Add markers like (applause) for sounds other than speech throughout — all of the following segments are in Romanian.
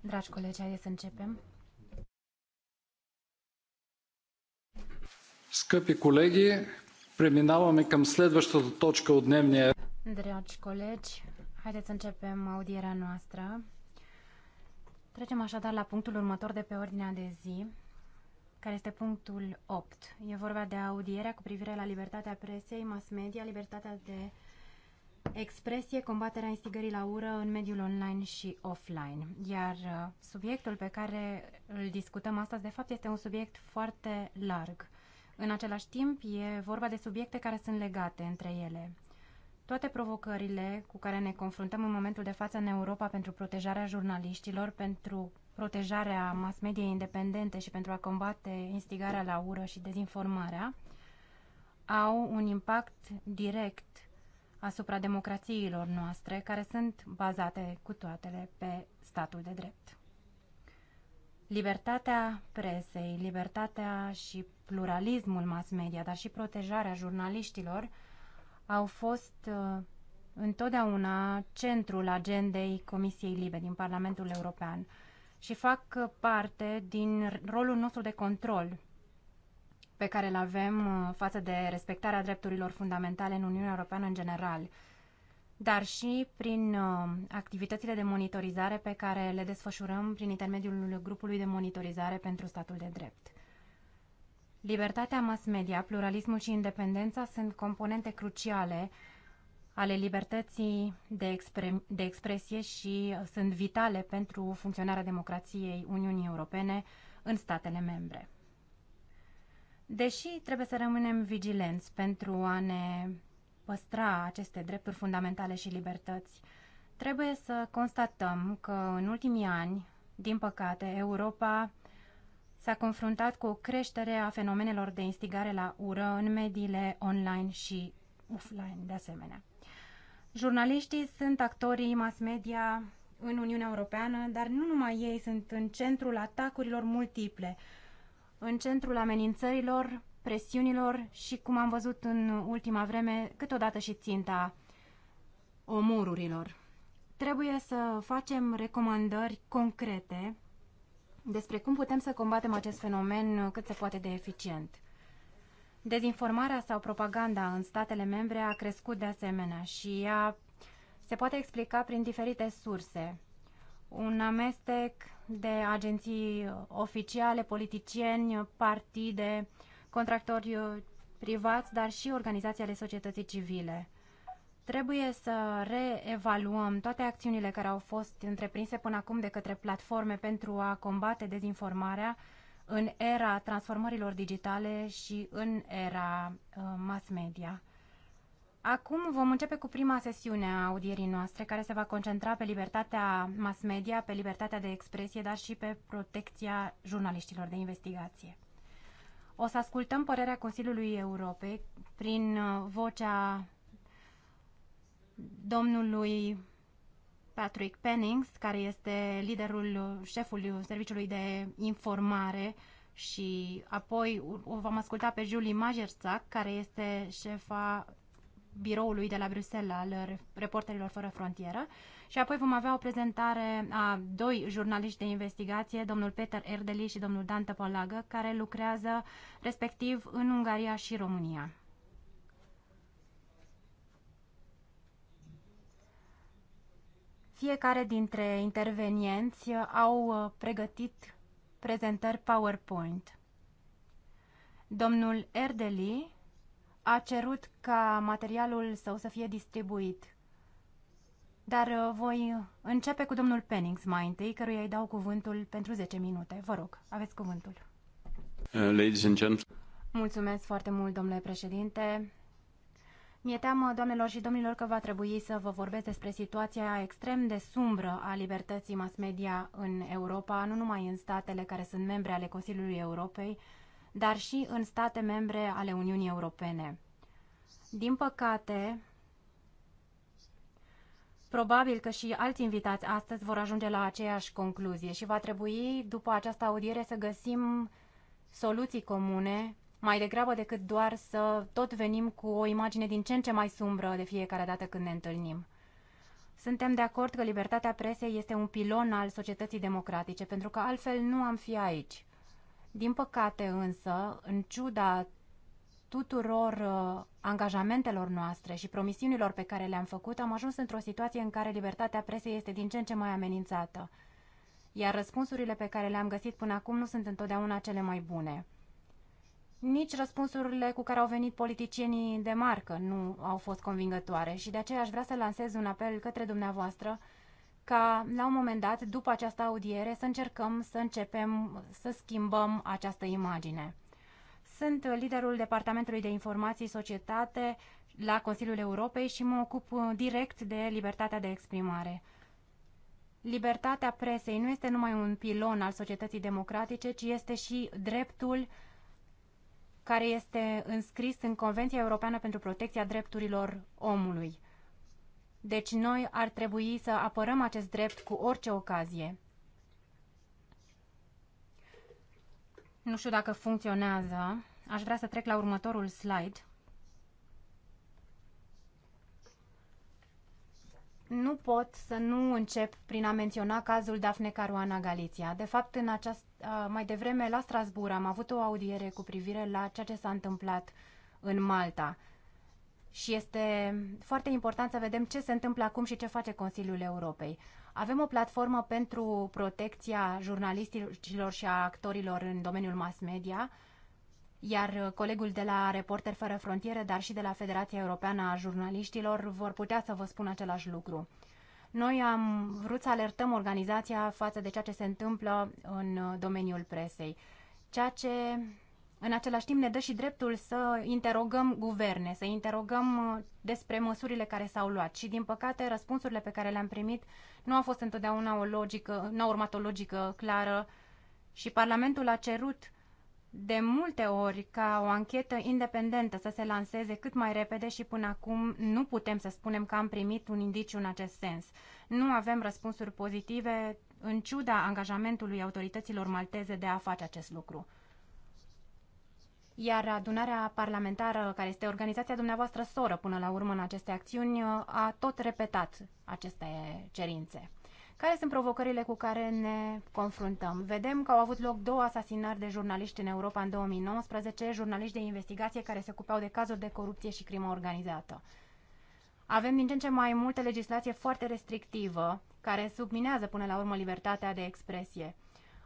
Dragi colegi, haideți să începem. Скъпи колеги, преминаваме към следващата точка от дневния Dragi colegi, haideți să începem audierea noastră. Trecem așadar la punctul următor de pe ordinea de zi, care este punctul 8. E vorba de audierea cu privire la libertatea presei, mass media, libertatea de expresie combaterea instigării la ură în mediul online și offline. Iar uh, subiectul pe care îl discutăm astăzi, de fapt, este un subiect foarte larg. În același timp, e vorba de subiecte care sunt legate între ele. Toate provocările cu care ne confruntăm în momentul de față în Europa pentru protejarea jurnaliștilor, pentru protejarea mass media independente și pentru a combate instigarea la ură și dezinformarea, au un impact direct asupra democrațiilor noastre, care sunt bazate cu toatele pe statul de drept. Libertatea presei, libertatea și pluralismul mass media, dar și protejarea jurnaliștilor au fost uh, întotdeauna centrul agendei Comisiei Libe din Parlamentul European și fac uh, parte din rolul nostru de control pe care îl avem uh, față de respectarea drepturilor fundamentale în Uniunea Europeană în general, dar și prin uh, activitățile de monitorizare pe care le desfășurăm prin intermediul grupului de monitorizare pentru statul de drept. Libertatea mass media, pluralismul și independența sunt componente cruciale ale libertății de, expre- de expresie și uh, sunt vitale pentru funcționarea democrației Uniunii Europene în statele membre. Deși trebuie să rămânem vigilenți pentru a ne păstra aceste drepturi fundamentale și libertăți, trebuie să constatăm că în ultimii ani, din păcate, Europa s-a confruntat cu o creștere a fenomenelor de instigare la ură în mediile online și offline, de asemenea. Jurnaliștii sunt actorii mass media în Uniunea Europeană, dar nu numai ei sunt în centrul atacurilor multiple în centrul amenințărilor, presiunilor și, cum am văzut în ultima vreme, câteodată și ținta omorurilor. Trebuie să facem recomandări concrete despre cum putem să combatem acest fenomen cât se poate de eficient. Dezinformarea sau propaganda în statele membre a crescut de asemenea și ea se poate explica prin diferite surse un amestec de agenții oficiale, politicieni, partide, contractori privați, dar și organizații ale societății civile. Trebuie să reevaluăm toate acțiunile care au fost întreprinse până acum de către platforme pentru a combate dezinformarea în era transformărilor digitale și în era uh, mass media. Acum vom începe cu prima sesiune a audierii noastre, care se va concentra pe libertatea mass media, pe libertatea de expresie, dar și pe protecția jurnaliștilor de investigație. O să ascultăm părerea Consiliului Europei prin uh, vocea domnului Patrick Pennings, care este liderul, șeful Serviciului de Informare și apoi o vom asculta pe Julie Majerțac, care este șefa biroului de la Bruxelles al Reporterilor Fără Frontieră și apoi vom avea o prezentare a doi jurnaliști de investigație, domnul Peter Erdeli și domnul Dante Polagă, care lucrează respectiv în Ungaria și România. Fiecare dintre intervenienți au uh, pregătit prezentări PowerPoint. Domnul Erdeli a cerut ca materialul său să fie distribuit. Dar uh, voi începe cu domnul Pennings mai întâi, căruia îi dau cuvântul pentru 10 minute. Vă rog, aveți cuvântul. Uh, ladies and gentlemen. Mulțumesc foarte mult, domnule președinte. Mi-e teamă, doamnelor și domnilor, că va trebui să vă vorbesc despre situația extrem de sumbră a libertății mass media în Europa, nu numai în statele care sunt membre ale Consiliului Europei, dar și în state membre ale Uniunii Europene. Din păcate, Probabil că și alți invitați astăzi vor ajunge la aceeași concluzie și va trebui, după această audiere, să găsim soluții comune, mai degrabă decât doar să tot venim cu o imagine din ce în ce mai sumbră de fiecare dată când ne întâlnim. Suntem de acord că libertatea presei este un pilon al societății democratice, pentru că altfel nu am fi aici. Din păcate însă, în ciuda tuturor uh, angajamentelor noastre și promisiunilor pe care le-am făcut, am ajuns într-o situație în care libertatea presei este din ce în ce mai amenințată, iar răspunsurile pe care le-am găsit până acum nu sunt întotdeauna cele mai bune. Nici răspunsurile cu care au venit politicienii de marcă nu au fost convingătoare și de aceea aș vrea să lansez un apel către dumneavoastră ca la un moment dat, după această audiere, să încercăm să începem să schimbăm această imagine. Sunt liderul Departamentului de Informații Societate la Consiliul Europei și mă ocup uh, direct de libertatea de exprimare. Libertatea presei nu este numai un pilon al societății democratice, ci este și dreptul care este înscris în Convenția Europeană pentru Protecția Drepturilor Omului. Deci noi ar trebui să apărăm acest drept cu orice ocazie. Nu știu dacă funcționează. Aș vrea să trec la următorul slide. Nu pot să nu încep prin a menționa cazul Dafne Caruana Galiția. De fapt, în aceast, mai devreme la Strasbourg am avut o audiere cu privire la ceea ce s-a întâmplat în Malta și este foarte important să vedem ce se întâmplă acum și ce face Consiliul Europei. Avem o platformă pentru protecția jurnalistilor și a actorilor în domeniul mass media, iar colegul de la Reporter Fără Frontiere, dar și de la Federația Europeană a Jurnaliștilor vor putea să vă spun același lucru. Noi am vrut să alertăm organizația față de ceea ce se întâmplă în domeniul presei, ceea ce în același timp ne dă și dreptul să interogăm guverne, să interogăm uh, despre măsurile care s-au luat. Și, din păcate, răspunsurile pe care le-am primit nu au fost întotdeauna o logică, nu au urmat o logică clară și Parlamentul a cerut de multe ori ca o anchetă independentă să se lanseze cât mai repede și până acum nu putem să spunem că am primit un indiciu în acest sens. Nu avem răspunsuri pozitive în ciuda angajamentului autorităților malteze de a face acest lucru iar adunarea parlamentară, care este organizația dumneavoastră soră până la urmă în aceste acțiuni, uh, a tot repetat aceste cerințe. Care sunt provocările cu care ne confruntăm? Vedem că au avut loc două asasinări de jurnaliști în Europa în 2019, jurnaliști de investigație care se ocupau de cazuri de corupție și crimă organizată. Avem din ce în ce mai multă legislație foarte restrictivă, care subminează până la urmă libertatea de expresie.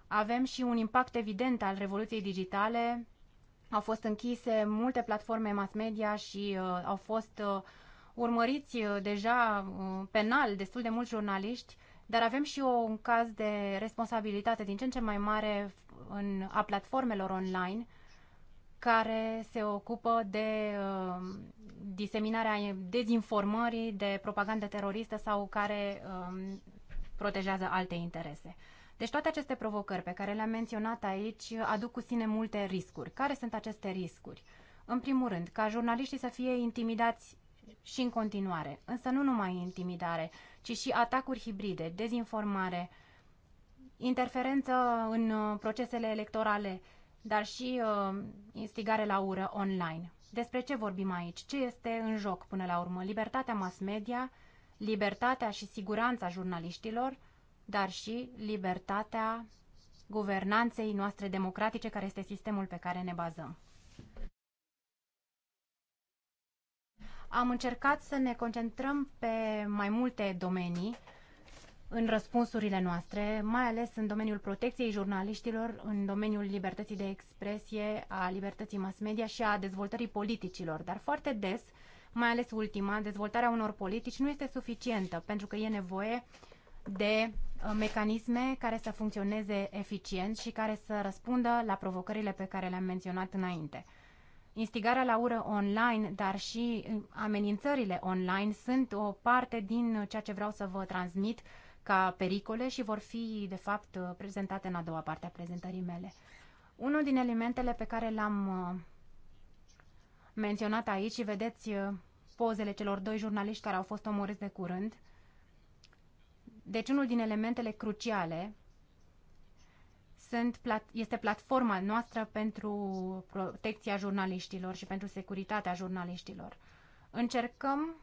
Avem și un impact evident al revoluției digitale au fost închise multe platforme mass media și uh, au fost uh, urmăriți uh, deja uh, penal destul de mulți jurnaliști, dar avem și o, un caz de responsabilitate din ce în ce mai mare în, a platformelor online care se ocupă de uh, diseminarea dezinformării, de propagandă teroristă sau care uh, protejează alte interese. Deci toate aceste provocări pe care le-am menționat aici aduc cu sine multe riscuri. Care sunt aceste riscuri? În primul rând, ca jurnaliștii să fie intimidați și în continuare, însă nu numai intimidare, ci și atacuri hibride, dezinformare, interferență în uh, procesele electorale, dar și uh, instigare la ură online. Despre ce vorbim aici? Ce este în joc până la urmă? Libertatea mass media, libertatea și siguranța jurnaliștilor, dar și libertatea guvernanței noastre democratice, care este sistemul pe care ne bazăm. Am încercat să ne concentrăm pe mai multe domenii în răspunsurile noastre, mai ales în domeniul protecției jurnaliștilor, în domeniul libertății de expresie, a libertății mass media și a dezvoltării politicilor. Dar foarte des, mai ales ultima, dezvoltarea unor politici nu este suficientă, pentru că e nevoie de Uh, mecanisme care să funcționeze eficient și care să răspundă la provocările pe care le-am menționat înainte. Instigarea la ură online, dar și uh, amenințările online sunt o parte din ceea ce vreau să vă transmit ca pericole și vor fi, de fapt, uh, prezentate în a doua parte a prezentării mele. Unul din elementele pe care l-am menționat aici și vedeți pozele celor doi jurnaliști care au fost omorâți de curând – deci unul din elementele cruciale sunt, este platforma noastră pentru protecția jurnaliștilor și pentru securitatea jurnaliștilor. Încercăm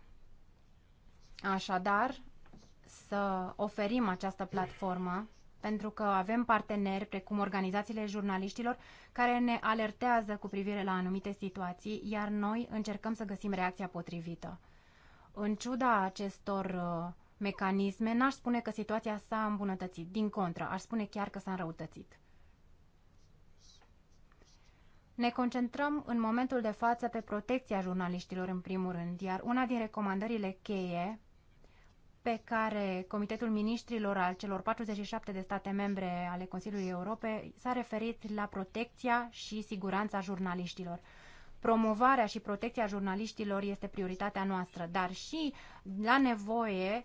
așadar să oferim această platformă pentru că avem parteneri precum organizațiile jurnaliștilor care ne alertează cu privire la anumite situații, iar noi încercăm să găsim reacția potrivită. În ciuda acestor uh, mecanisme, n-aș spune că situația s-a îmbunătățit. Din contră, aș spune chiar că s-a înrăutățit. Ne concentrăm în momentul de față pe protecția jurnaliștilor în primul rând, iar una din recomandările cheie pe care Comitetul Ministrilor al celor 47 de state membre ale Consiliului Europei s-a referit la protecția și siguranța jurnaliștilor. Promovarea și protecția jurnaliștilor este prioritatea noastră, dar și la nevoie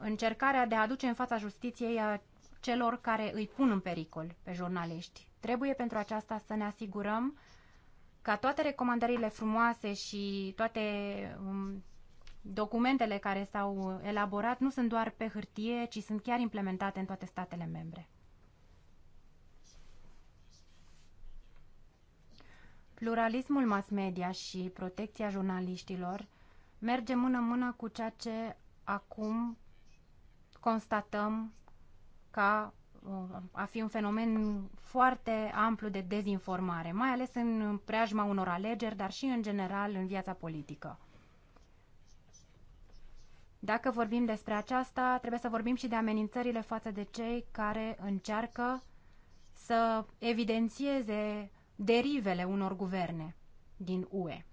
încercarea de a aduce în fața justiției a uh, celor care îi pun în pericol pe jurnaliști. Trebuie pentru aceasta să ne asigurăm ca toate recomandările frumoase și toate um, documentele care s-au elaborat nu sunt doar pe hârtie, ci sunt chiar implementate în toate statele membre. Pluralismul mass media și protecția jurnaliștilor merge mână-mână cu ceea ce acum constatăm ca uh, a fi un fenomen foarte amplu de dezinformare, mai ales în preajma unor alegeri, dar și în general în viața politică. Dacă vorbim despre aceasta, trebuie să vorbim și de amenințările față de cei care încearcă să evidențieze derivele unor guverne din UE.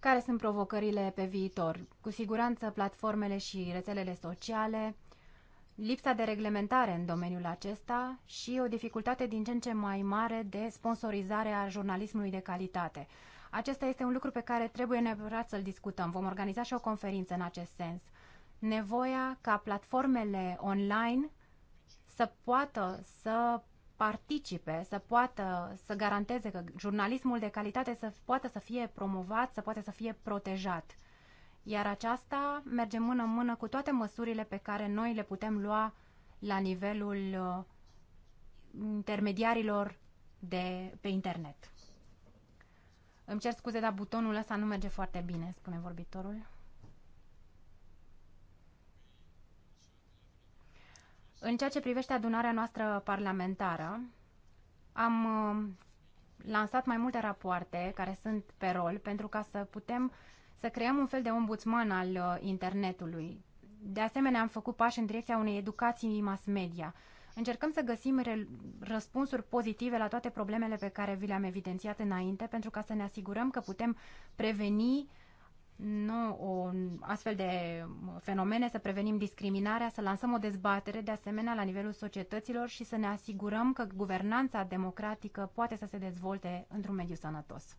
Care sunt provocările pe viitor? Cu siguranță platformele și rețelele sociale, lipsa de reglementare în domeniul acesta și o dificultate din ce în ce mai mare de sponsorizare a jurnalismului de calitate. Acesta este un lucru pe care trebuie neapărat să-l discutăm. Vom organiza și o conferință în acest sens. Nevoia ca platformele online să poată să participe, să poată să garanteze că jurnalismul de calitate să poată să fie promovat, să poată să fie protejat. Iar aceasta merge mână-mână cu toate măsurile pe care noi le putem lua la nivelul uh, intermediarilor de pe internet. Îmi cer scuze, dar butonul ăsta nu merge foarte bine, spune vorbitorul. În ceea ce privește adunarea noastră parlamentară, am uh, lansat mai multe rapoarte care sunt pe rol pentru ca să putem să creăm un fel de ombudsman al uh, internetului. De asemenea, am făcut pași în direcția unei educații mass media. Încercăm să găsim răspunsuri pozitive la toate problemele pe care vi le-am evidențiat înainte pentru ca să ne asigurăm că putem preveni uh, nu un astfel de fenomene, să prevenim discriminarea, să lansăm o dezbatere de asemenea la nivelul societăților și să ne asigurăm că guvernanța democratică poate să se dezvolte într-un mediu sănătos.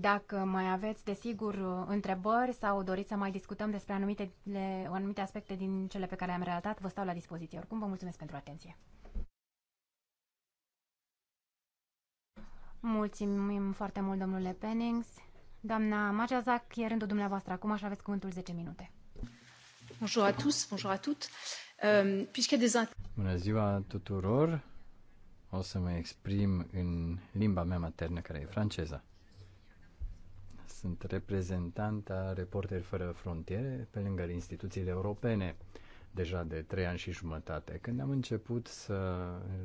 Dacă mai aveți, desigur, întrebări sau doriți să mai discutăm despre anumite, anumite aspecte din cele pe care le-am relatat, vă stau la dispoziție. Oricum, vă mulțumesc pentru atenție. Mulțumim foarte mult, domnule Pennings. Doamna Majazac, e rândul dumneavoastră acum, așa aveți cuvântul 10 minute. Bonjour à tous, bonjour à toutes. Euh, Bună ziua tuturor. O să mă exprim în limba mea maternă, care e franceza. Sunt reprezentanta Reporteri Fără Frontiere pe lângă instituțiile europene deja de trei ani și jumătate. Când am început să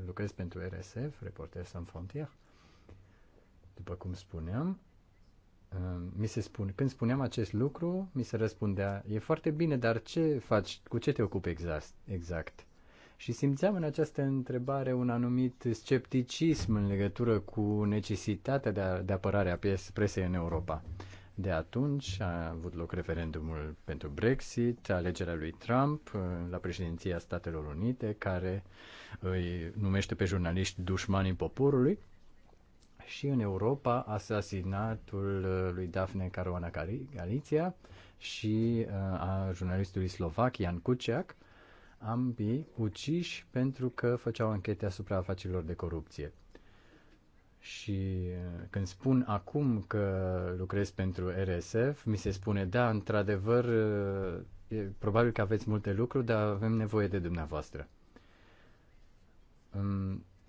lucrez pentru RSF, Reporteri Sans Frontières, după cum spuneam, uh, mi se spune, când spuneam acest lucru, mi se răspundea, e foarte bine, dar ce faci, cu ce te ocupi exact? exact? Și simțeam în această întrebare un anumit scepticism în legătură cu necesitatea de, a, de apărare a presei în Europa. De atunci a avut loc referendumul pentru Brexit, alegerea lui Trump uh, la președinția Statelor Unite, care îi numește pe jurnaliști dușmanii poporului și în Europa asasinatul uh, lui Daphne Caruana Galizia și uh, a jurnalistului slovac Ian Kuciak, ambii uciși pentru că făceau anchete asupra afacerilor de corupție. Și uh, când spun acum că lucrez pentru RSF, mi se spune, da, într-adevăr, probabil că aveți multe lucruri, dar avem nevoie de dumneavoastră.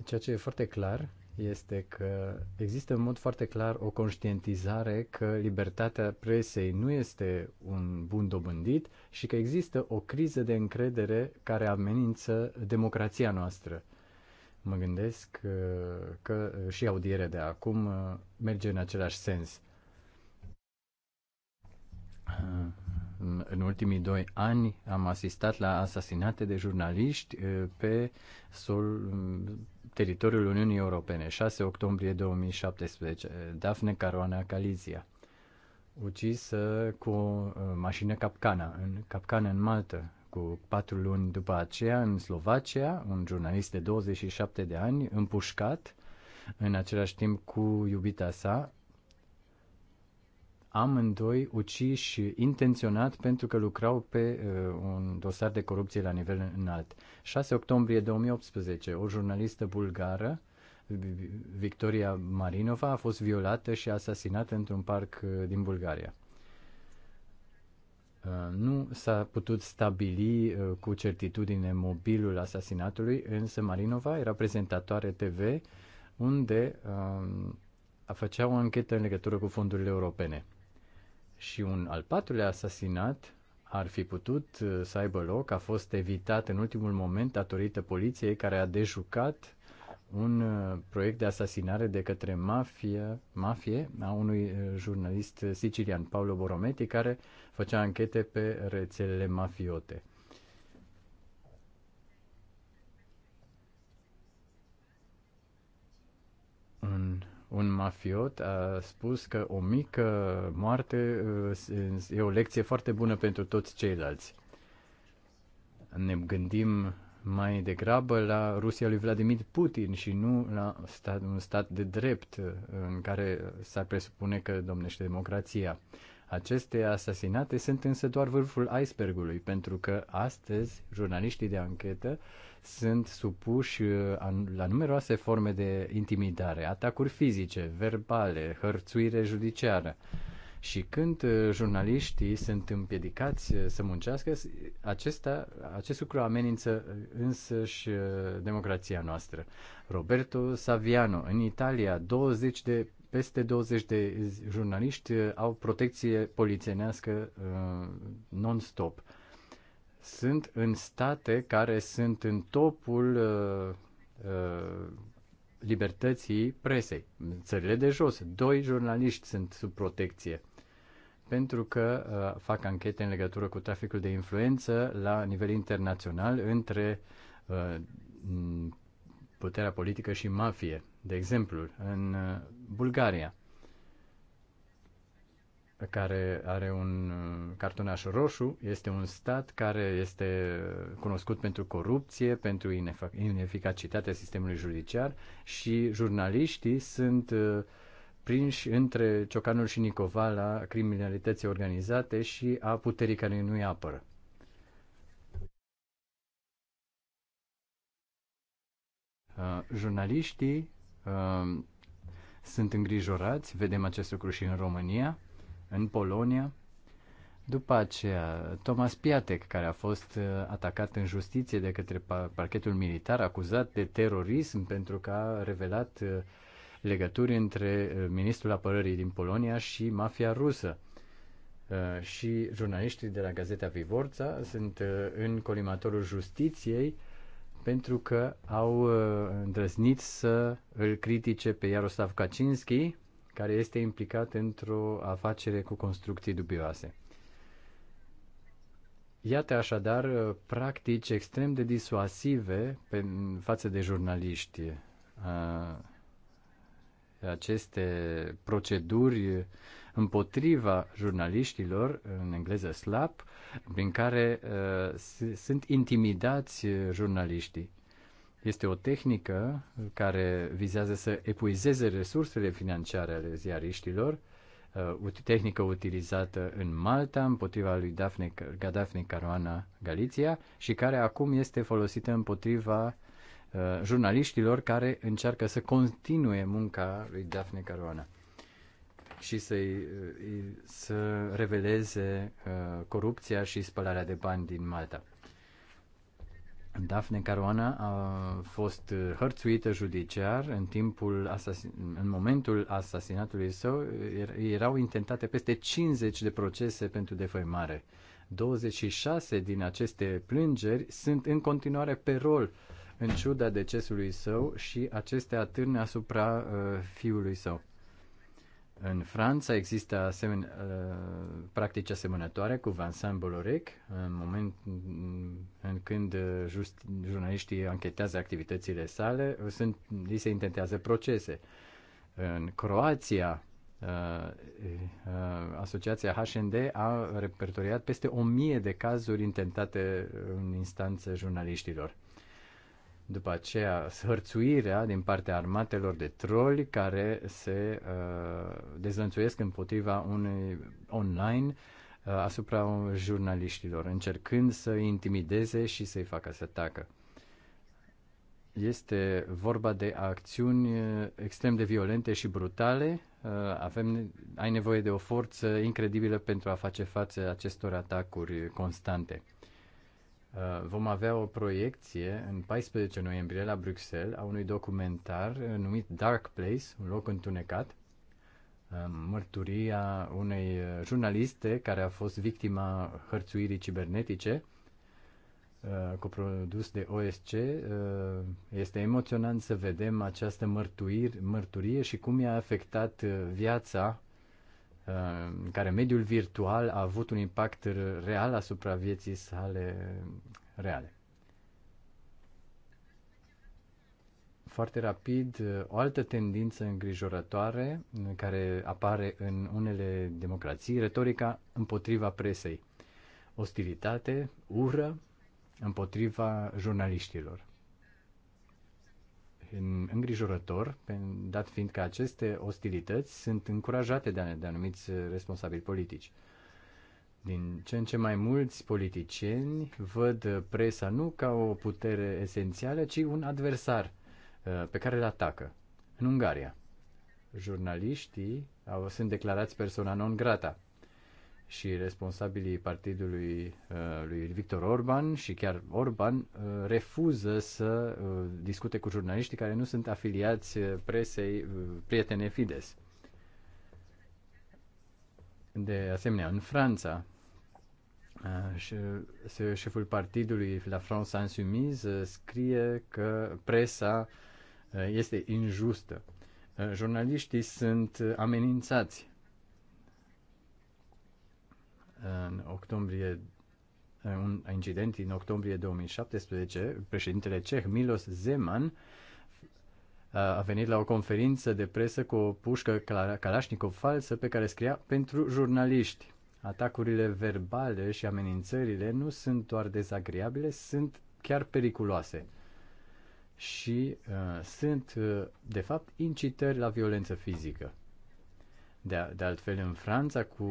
Ceea ce e foarte clar este că există în mod foarte clar o conștientizare că libertatea presei nu este un bun dobândit și că există o criză de încredere care amenință democrația noastră. Mă gândesc uh, că uh, și audierea de acum uh, merge în același sens. În ultimii doi ani am asistat la asasinate de jurnaliști pe sol, teritoriul Uniunii Europene, 6 octombrie 2017, Daphne Caruana Calizia, ucisă uh, cu o uh, mașină capcana, în capcană în Malta, cu patru luni după aceea în Slovacia, un jurnalist de 27 de ani, împușcat, în același timp cu iubita sa, amândoi uciși intenționat pentru că lucrau pe uh, un dosar de corupție la nivel înalt. 6 octombrie 2018, o jurnalistă bulgară, Victoria Marinova, a fost violată și asasinată într-un parc uh, din Bulgaria. Uh, nu s-a putut stabili uh, cu certitudine mobilul asasinatului, însă Marinova era prezentatoare TV unde um, a făcea o anchetă în legătură cu fondurile europene. Și un al patrulea asasinat ar fi putut uh, să aibă loc, a fost evitat în ultimul moment datorită poliției care a dejucat un uh, proiect de asasinare de către mafie, mafie a unui uh, jurnalist sicilian, Paolo Borometi, care făcea anchete pe rețelele mafiote. Un un mafiot a spus că o mică moarte uh, e o lecție foarte bună pentru toți ceilalți. Ne gândim mai degrabă la Rusia lui Vladimir Putin și nu la stat, un stat de drept uh, în care s-ar presupune că domnește democrația. Aceste asasinate sunt însă doar vârful icebergului, pentru că astăzi jurnaliștii de anchetă sunt supuși uh, la numeroase forme de intimidare, atacuri fizice, verbale, hărțuire judiciară. Și când uh, jurnaliștii sunt împiedicați uh, să muncească, acesta, acest lucru amenință însăși democrația noastră. Roberto Saviano, în Italia, 20 de peste 20 de jurnaliști uh, au protecție polițienească uh, non-stop. Sunt în state care sunt în topul uh, libertății presei. Țările de jos, doi jurnaliști sunt sub protecție pentru că uh, fac anchete în legătură cu traficul de influență la nivel internațional între uh, puterea politică și mafie. De exemplu, în Bulgaria, care are un cartonaș roșu, este un stat care este cunoscut pentru corupție, pentru ineficacitatea sistemului judiciar și jurnaliștii sunt uh, prinși între Ciocanul și Nicovala criminalității organizate și a puterii care nu-i apără. Uh, jurnaliștii uh, sunt îngrijorați, vedem acest lucru și în România, în Polonia. După aceea, Thomas Piatek, care a fost uh, atacat în justiție de către parchetul militar, acuzat de terorism pentru că a revelat uh, legături între uh, ministrul apărării din Polonia și mafia rusă. Și jurnaliștii de la Gazeta Vivorța sunt în colimatorul justiției pentru că au uh, îndrăznit să îl critique pe Iaroslav Kaczynski, care este implicat într-o afacere cu construcții dubioase. Iată așadar uh, practici extrem de disuasive pe, față de jurnaliști. Uh, aceste proceduri împotriva jurnaliștilor, în engleză slap, prin care uh, sunt intimidați jurnaliștii. Este o tehnică care vizează să epuizeze resursele financiare ale ziariștilor, uh, tehnică utilizată în Malta împotriva lui Daphne, Daphne Caruana Galizia și care acum este folosită împotriva uh, jurnaliștilor care încearcă să continue munca lui Daphne Caruana și să, să reveleze uh, corupția și spălarea de bani din Malta. Daphne Caruana a fost hărțuită judiciar în timpul asasin- în momentul asasinatului său er, erau intentate peste 50 de procese pentru defăimare. 26 din aceste plângeri sunt în continuare pe rol în ciuda decesului său și acestea atârne asupra uh, fiului său. În Franța există asemen, uh, practici asemănătoare cu Vincent Boloric, în moment în când just, jurnaliștii anchetează activitățile sale, sunt, li se intentează procese. În Croația, uh, uh, asociația HND a repertoriat peste o mie de cazuri intentate în instanță jurnaliștilor. După aceea, hărțuirea din partea armatelor de troli care se uh, dezlănțuiesc împotriva unui online uh, asupra jurnaliștilor, încercând să intimideze și să-i facă să tacă. Este vorba de acțiuni uh, extrem de violente și brutale. Uh, avem, ai nevoie de o forță incredibilă pentru a face față acestor atacuri constante Uh, vom avea o proiecție în 14 noiembrie la Bruxelles a unui documentar numit Dark Place, un loc întunecat, uh, mărturia unei uh, jurnaliste care a fost victima hărțuirii cibernetice, coprodus de OSC. Este emoționant să vedem această mărturie și cum i-a afectat viața în care mediul virtual a avut un impact real asupra vieții sale reale. Foarte rapid, o altă tendință îngrijorătoare care apare în unele democrații, retorica împotriva presei. Ostilitate, ură împotriva jurnaliștilor îngrijorător, dat fiind că aceste ostilități sunt încurajate de, de anumiți responsabili politici. Din ce în ce mai mulți politicieni văd presa nu ca o putere esențială, ci un adversar uh, pe care îl atacă. În Ungaria, jurnaliștii au, sunt declarați persoana non grata și responsabilii partidului uh, lui Victor Orban și chiar Orban uh, refuză să uh, discute cu jurnaliștii care nu sunt afiliați presei prietene Fides. De asemenea, în Franța, șeful partidului La France Insoumise scrie că presa este injustă. Jurnaliștii sunt amenințați în octombrie un incident în octombrie 2017, președintele ceh Milos Zeman a venit la o conferință de presă cu o pușcă Kalashnikov falsă pe care scria pentru jurnaliști. Atacurile verbale și amenințările nu sunt doar dezagreabile, sunt chiar periculoase. Și uh, sunt, uh, de fapt, incitări la violență fizică. De, de altfel, în Franța, cu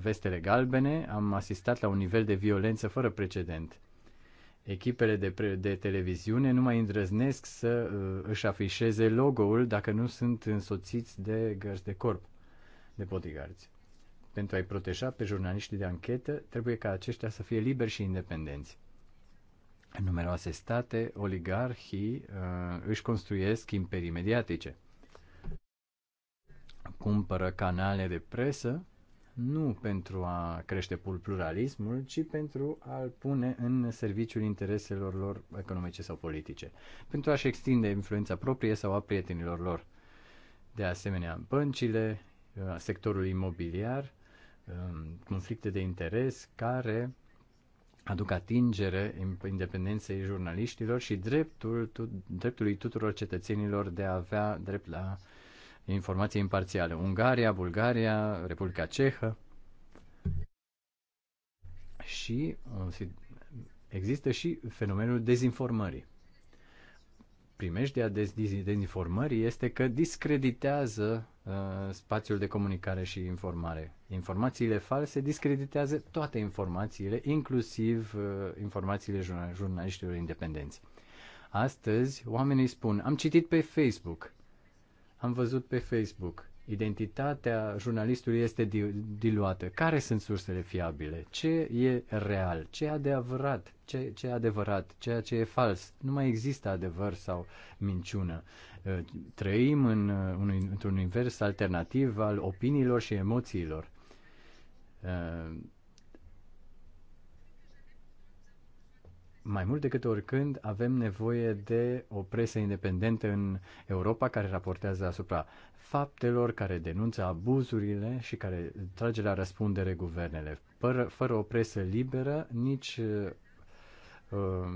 vestele galbene, am asistat la un nivel de violență fără precedent. Echipele de, pre- de televiziune nu mai îndrăznesc să uh, își afișeze logo-ul dacă nu sunt însoțiți de gărzi de corp, de potigarți. Pentru a-i proteja pe jurnaliștii de anchetă, trebuie ca aceștia să fie liberi și independenți. În numeroase state, oligarhii uh, își construiesc imperii mediatice – cumpără canale de presă nu pentru a crește pluralismul, ci pentru a-l pune în serviciul intereselor lor economice sau politice, pentru a-și extinde influența proprie sau a prietenilor lor. De asemenea, băncile, uh, sectorul imobiliar, um, conflicte de interes care aduc atingere independenței jurnaliștilor și dreptul, dreptului tuturor cetățenilor de a avea drept la uh, informații imparțiale. Ungaria, Bulgaria, Republica Cehă. Și există și fenomenul dezinformării. Primejdea dezinformării este că discreditează uh, spațiul de comunicare și informare. Informațiile false discreditează toate informațiile, inclusiv uh, informațiile jurnaliștilor independenți. Astăzi, oamenii spun, am citit pe Facebook, am văzut pe Facebook. Identitatea jurnalistului este diluată. Care sunt sursele fiabile? Ce e real? Ce e adevărat? Ce, ce e adevărat? Ceea ce e fals? Nu mai există adevăr sau minciună. Ă, trăim în, ă, un, într-un univers alternativ al opiniilor și emoțiilor ă, mai mult decât oricând avem nevoie de o presă independentă în Europa care raportează asupra faptelor, care denunță abuzurile și care trage la răspundere guvernele. Fără, fără o presă liberă, nici uh,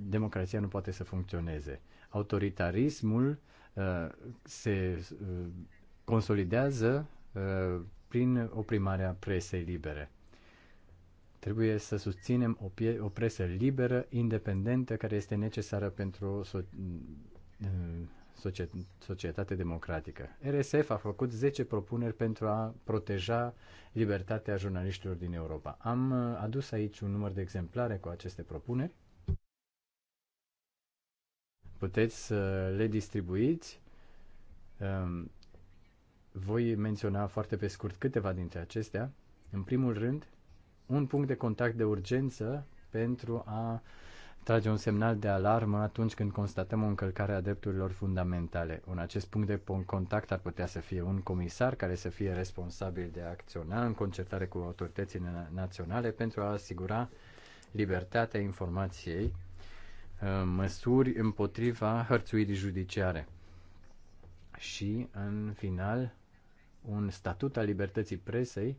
democrația nu poate să funcționeze. Autoritarismul uh, se uh, consolidează uh, prin oprimarea presei libere Trebuie să susținem o, o presă liberă, independentă, care este necesară pentru o so mm, mm, societate democratică. RSF a făcut 10 propuneri pentru a proteja libertatea jurnaliștilor din Europa. Am uh, adus aici un număr de exemplare cu aceste propuneri. Puteți să le distribuiți. Um, voi menționa foarte pe scurt câteva dintre acestea. În primul rând, un punct de contact de urgență pentru a trage un semnal de alarmă atunci când constatăm o încălcare a drepturilor fundamentale. Un acest punct de contact ar putea să fie un comisar care să fie responsabil de a acționa în concertare cu autoritățile naționale pentru a asigura libertatea informației, uh, măsuri împotriva hărțuirii judiciare. Și, în final, un statut al libertății presei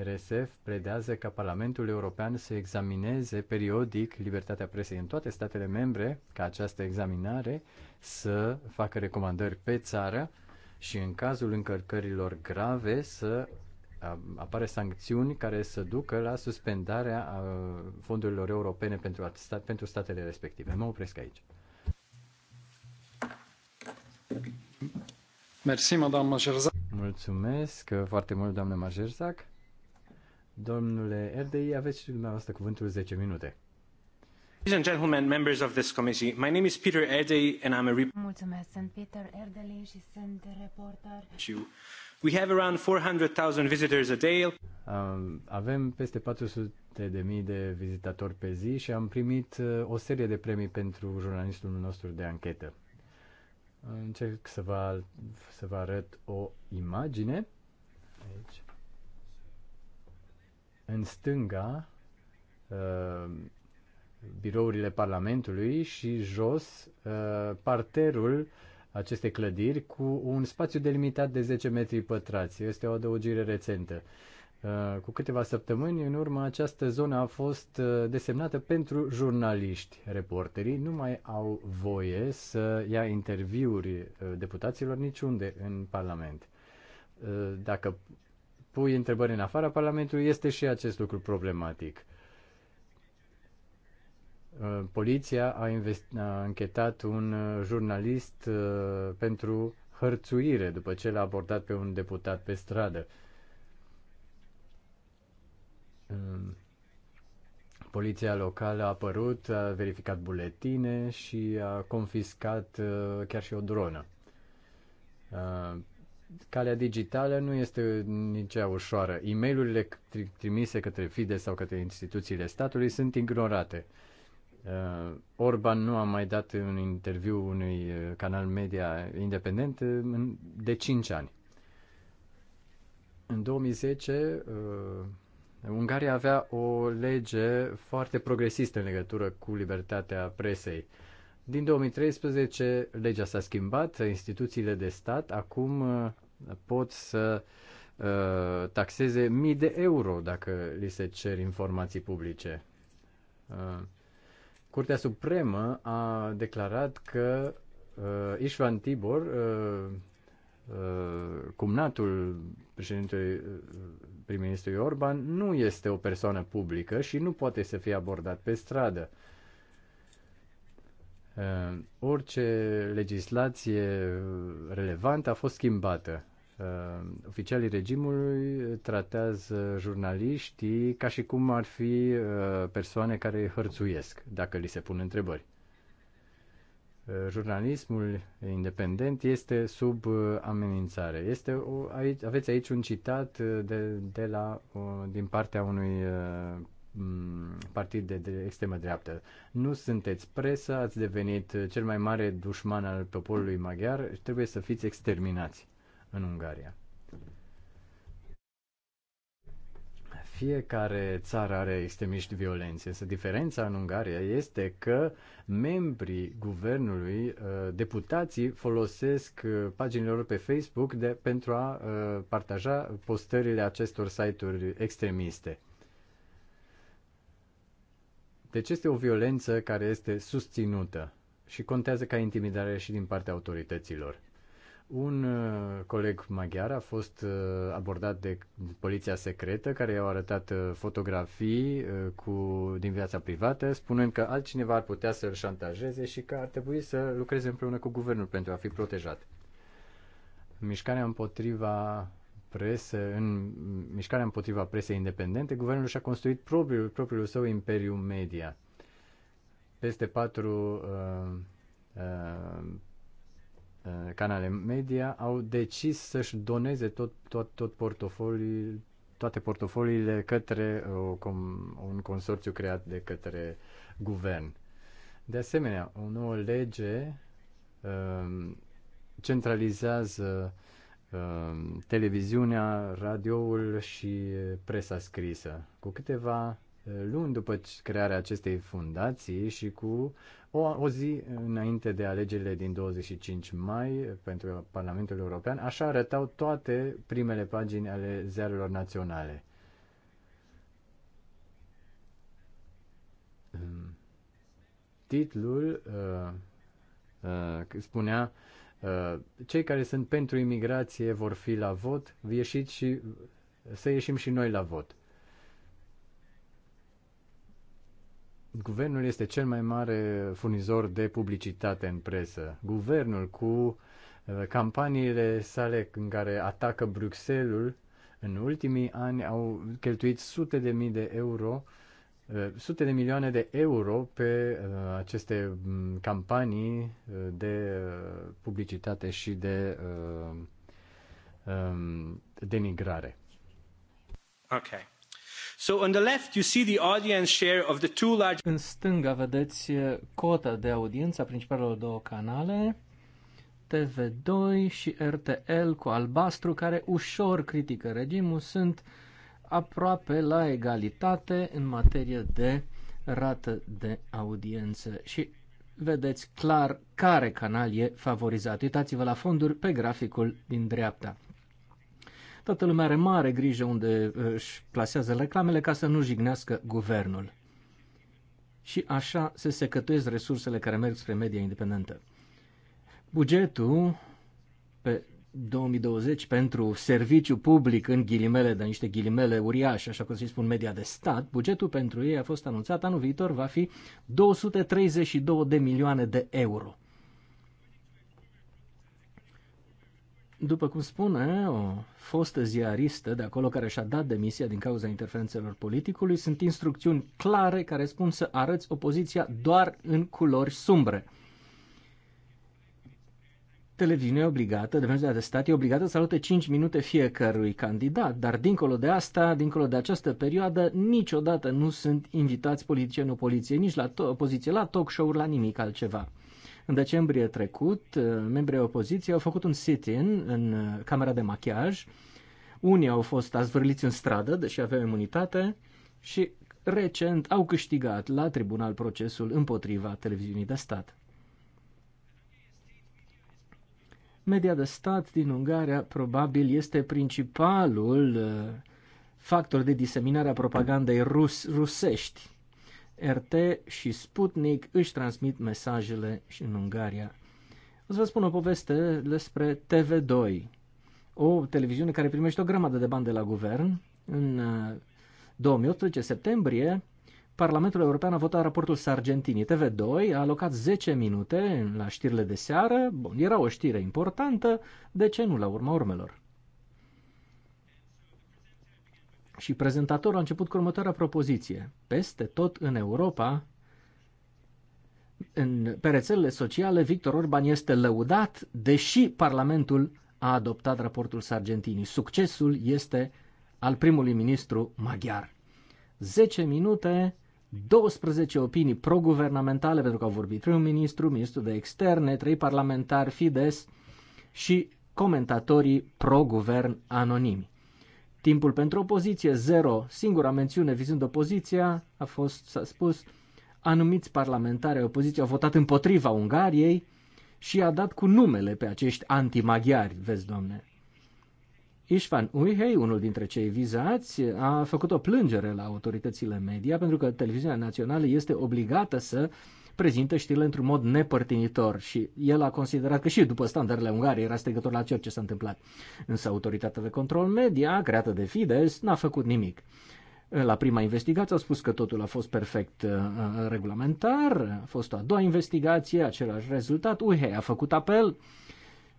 RSF predează ca Parlamentul European să examineze periodic libertatea presei în toate statele membre, ca această examinare să facă recomandări pe țară și în cazul încălcărilor grave să apare sancțiuni care să ducă la suspendarea fondurilor europene pentru, stat, pentru statele respective. Mă opresc aici. Mersi, Mulțumesc foarte mult, doamnă Majerzac. Domnule Erdei, aveți și dumneavoastră cuvântul 10 minute. Ladies and gentlemen, members of this committee, my name is Peter Erdei and I'm a reporter. Mulțumesc, sunt Peter Erdei și sunt reporter. We have around 400,000 visitors a day. Avem peste 400 de mii de vizitatori pe zi și am primit uh, o serie de premii pentru jurnalistul nostru de anchetă. Încerc să vă, să vă arăt o imagine. Aici în stânga uh, birourile Parlamentului și jos uh, parterul acestei clădiri cu un spațiu delimitat de 10 metri pătrați. Este o adăugire recentă. Uh, cu câteva săptămâni în urmă, această zonă a fost desemnată pentru jurnaliști. Reporterii nu mai au voie să ia interviuri deputaților niciunde în Parlament. Dacă pui întrebări în afara Parlamentului, este și acest lucru problematic. Uh, poliția a, invest- a închetat un uh, jurnalist uh, pentru hărțuire după ce l-a abordat pe un deputat pe stradă. Um, poliția locală a apărut, a verificat buletine și a confiscat chiar și o dronă calea digitală nu este nici ușoară. e mail trimise către FIDE sau către instituțiile statului sunt ignorate. Uh, Orban nu a mai dat un interviu unui uh, canal media independent de 5 ani. În 2010, uh, Ungaria avea o lege foarte progresistă în legătură cu libertatea presei. Uh, din 2013 legea s-a schimbat, instituțiile de stat acum uh, pot să uh, taxeze mii de euro dacă li se cer informații publice. Uh, Curtea Supremă a declarat că Ișvan Tibor, cumnatul președintelui prim-ministrului Orban, nu este o persoană publică și nu poate să fie abordat pe stradă. Uh, orice legislație relevantă a fost schimbată. Uh, oficialii regimului tratează jurnaliștii ca și cum ar fi uh, persoane care îi hărțuiesc, dacă li se pun întrebări. Jurnalismul independent este sub amenințare. Este o, aici, aveți aici un citat de, de la, din partea unui Mm, partid de, de extremă dreaptă. Nu sunteți presă, ați devenit cel mai mare dușman al poporului maghiar și trebuie să fiți exterminați în Ungaria. Fiecare țară are extremiști violenți, însă diferența în Ungaria este că membrii guvernului, uh, deputații, folosesc uh, paginile lor pe Facebook de, pentru a uh, partaja postările acestor site-uri extremiste deci este o violență care este susținută și contează ca intimidare și din partea autorităților. Un uh, coleg maghiar a fost uh, abordat de poliția secretă care i-au arătat uh, fotografii cu, din viața privată, spunând că altcineva ar putea să îl șantajeze și că ar trebui să lucreze împreună cu guvernul pentru a fi protejat. Mișcarea împotriva presă, în mișcarea împotriva presei independente, guvernul și-a construit propriul, propriul său imperiu media. Peste patru uh, uh, uh canale media au decis să-și doneze tot, tot, tot portofoliul toate portofoliile către uh, o, com, un consorțiu creat de către guvern. De asemenea, o nouă lege uh, centralizează uh, Ehm, televiziunea, radioul și presa scrisă. Cu câteva eh, luni după crearea acestei fundații și cu o, o zi înainte de alegerile din 25 mai pentru Parlamentul European, așa arătau toate primele pagini ale ziarelor naționale. Ehm, titlul uh, uh, spunea uh, Uh, cei care sunt pentru imigrație vor fi la vot, ieșiți și să ieșim și noi la vot. Guvernul este cel mai mare furnizor de publicitate în presă. Guvernul cu uh, campaniile sale în care atacă Bruxelles în ultimii ani au cheltuit sute de mii de euro Uh, sute de milioane de euro pe uh, aceste mm, campanii uh, de publicitate și de um, denigrare. Okay. So on the left you see the audience share of the two large În stânga vedeți cota de audiență a principalelor două canale, TV2 și RTL cu albastru care ușor critică regimul, sunt uh, aproape la egalitate în materie de rată de audiență și vedeți clar care canal e favorizat. Uitați-vă la fonduri pe graficul din dreapta. Toată lumea are mare grijă unde uh, își plasează reclamele ca să nu jignească guvernul. Și așa se secătuiesc resursele care merg spre media independentă. Bugetul pe 2020 pentru serviciu public în ghilimele, de niște ghilimele uriașe, așa cum se spun media de stat, bugetul pentru ei a fost anunțat anul viitor va fi 232 de milioane de euro. După cum spune o fostă ziaristă de acolo care și-a dat demisia din cauza interferențelor politicului, sunt instrucțiuni clare care spun să arăți opoziția doar în culori sumbre televiziunea e obligată, demersul de stat e obligată să salute 5 minute fiecărui candidat, dar dincolo de asta, dincolo de această perioadă, niciodată nu sunt invitați politicieni opoziție, nici la opoziție, la talk show-uri, la nimic altceva. În decembrie trecut, uh, membrii opoziției au făcut un sit-in în uh, camera de machiaj, unii au fost azvârliți în stradă, deși aveau imunitate, și recent au câștigat la tribunal procesul împotriva televiziunii de stat. Media de stat din Ungaria probabil este principalul uh, factor de diseminare a propagandei rus, rusești. RT și Sputnik își transmit mesajele și în Ungaria. O să vă spun o poveste despre TV2, o televiziune care primește o grămadă de bani de la guvern. În 2018 uh, septembrie Parlamentul European a votat raportul Sargentini. TV2 a alocat 10 minute la știrile de seară. Bun, era o știre importantă, de ce nu la urma urmelor? Și prezentatorul a început cu următoarea propoziție. Peste tot în Europa, în, pe rețelele sociale, Victor Orban este lăudat, deși Parlamentul a adoptat raportul Sargentini. Succesul este al primului ministru maghiar. 10 minute 12 opinii pro-guvernamentale, pentru că au vorbit prim-ministru, ministrul de externe, trei parlamentari Fides și comentatorii pro-guvern anonimi. Timpul pentru opoziție, zero. Singura mențiune vizând opoziția a fost, s-a spus, anumiți parlamentari ai opoziției au votat împotriva Ungariei și a dat cu numele pe acești antimaghiari, vezi, domne. Ișvan Uihei, unul dintre cei vizați, a făcut o plângere la autoritățile media pentru că televiziunea națională este obligată să prezintă știrile într-un mod nepărtinitor și el a considerat că și după standardele Ungariei era strigător la cer ce s-a întâmplat. Însă autoritatea de control media, creată de Fides, n-a făcut nimic. La prima investigație au spus că totul a fost perfect uh, uh, regulamentar, a fost a doua investigație, același rezultat, Uihei a făcut apel,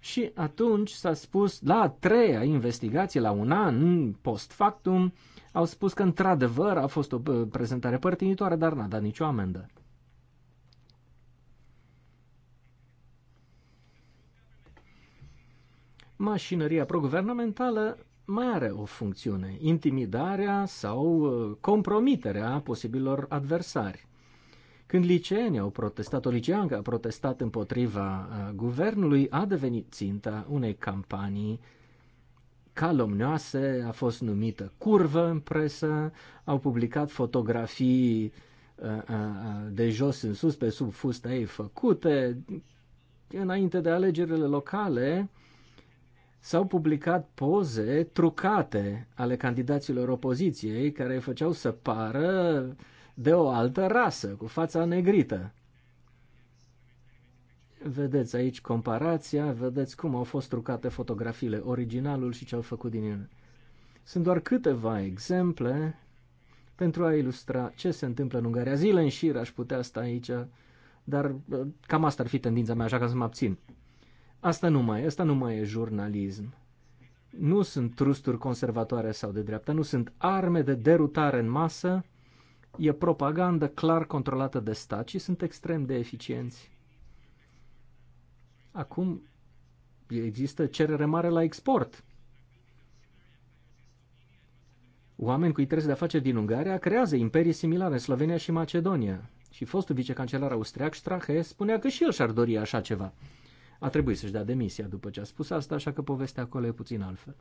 și atunci s-a spus, la a treia investigație, la un an, post factum, au spus că într-adevăr a fost o prezentare părtinitoare, dar n-a dat nicio amendă. Mașinăria proguvernamentală mai are o funcțiune, intimidarea sau uh, compromiterea posibilor adversari. Când liceenii au protestat, o liceancă a protestat împotriva uh, guvernului, a devenit ținta unei campanii calomnioase, a fost numită curvă în presă, au publicat fotografii uh, uh, de jos în sus, pe sub fusta ei făcute. Înainte de alegerile locale, s-au publicat poze trucate ale candidaților opoziției care făceau să pară de o altă rasă, cu fața negrită. Vedeți aici comparația, vedeți cum au fost trucate fotografiile, originalul și ce au făcut din ele. Sunt doar câteva exemple pentru a ilustra ce se întâmplă în Ungaria. Zile în șir aș putea sta aici, dar cam asta ar fi tendința mea, așa că să mă abțin. Asta nu mai, asta nu mai e jurnalism. Nu sunt trusturi conservatoare sau de dreapta, nu sunt arme de derutare în masă, E propagandă clar controlată de stat și sunt extrem de eficienți. Acum există cerere mare la export. Oameni cu interes de afaceri din Ungaria creează imperii similare în Slovenia și Macedonia. Și fostul vicecancelar austriac Strache spunea că și el și-ar dori așa ceva. A trebuit să-și dea demisia după ce a spus asta, așa că povestea acolo e puțin altfel.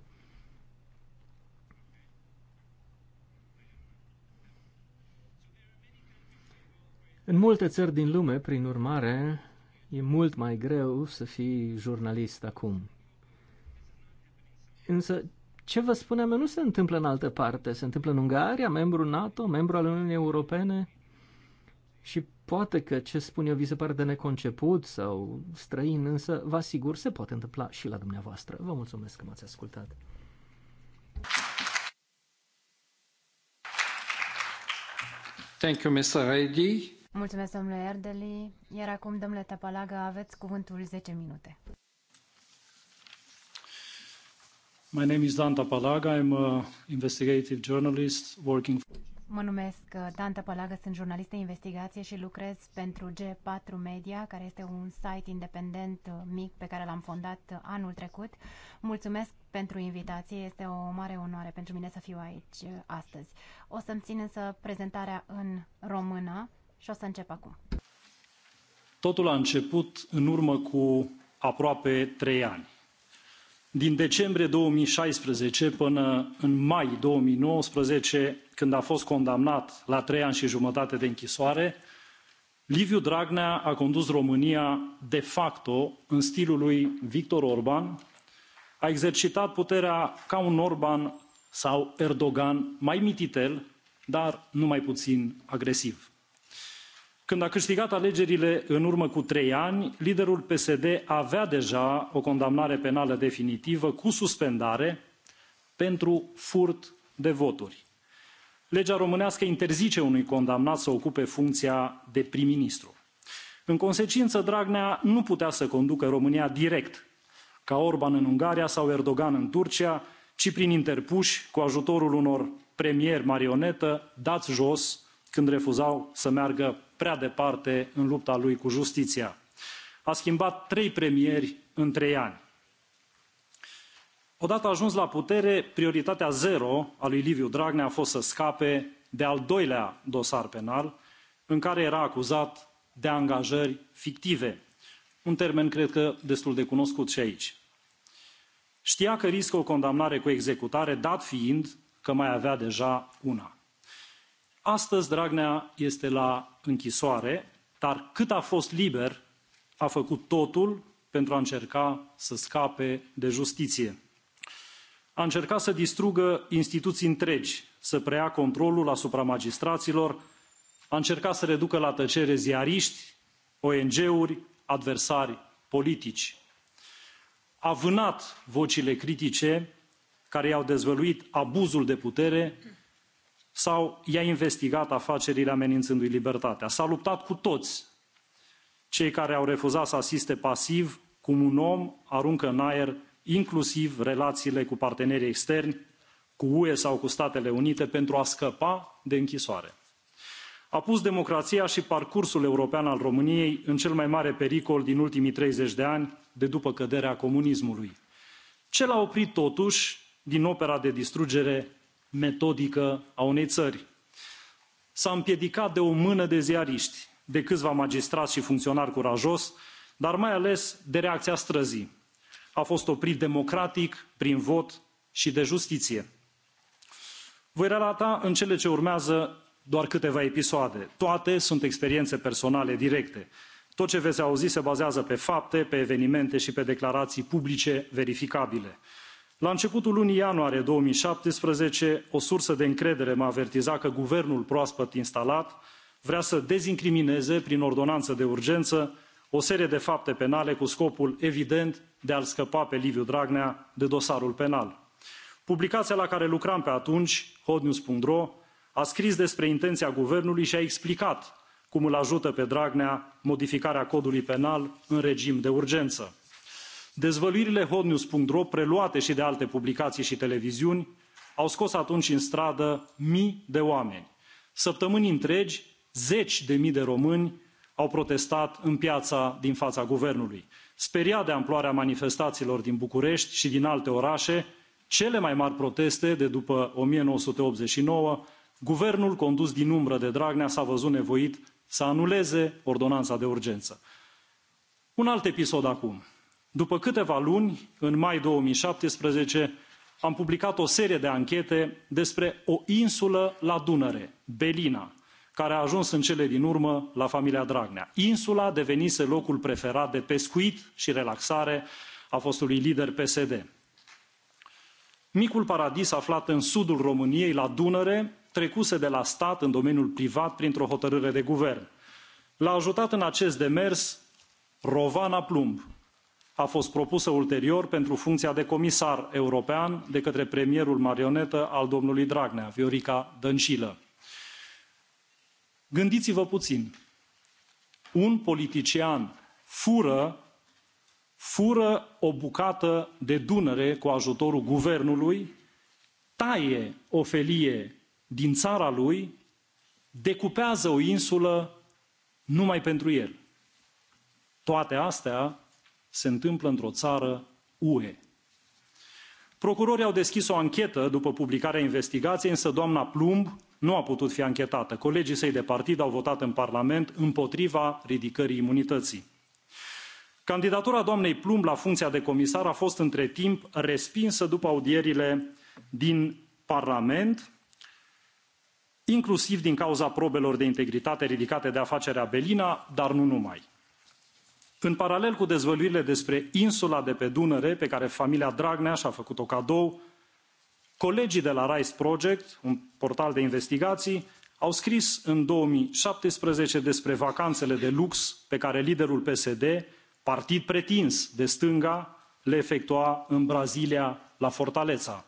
În multe țări din lume, prin urmare, e mult mai greu să fii jurnalist acum. Însă, ce vă spunem nu se întâmplă în altă parte. Se întâmplă în Ungaria, membru NATO, membru al Uniunii Europene. Și poate că ce spun eu vi se pare de neconceput sau străin, însă vă asigur se poate întâmpla și la dumneavoastră. Vă mulțumesc că m-ați ascultat. Thank you, Mr. Reddy. Mulțumesc, domnule Erdeli. Iar acum, domnule Tapalaga, aveți cuvântul 10 minute. My name is Dan Tapalaga. I'm a investigative journalist working for... Mă numesc uh, Dan Tapalaga, sunt jurnalist de investigație și lucrez pentru G4 Media, care este un site independent uh, mic pe care l-am fondat uh, anul trecut. Mulțumesc pentru invitație, este o mare onoare pentru mine să fiu aici astăzi. O să-mi țin însă prezentarea în română, și o să încep acum. Totul a început în urmă cu aproape trei ani. Din decembrie 2016 până în mai 2019, când a fost condamnat la trei ani și jumătate de închisoare, Liviu Dragnea a condus România de facto în stilul lui Victor Orban, a exercitat puterea ca un Orban sau Erdogan mai mititel, dar nu mai puțin agresiv când a câștigat alegerile în urmă cu trei ani liderul psd avea deja o condamnare penală definitivă cu suspendare pentru furt de voturi. legea românească interzice unui condamnat să ocupe funcția de prim ministru. în consecință dragnea nu putea să conducă românia direct ca orban în ungaria sau erdogan în turcia ci prin interpuși cu ajutorul unor premieri marionetă dați jos când refuzau să meargă prea departe în lupta lui cu justiția. A schimbat trei premieri în trei ani. Odată ajuns la putere, prioritatea zero a lui Liviu Dragnea a fost să scape de al doilea dosar penal, în care era acuzat de angajări fictive. Un termen, cred că, destul de cunoscut și aici. Știa că riscă o condamnare cu executare, dat fiind că mai avea deja una. Astăzi Dragnea este la închisoare, dar cât a fost liber, a făcut totul pentru a încerca să scape de justiție. A încercat să distrugă instituții întregi, să preia controlul asupra magistraților, a încercat să reducă la tăcere ziariști, ONG-uri, adversari politici. A vânat vocile critice care i-au dezvăluit abuzul de putere sau i a investigat afacerile amenințându i libertatea. s a luptat cu toți cei care au refuzat să asiste pasiv cum un om aruncă în aer inclusiv relațiile cu partenerii externi cu ue sau cu statele unite pentru a scăpa de închisoare. a pus democrația și parcursul european al româniei în cel mai mare pericol din ultimii treizeci de ani de după căderea comunismului. ce l a oprit totuși din opera de distrugere metodică a unei țări. S-a împiedicat de o mână de ziariști, de câțiva magistrați și funcționari curajos, dar mai ales de reacția străzii. A fost oprit democratic, prin vot și de justiție. Voi relata în cele ce urmează doar câteva episoade. Toate sunt experiențe personale directe. Tot ce veți auzi se bazează pe fapte, pe evenimente și pe declarații publice verificabile la începutul lunii ianuarie două mii șaptesprezece o sursă de încredere mă avertiza că guvernul proaspăt instalat vrea să dezincrimineze prin ordonanță de urgență o serie de fapte penale cu scopul evident de a l scăpa pe liviu dragnea de dosarul penal. publicația la care lucram pe atunci hotnews ro a scris despre intenția guvernului și a explicat cum îl ajută pe dragnea modificarea codului penal în regim de urgență dezvăluirile hotnews.ro preluate și de alte publicații și televiziuni au scos atunci în stradă mii de oameni. Săptămâni întregi, zeci de mii de români au protestat în piața din fața guvernului. Speria de amploarea manifestațiilor din București și din alte orașe, cele mai mari proteste de după 1989, guvernul condus din umbră de Dragnea s-a văzut nevoit să anuleze ordonanța de urgență. Un alt episod acum după câteva luni în mai două mii șaptesprezece am publicat o serie de anchete despre o insulă la dunăre belina care a ajuns în cele din urmă la familia dragnea. insula devenise locul preferat de pescuit și relaxare a fostului lider psd. micul paradis aflat în sudul româniei la dunăre trecuse de la stat în domeniul privat printr o hotărâre de guvern. l a ajutat în acest demers rovana plumb a fost propusă ulterior pentru funcția de comisar european de către premierul marionetă al domnului Dragnea, Viorica Dăncilă. Gândiți-vă puțin. Un politician fură fură o bucată de Dunăre cu ajutorul guvernului, taie o felie din țara lui, decupează o insulă numai pentru el. Toate astea se întâmplă într o țară ue. procurorii au deschis o anchetă după publicarea investigației însă doamna plumb nu a putut fi anchetată colegii săi de partid au votat în parlament împotriva ridicării imunității. candidatura doamnei plumb la funcția de comisar a fost între timp respinsă după audierile din parlament inclusiv din cauza probelor de integritate ridicate de afacerea belina dar nu numai în paralel cu dezvăluirile despre insula de pe dunăre pe care familia dragnea și a făcut o cadou colegii de la rise project un portal de investigații au scris în două mii șaptesprezece despre vacanțele de lux pe care liderul psd partid pretins de stânga le efectua în brazilia la fortaleza.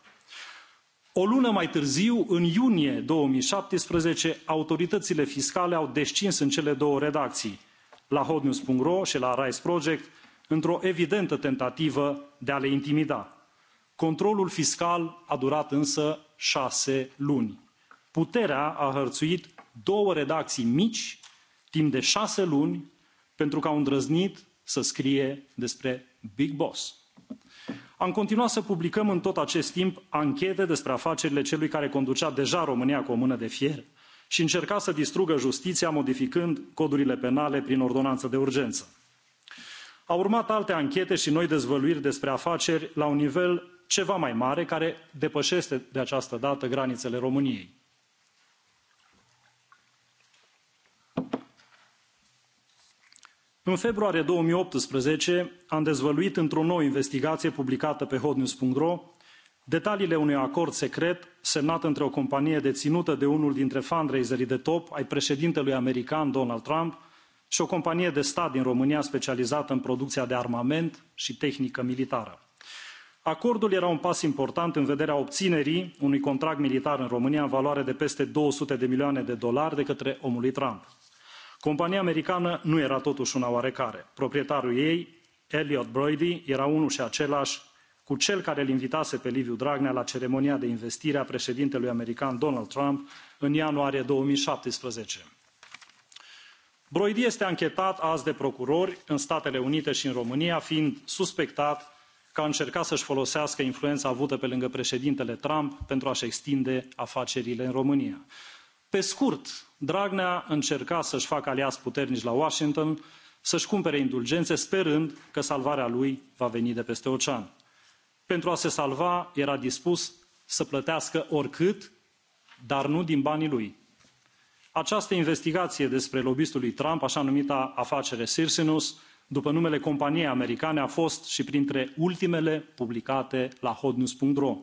o lună mai târziu în iunie două mii șaptesprezece autoritățile fiscale au descins în cele două redacții la hotnews.ro și la rise project într o evidentă tentativă de a le intimida. controlul fiscal a durat însă șase luni. puterea a hărțuit două redacții mici timp de șase luni pentru că au îndrăznit să scrie despre big boss. am continuat să publicăm în tot acest timp anchete despre afacerile celui care conducea deja românia cu o mână de fier și încerca să distrugă justiția modificând codurile penale prin ordonanță de urgență. Au urmat alte anchete și noi dezvăluiri despre afaceri la un nivel ceva mai mare, care depășește de această dată granițele României. În februarie 2018 am dezvăluit într-o nouă investigație publicată pe hotnews.ro detaliile unui acord secret semnat între o companie deținută de unul dintre fundraiserii de top ai președintelui american donald trump și o companie de stat din românia specializată în producția de armament și tehnică militară. acordul era un pas important în vederea obținerii unui contract militar în românia în valoare de peste două sute de milioane de dolari de către omul lui trump. compania americană nu era totuși una oarecare proprietarul ei elliot brody era unul și același cu cel care îl invitase pe liviu dragnea la ceremonia de investire a președintelui american donald trump în ianuarie. 2017. Broidi este anchetat azi de procurori în statele unite și în românia fiind suspectat că a încercat să și folosească influența avută pe lângă președintele trump pentru a și extinde afacerile în românia. pe scurt dragnea încerca să și facă aliați puternici la washington să și cumpere indulgențe sperând că salvarea lui va veni de peste ocean pentru a se salva era dispus să plătească oricât dar nu din banii lui. această investigație despre lobbyistul lui trump așa numita afacere Sirsinus, după numele companiei americane a fost și printre ultimele publicate la hotnews ro.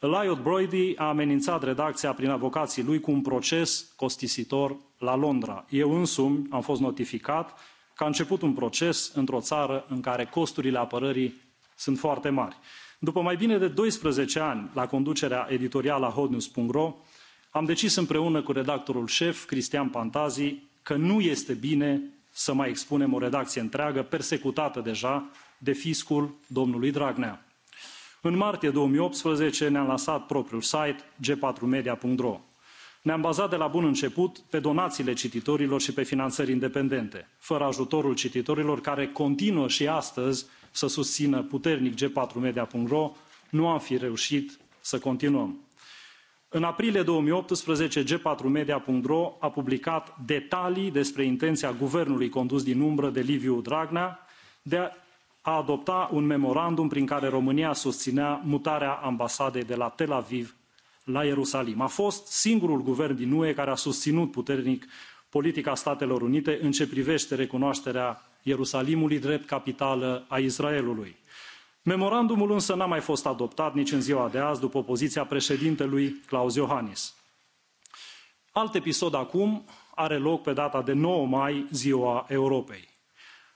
Eliot Brody a amenințat redacția prin avocații lui cu un proces costisitor la Londra. Eu însumi am fost notificat că a început un proces într-o țară în care costurile apărării sunt foarte mari. După mai bine de 12 ani la conducerea editorială a hotnews.ro, am decis împreună cu redactorul șef, Cristian Pantazi, că nu este bine să mai expunem o redacție întreagă, persecutată deja de fiscul domnului Dragnea. În martie 2018 ne-am lansat propriul site g4media.ro ne am bazat de la bun început pe donațiile cititorilor și pe finanțări independente fără ajutorul cititorilor care continuă și astăzi să susțină puternic g patru media ro nu am fi reușit să continuăm. în aprilie două mii optsprezece g patru media ro a publicat detalii despre intenția guvernului condus din umbră de liviu dragnea de a a adopta un memorandum prin care românia susținea mutarea ambasadei de la tel aviv la ierusalim. a fost singurul guvern din ue care a susținut puternic politica statelor unite în ce privește recunoașterea ierusalimului drept capitală a israelului. memorandumul însă n a mai fost adoptat nici în ziua de azi după poziția președintelui klaus iohannis. alt episod acum are loc pe data de 9 mai, ziua Europei.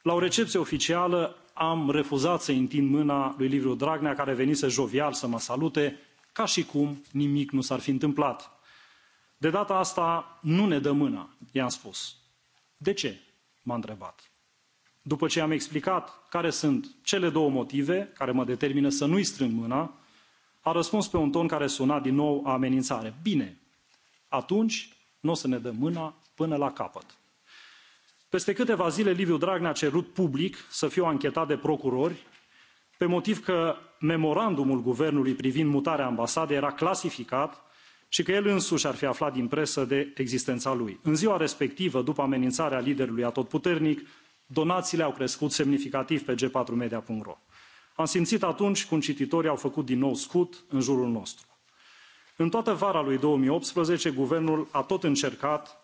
La o recepție oficială am refuzat să întind mâna lui Liviu Dragnea, care venise jovial să mă salute, ca și cum nimic nu s-ar fi întâmplat. De data asta nu ne dă mâna, i-am spus. De ce? m-a întrebat. După ce am explicat care sunt cele două motive care mă determină să nu-i strâng mâna, a răspuns pe un ton care suna din nou a amenințare. Bine, atunci nu o să ne dăm mâna până la capăt. Peste câteva zile, Liviu Dragnea a cerut public să fiu anchetat de procurori pe motiv că memorandumul guvernului privind mutarea ambasadei era clasificat și că el însuși ar fi aflat din presă de existența lui. În ziua respectivă, după amenințarea liderului atotputernic, donațiile au crescut semnificativ pe g4media.ro. Am simțit atunci cum cititorii au făcut din nou scut în jurul nostru. În toată vara lui 2018, guvernul a tot încercat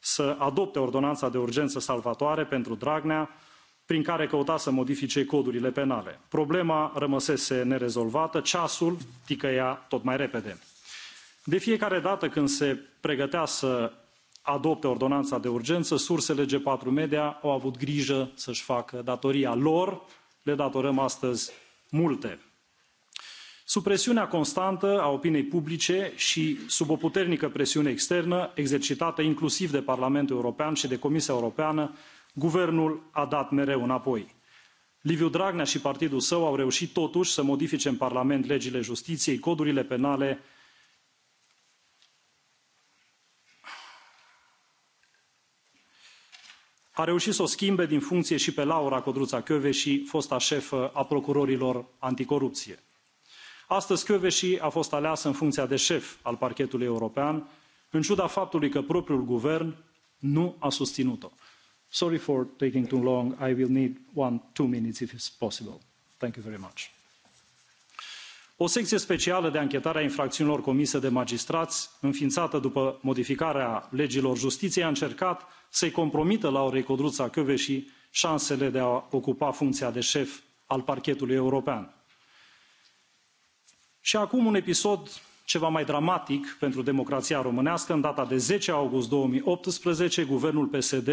să adopte ordonanța de urgență salvatoare pentru Dragnea, prin care căuta să modifice codurile penale. Problema rămăsese nerezolvată, ceasul ticăia tot mai repede. De fiecare dată când se pregătea să adopte ordonanța de urgență, sursele G4 Media au avut grijă să-și facă datoria lor. Le datorăm astăzi multe. Sub presiunea constantă a opiniei publice și sub o puternică presiune externă, exercitată inclusiv de Parlamentul European și de Comisia Europeană, guvernul a dat mereu înapoi. liviu dragnea și partidul său au reușit totuși să modifice în parlament legile justiției codurile penale a reușit să o schimbe din funcție și pe laura codruța kvesi fosta șefă a procurorilor anticorupție. astăzi kvesi a fost aleasă în funcția de șef al parchetului european în ciuda faptului că propriul guvern nu a susținut o. Sorry for taking too long. I will need one, two minutes if it's possible. Thank you very much. O secție specială de anchetare a infracțiunilor comise de magistrați, înființată după modificarea legilor justiției, a încercat să-i compromită la Orei Codruța și șansele de a ocupa funcția de șef al parchetului european. Și acum un episod ceva mai dramatic pentru democrația românească. În data de 10 august 2018, guvernul PSD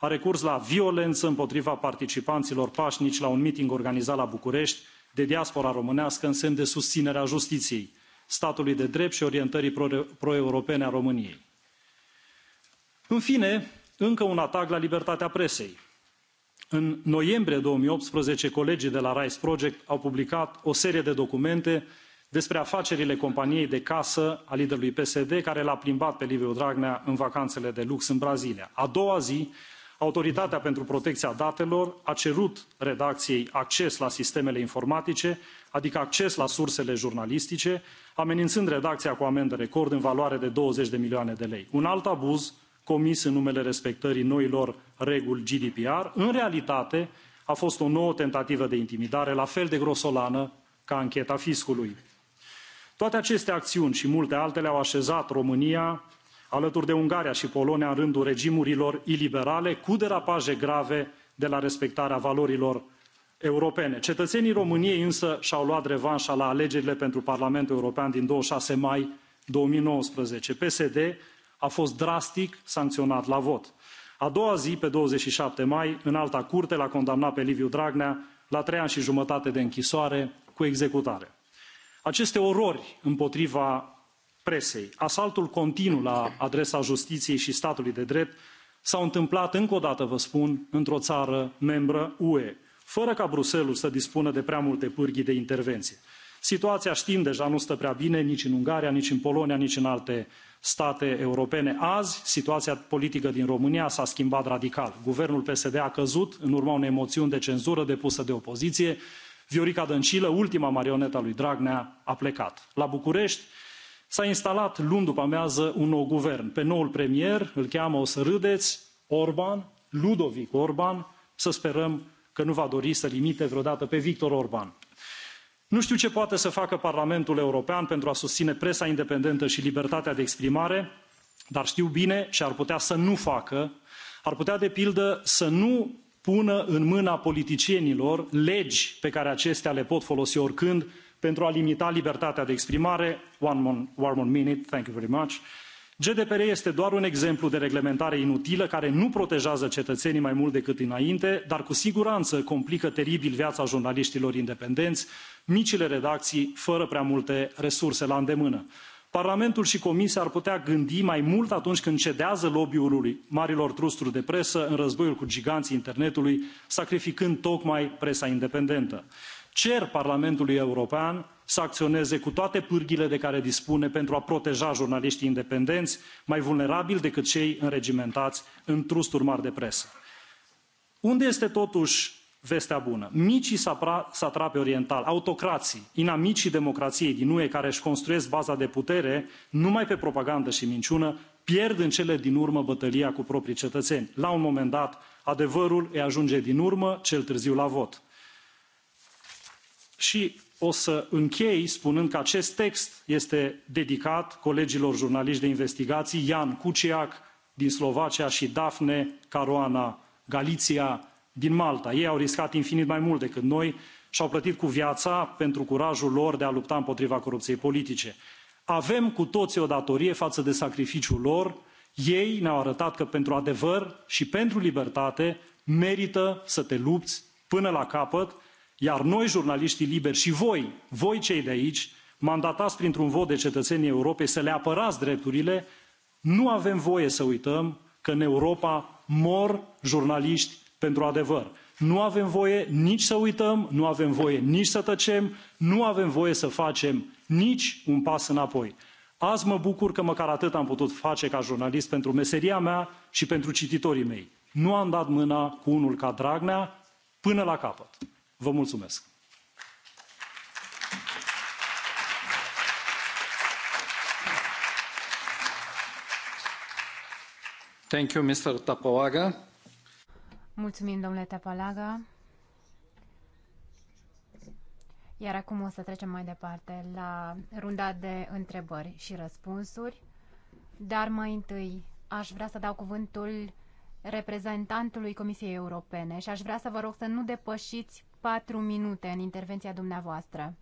a recurs la violență împotriva participanților pașnici la un miting organizat la bucurești de diaspora românească în semn de susținere a justiției statului de drept și orientării pro europene a româniei. în fine încă un atac la libertatea presei. în noiembrie două mii optsprezece colegii de la rise project au publicat o serie de documente despre afacerile companiei de casă a liderului psd care l a plimbat pe liviu dragnea în vacanțele de lux în brazilia. a doua zi autoritatea pentru protecția datelor a cerut redacției acces la sistemele informatice adică acces la sursele jurnalistice amenințând redacția cu amendă record în valoare de douăzeci de milioane de lei un alt abuz comis în numele respectării noilor reguli gdpr în realitate a fost o nouă tentativă de intimidare la fel de grosolană ca ancheta fiscului. toate aceste acțiuni și multe altele au așezat românia alături de ungaria și polonia în rândul regimurilor iliberale cu derapaje grave de la respectarea valorilor europene. cetățenii româniei însă și au luat revanșa la alegerile pentru parlamentul european din douăzeci și șase mai două mii nouăsprezece psd a fost drastic sancționat la vot. a doua zi pe douăzeci și șapte mai înalta curte l a condamnat pe liviu dragnea la trei ani și jumătate de închisoare cu executare. aceste orori împotriva presei asaltul continuu la adresa justiției și statului de drept s au întâmplat încă o dată vă spun într o țară membră ue fără ca bruxelles ul să dispună de prea multe pârghii de intervenție. situația știm deja nu stă prea bine nici în ungaria nici în polonia nici în alte state europene. azi situația politică din românia s a schimbat radical guvernul psd a căzut în urma unei moțiuni de cenzură depusă de opoziție viorica dăncilă ultima marionetă a lui dragnea a plecat. la bucurești s a instalat luni după amiază un nou guvern. Pe noul premier îl cheamă, o să râdeți, Orban, Ludovic Orban, să sperăm că nu va dori să-l imite vreodată pe Victor Orban. Nu știu ce poate să facă Parlamentul European pentru a susține presa independentă și libertatea de exprimare, dar știu bine și ar putea să nu facă, ar putea, de pildă, să nu pună în mâna politicienilor legi pe care acestea le pot folosi oricând pentru a limita libertatea de exprimare one, one more minute thank you very much GDPR este doar un exemplu de reglementare inutilă care nu protejează cetățenii mai mult decât înainte, dar cu siguranță complică teribil viața jurnaliștilor independenți, micile redacții, fără prea multe resurse la îndemână. Parlamentul și Comisia ar putea gândi mai mult atunci când cedează lobby-ului marilor trusturi de presă în războiul cu giganții internetului, sacrificând tocmai presa independentă cer parlamentului european să acționeze cu toate pârghiile de care dispune pentru a proteja jurnaliștii independenți mai vulnerabili decât cei înregimentați în trusturi mari de presă. unde este totuși vestea bună? micii satrapi orientali autocrații inamicii democrației din ue care își construiesc baza de putere numai pe propagandă și minciună pierd în cele din urmă bătălia cu proprii cetățeni. la un moment dat adevărul îi ajunge din urmă cel târziu la vot și o să închei spunând că acest text este dedicat colegilor jurnaliști de investigații Ian Kuciak din Slovacia și Daphne Caruana Galizia din Malta. Ei au riscat infinit mai mult decât noi și au plătit cu viața pentru curajul lor de a lupta împotriva corupției politice. Avem cu toții o datorie față de sacrificiul lor. Ei ne-au arătat că pentru adevăr și pentru libertate merită să te lupți până la capăt iar noi jurnaliștii liberi și voi voi cei de aici mandatați printr un vot de cetățenii europei să le apărați drepturile nu avem voie să uităm că în europa mor jurnaliști pentru adevăr. nu avem voie nici să uităm nu avem voie nici să tăcem nu avem voie să facem nici un pas înapoi. azi mă bucur că măcar atât am putut face ca jurnalist pentru meseria mea și pentru cititorii mei. nu am dat mâna cu unul ca dragnea până la capăt. Vă mulțumesc! Thank you, Mr. Tapalaga. Mulțumim, domnule Tapalaga. Iar acum o să trecem mai departe la runda de întrebări și răspunsuri. Dar mai întâi aș vrea să dau cuvântul reprezentantului Comisiei Europene și aș vrea să vă rog să nu depășiți patru minute în intervenția dumneavoastră.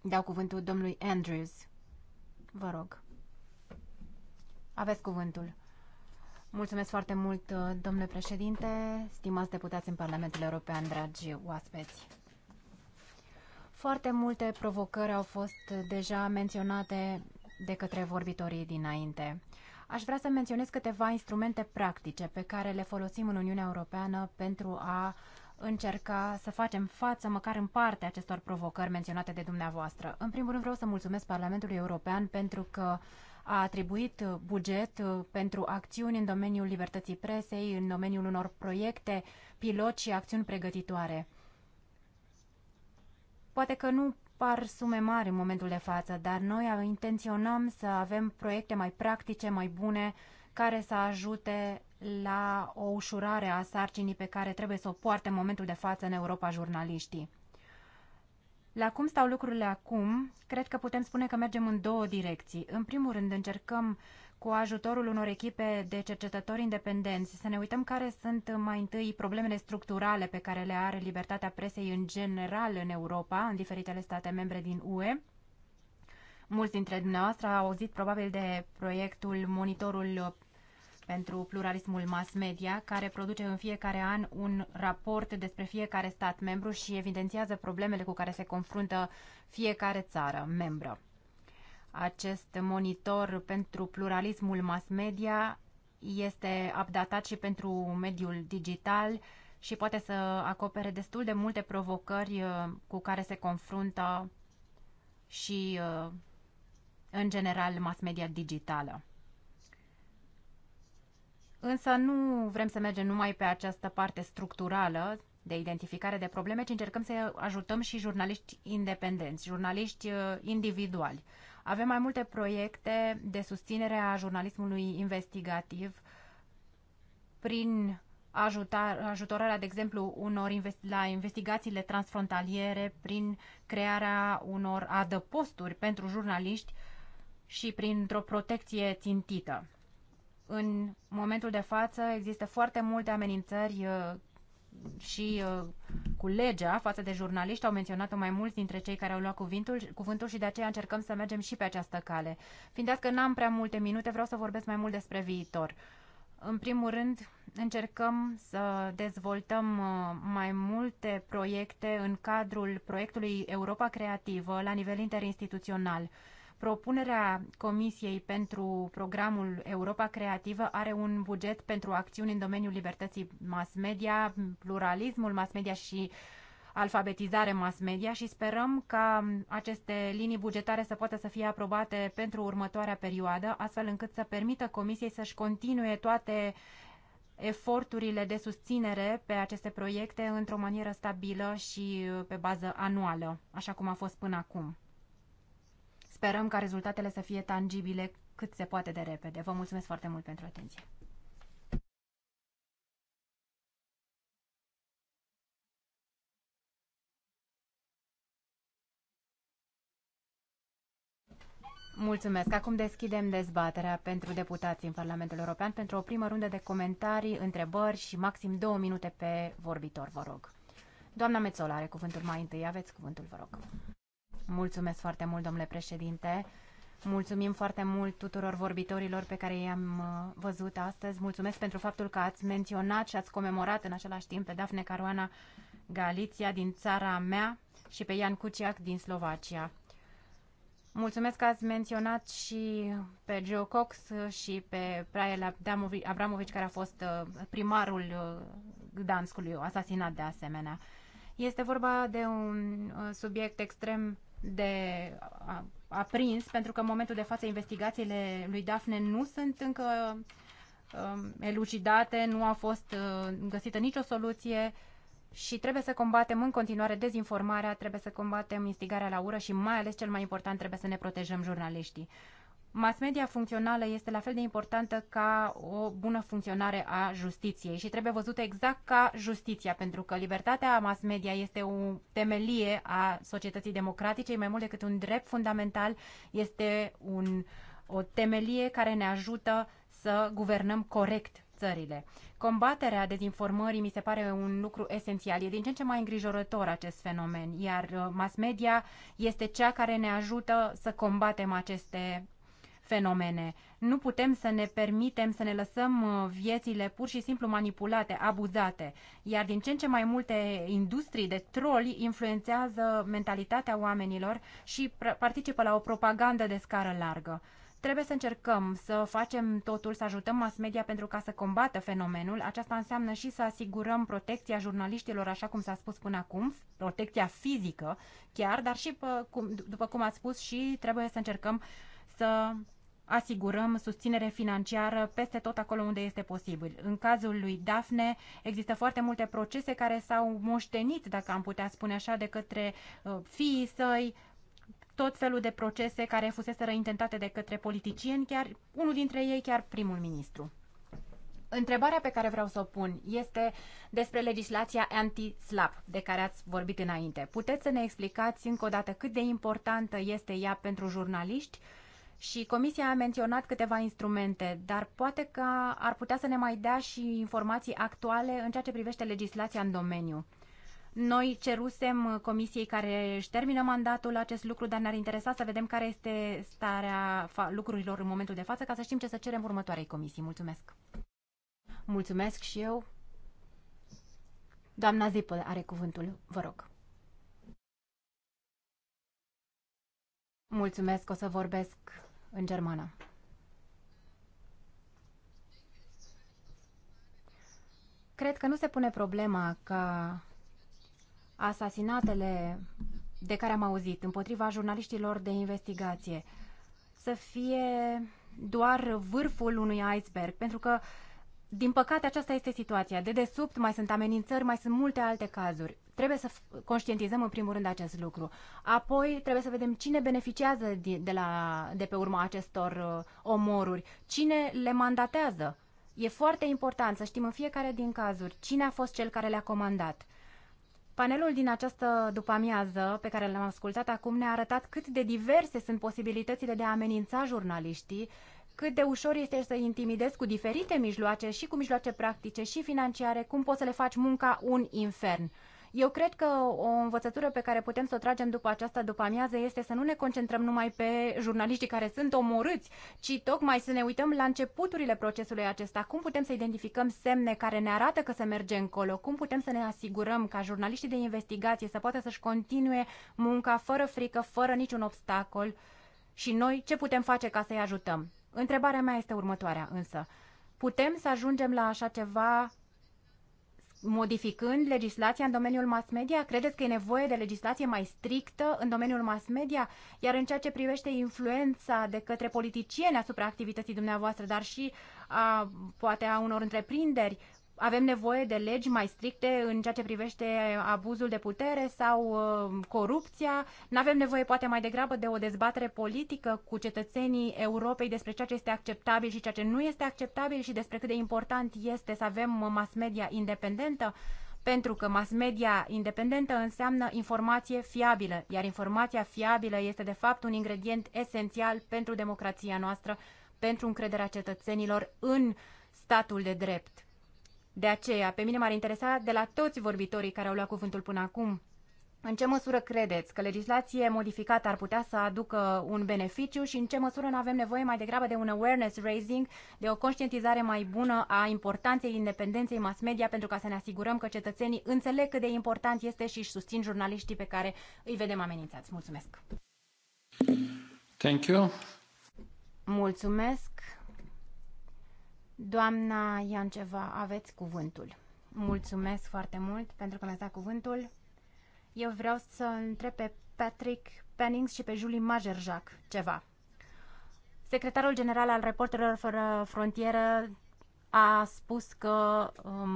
Dau cuvântul domnului Andrews. Vă rog. Aveți cuvântul. Mulțumesc foarte mult, domnule președinte, stimați deputați în Parlamentul European, dragi oaspeți. Foarte multe provocări au fost deja menționate de către vorbitorii dinainte. Aș vrea să menționez câteva instrumente practice pe care le folosim în Uniunea Europeană pentru a încerca să facem față măcar în parte acestor provocări menționate de dumneavoastră. În primul rând vreau să mulțumesc Parlamentului European pentru că a atribuit buget uh, pentru acțiuni în domeniul libertății presei, în domeniul unor proiecte pilot și acțiuni pregătitoare. Poate că nu par sume mari în momentul de față, dar noi intenționăm să avem proiecte mai practice, mai bune, care să ajute la o ușurare a sarcinii pe care trebuie să o poarte în momentul de față în Europa jurnaliștii. La cum stau lucrurile acum, cred că putem spune că mergem în două direcții. În primul rând, încercăm cu ajutorul unor echipe de cercetători independenți să ne uităm care sunt mai întâi problemele structurale pe care le are libertatea presei în general în Europa, în diferitele state membre din UE. Mulți dintre dumneavoastră au auzit probabil de proiectul Monitorul pentru pluralismul mass media, care produce în fiecare an un raport despre fiecare stat membru și evidențiază problemele cu care se confruntă fiecare țară membră. Acest monitor pentru pluralismul mass media este updatat și pentru mediul digital și poate să acopere destul de multe provocări uh, cu care se confruntă și, uh, în general, mass media digitală. Însă nu vrem să mergem numai pe această parte structurală de identificare de probleme, ci încercăm să ajutăm și jurnaliști independenți, jurnaliști uh, individuali. Avem mai multe proiecte de susținere a jurnalismului investigativ prin ajutar, ajutorarea, de exemplu, unor investi- la investigațiile transfrontaliere, prin crearea unor adăposturi pentru jurnaliști și printr-o protecție țintită în momentul de față există foarte multe amenințări uh, și uh, cu legea față de jurnaliști, au menționat-o mai mulți dintre cei care au luat cuvintul, cuvântul și de aceea încercăm să mergem și pe această cale. Fiind dat că n-am prea multe minute, vreau să vorbesc mai mult despre viitor. În primul rând, încercăm să dezvoltăm uh, mai multe proiecte în cadrul proiectului Europa Creativă la nivel interinstituțional. Propunerea Comisiei pentru programul Europa Creativă are un buget pentru acțiuni în domeniul libertății mass media, pluralismul mass media și alfabetizare mass media și sperăm ca aceste linii bugetare să poată să fie aprobate pentru următoarea perioadă, astfel încât să permită Comisiei să-și continue toate eforturile de susținere pe aceste proiecte într-o manieră stabilă și pe bază anuală, așa cum a fost până acum. Sperăm ca rezultatele să fie tangibile cât se poate de repede. Vă mulțumesc foarte mult pentru atenție. Mulțumesc. Acum deschidem dezbaterea pentru deputații în Parlamentul European pentru o primă rundă de comentarii, întrebări și maxim două minute pe vorbitor, vă rog. Doamna Mețola are cuvântul mai întâi. Aveți cuvântul, vă rog. Mulțumesc foarte mult, domnule președinte. Mulțumim foarte mult tuturor vorbitorilor pe care i-am uh, văzut astăzi. Mulțumesc pentru faptul că ați menționat și ați comemorat în același timp pe Dafne Caruana Galiția din țara mea și pe Ian Cuciac din Slovacia. Mulțumesc că ați menționat și pe Joe Cox și pe Praiel Abramovici, care a fost uh, primarul uh, Gdanskului, asasinat de asemenea. Este vorba de un subiect extrem de aprins, pentru că în momentul de față investigațiile lui Dafne nu sunt încă um, elucidate, nu a fost uh, găsită nicio soluție și trebuie să combatem în continuare dezinformarea, trebuie să combatem instigarea la ură și mai ales cel mai important trebuie să ne protejăm jurnaliștii. Mass media funcțională este la fel de importantă ca o bună funcționare a justiției și trebuie văzută exact ca justiția, pentru că libertatea mass media este o temelie a societății democratice, mai mult decât un drept fundamental, este un, o temelie care ne ajută să guvernăm corect țările. Combaterea dezinformării mi se pare un lucru esențial. E din ce în ce mai îngrijorător acest fenomen, iar uh, mass media este cea care ne ajută să combatem aceste fenomene. Nu putem să ne permitem să ne lăsăm uh, viețile pur și simplu manipulate, abuzate. Iar din ce în ce mai multe industrii de troli influențează mentalitatea oamenilor și participă la o propagandă de scară largă. Trebuie să încercăm să facem totul, să ajutăm mass media pentru ca să combată fenomenul. Aceasta înseamnă și să asigurăm protecția jurnaliștilor, așa cum s-a spus până acum, protecția fizică chiar, dar și, după cum ați spus, și trebuie să încercăm să asigurăm susținere financiară peste tot acolo unde este posibil. În cazul lui Daphne există foarte multe procese care s-au moștenit, dacă am putea spune așa, de către uh, fiii săi, tot felul de procese care fusese intentate de către politicieni, chiar unul dintre ei chiar primul ministru. Întrebarea pe care vreau să o pun este despre legislația anti-slap de care ați vorbit înainte. Puteți să ne explicați încă o dată cât de importantă este ea pentru jurnaliști și Comisia a menționat câteva instrumente, dar poate că ar putea să ne mai dea și informații actuale în ceea ce privește legislația în domeniu. Noi cerusem comisiei care își termină mandatul acest lucru, dar ne-ar interesa să vedem care este starea lucrurilor în momentul de față, ca să știm ce să cerem următoarei comisii. Mulțumesc! Mulțumesc și eu! Doamna Zipăl are cuvântul, vă rog. Mulțumesc, o să vorbesc în germană. Cred că nu se pune problema ca asasinatele de care am auzit împotriva jurnaliștilor de investigație să fie doar vârful unui iceberg, pentru că, din păcate, aceasta este situația. De desubt mai sunt amenințări, mai sunt multe alte cazuri. Trebuie să conștientizăm în primul rând acest lucru. Apoi trebuie să vedem cine beneficiază de, la, de pe urma acestor uh, omoruri, cine le mandatează. E foarte important să știm în fiecare din cazuri cine a fost cel care le-a comandat. Panelul din această dupamiază pe care l-am ascultat acum ne-a arătat cât de diverse sunt posibilitățile de a amenința jurnaliștii, cât de ușor este să intimidezi cu diferite mijloace și cu mijloace practice și financiare, cum poți să le faci munca un infern. Eu cred că o învățătură pe care putem să o tragem după această după amiază este să nu ne concentrăm numai pe jurnaliștii care sunt omorâți, ci tocmai să ne uităm la începuturile procesului acesta. Cum putem să identificăm semne care ne arată că se merge încolo? Cum putem să ne asigurăm ca jurnaliștii de investigație să poată să-și continue munca fără frică, fără niciun obstacol? Și noi ce putem face ca să-i ajutăm? Întrebarea mea este următoarea însă. Putem să ajungem la așa ceva modificând legislația în domeniul mass media? Credeți că e nevoie de legislație mai strictă în domeniul mass media? Iar în ceea ce privește influența de către politicieni asupra activității dumneavoastră, dar și a, poate a unor întreprinderi, avem nevoie de legi mai stricte în ceea ce privește abuzul de putere sau uh, corupția? Nu avem nevoie poate mai degrabă de o dezbatere politică cu cetățenii Europei despre ceea ce este acceptabil și ceea ce nu este acceptabil și despre cât de important este să avem uh, mass media independentă? pentru că mass media independentă înseamnă informație fiabilă, iar informația fiabilă este de fapt un ingredient esențial pentru democrația noastră, pentru încrederea cetățenilor în statul de drept. De aceea, pe mine m-ar interesa de la toți vorbitorii care au luat cuvântul până acum, în ce măsură credeți că legislație modificată ar putea să aducă un beneficiu și în ce măsură nu avem nevoie mai degrabă de un awareness raising, de o conștientizare mai bună a importanței independenței mass media pentru ca să ne asigurăm că cetățenii înțeleg cât de important este și își susțin jurnaliștii pe care îi vedem amenințați. Mulțumesc! Thank you. Mulțumesc! Doamna Ianceva, aveți cuvântul. Mulțumesc foarte mult pentru că mi-ați dat cuvântul. Eu vreau să întreb pe Patrick Pennings și pe Julie Majerjac ceva. Secretarul general al Reporterilor Fără Frontieră a spus că um,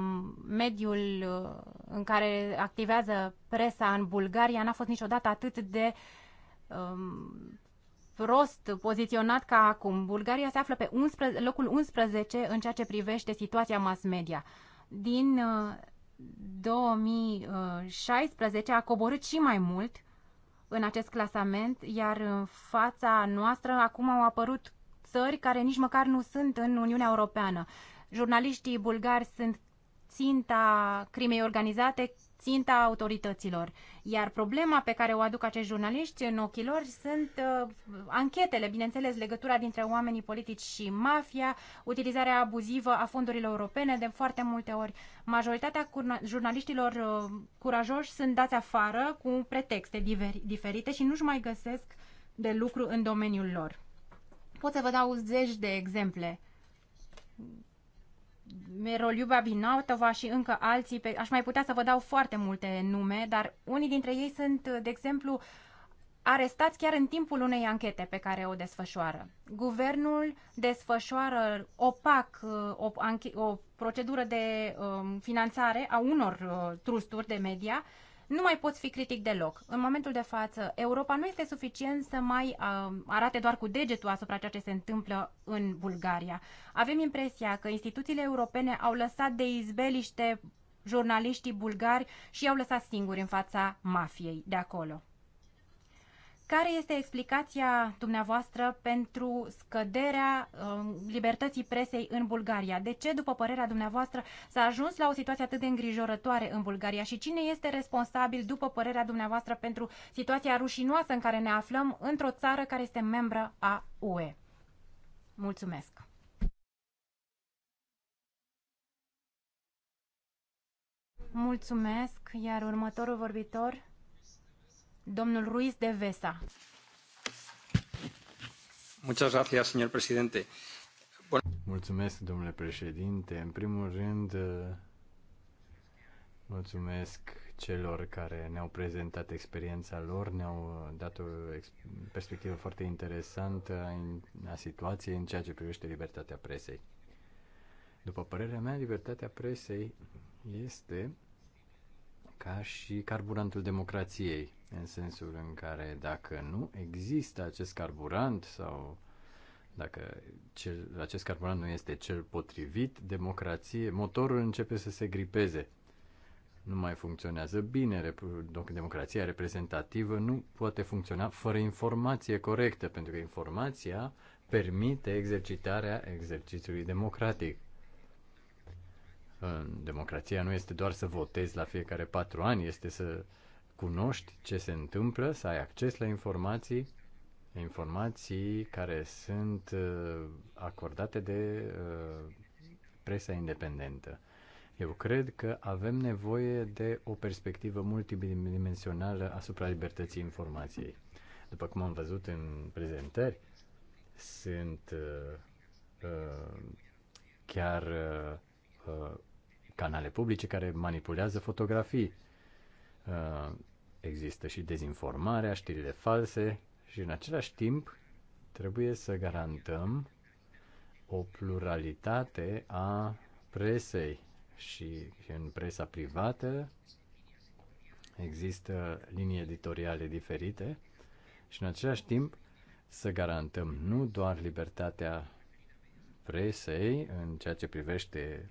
mediul uh, în care activează presa în Bulgaria n-a fost niciodată atât de um, prost poziționat ca acum. Bulgaria se află pe 11, locul 11 în ceea ce privește situația mass media. Din 2016 uh, a coborât și mai mult în acest clasament, iar în fața noastră acum au apărut țări care nici măcar nu sunt în Uniunea Europeană. Jurnaliștii bulgari sunt ținta crimei organizate, ținta autorităților. Iar problema pe care o aduc acești jurnaliști în ochii lor sunt uh, anchetele, bineînțeles, legătura dintre oamenii politici și mafia, utilizarea abuzivă a fondurilor europene de foarte multe ori. Majoritatea jurnaliștilor uh, curajoși sunt dați afară cu pretexte diferite și nu-și mai găsesc de lucru în domeniul lor. Pot să vă dau zeci de exemple Meroliuba Binautova și încă alții, pe, aș mai putea să vă dau foarte multe nume, dar unii dintre ei sunt, de exemplu, arestați chiar în timpul unei anchete pe care o desfășoară. Guvernul desfășoară opac uh, o, o procedură de um, finanțare a unor uh, trusturi de media nu mai pot fi critic deloc. În momentul de față, Europa nu este suficient să mai uh, arate doar cu degetul asupra ceea ce se întâmplă în Bulgaria. Avem impresia că instituțiile europene au lăsat de izbeliște jurnaliștii bulgari și i-au lăsat singuri în fața mafiei de acolo. Care este explicația dumneavoastră pentru scăderea um, libertății presei în Bulgaria? De ce, după părerea dumneavoastră, s-a ajuns la o situație atât de îngrijorătoare în Bulgaria și cine este responsabil, după părerea dumneavoastră, pentru situația rușinoasă în care ne aflăm într-o țară care este membră a UE? Mulțumesc! Mulțumesc, iar următorul vorbitor Domnul Ruiz de Vesa. Mulțumesc, domnule președinte. În primul rând, uh, mulțumesc celor care ne-au prezentat experiența lor, ne-au uh, dat o perspectivă foarte interesantă a situației în ceea ce privește libertatea presei. După părerea mea, libertatea presei este ca și carburantul democrației în sensul în care dacă nu există acest carburant sau dacă cel, acest carburant nu este cel potrivit, democrație, motorul începe să se gripeze. Nu mai funcționează bine, democrația reprezentativă nu poate funcționa fără informație corectă, pentru că informația permite exercitarea exercițiului democratic. Democrația nu este doar să votezi la fiecare patru ani, este să cunoști ce se întâmplă, să ai acces la informații, informații care sunt uh, acordate de uh, presa independentă. Eu cred că avem nevoie de o perspectivă multidimensională asupra libertății informației. După cum am văzut în prezentări, sunt uh, uh chiar uh, canale publice care manipulează fotografii. Uh, există și dezinformarea, știrile false și în același timp trebuie să garantăm o pluralitate a presei și în presa privată există linii editoriale diferite și în același timp să garantăm nu doar libertatea presei în ceea ce privește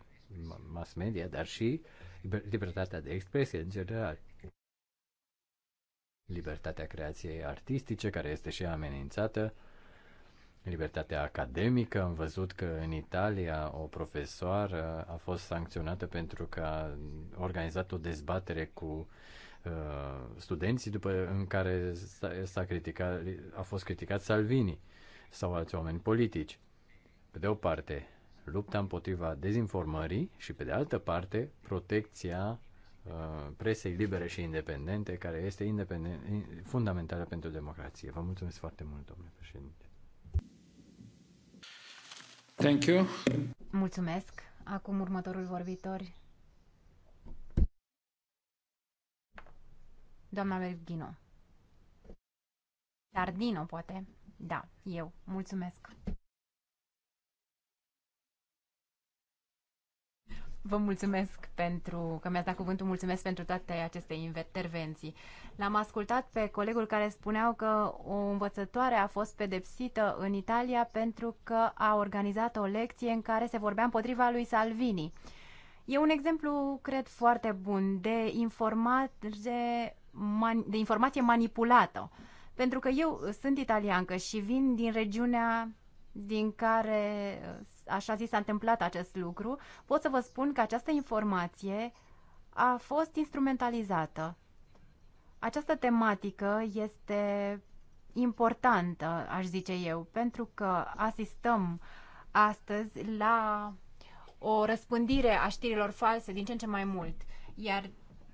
mass media, dar și libertatea de expresie în general libertatea creației artistice, care este și amenințată, libertatea academică. Am văzut că în Italia o profesoară a fost sancționată pentru că a organizat o dezbatere cu uh, studenții după în care s-a criticat, a fost criticat Salvini sau alți oameni politici. Pe de o parte, lupta împotriva dezinformării și pe de altă parte, protecția Uh, presei libere și independente, care este independent, fundamentală pentru democrație. Vă mulțumesc foarte mult, domnule președinte. Thank you. Mulțumesc. Acum următorul vorbitor. Doamna Merghino. Tardino, poate. Da, eu. Mulțumesc. Vă mulțumesc pentru că mi-ați dat cuvântul, mulțumesc pentru toate aceste intervenții. L-am ascultat pe colegul care spuneau că o învățătoare a fost pedepsită în Italia pentru că a organizat o lecție în care se vorbea împotriva lui Salvini. E un exemplu, cred, foarte bun de, de informație manipulată. Pentru că eu sunt italiancă și vin din regiunea din care așa zis s-a întâmplat acest lucru, pot să vă spun că această informație a fost instrumentalizată. Această tematică este importantă, aș zice eu, pentru că asistăm astăzi la o răspândire a știrilor false din ce în ce mai mult. Iar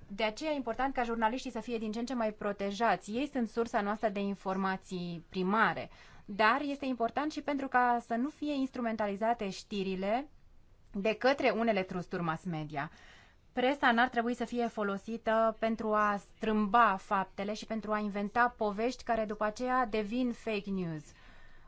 de aceea e important ca jurnaliștii să fie din ce în ce mai protejați. Ei sunt sursa noastră de informații primare dar este important și pentru ca să nu fie instrumentalizate știrile de către unele trusturi mass media. Presa n-ar trebui să fie folosită pentru a strâmba faptele și pentru a inventa povești care după aceea devin fake news.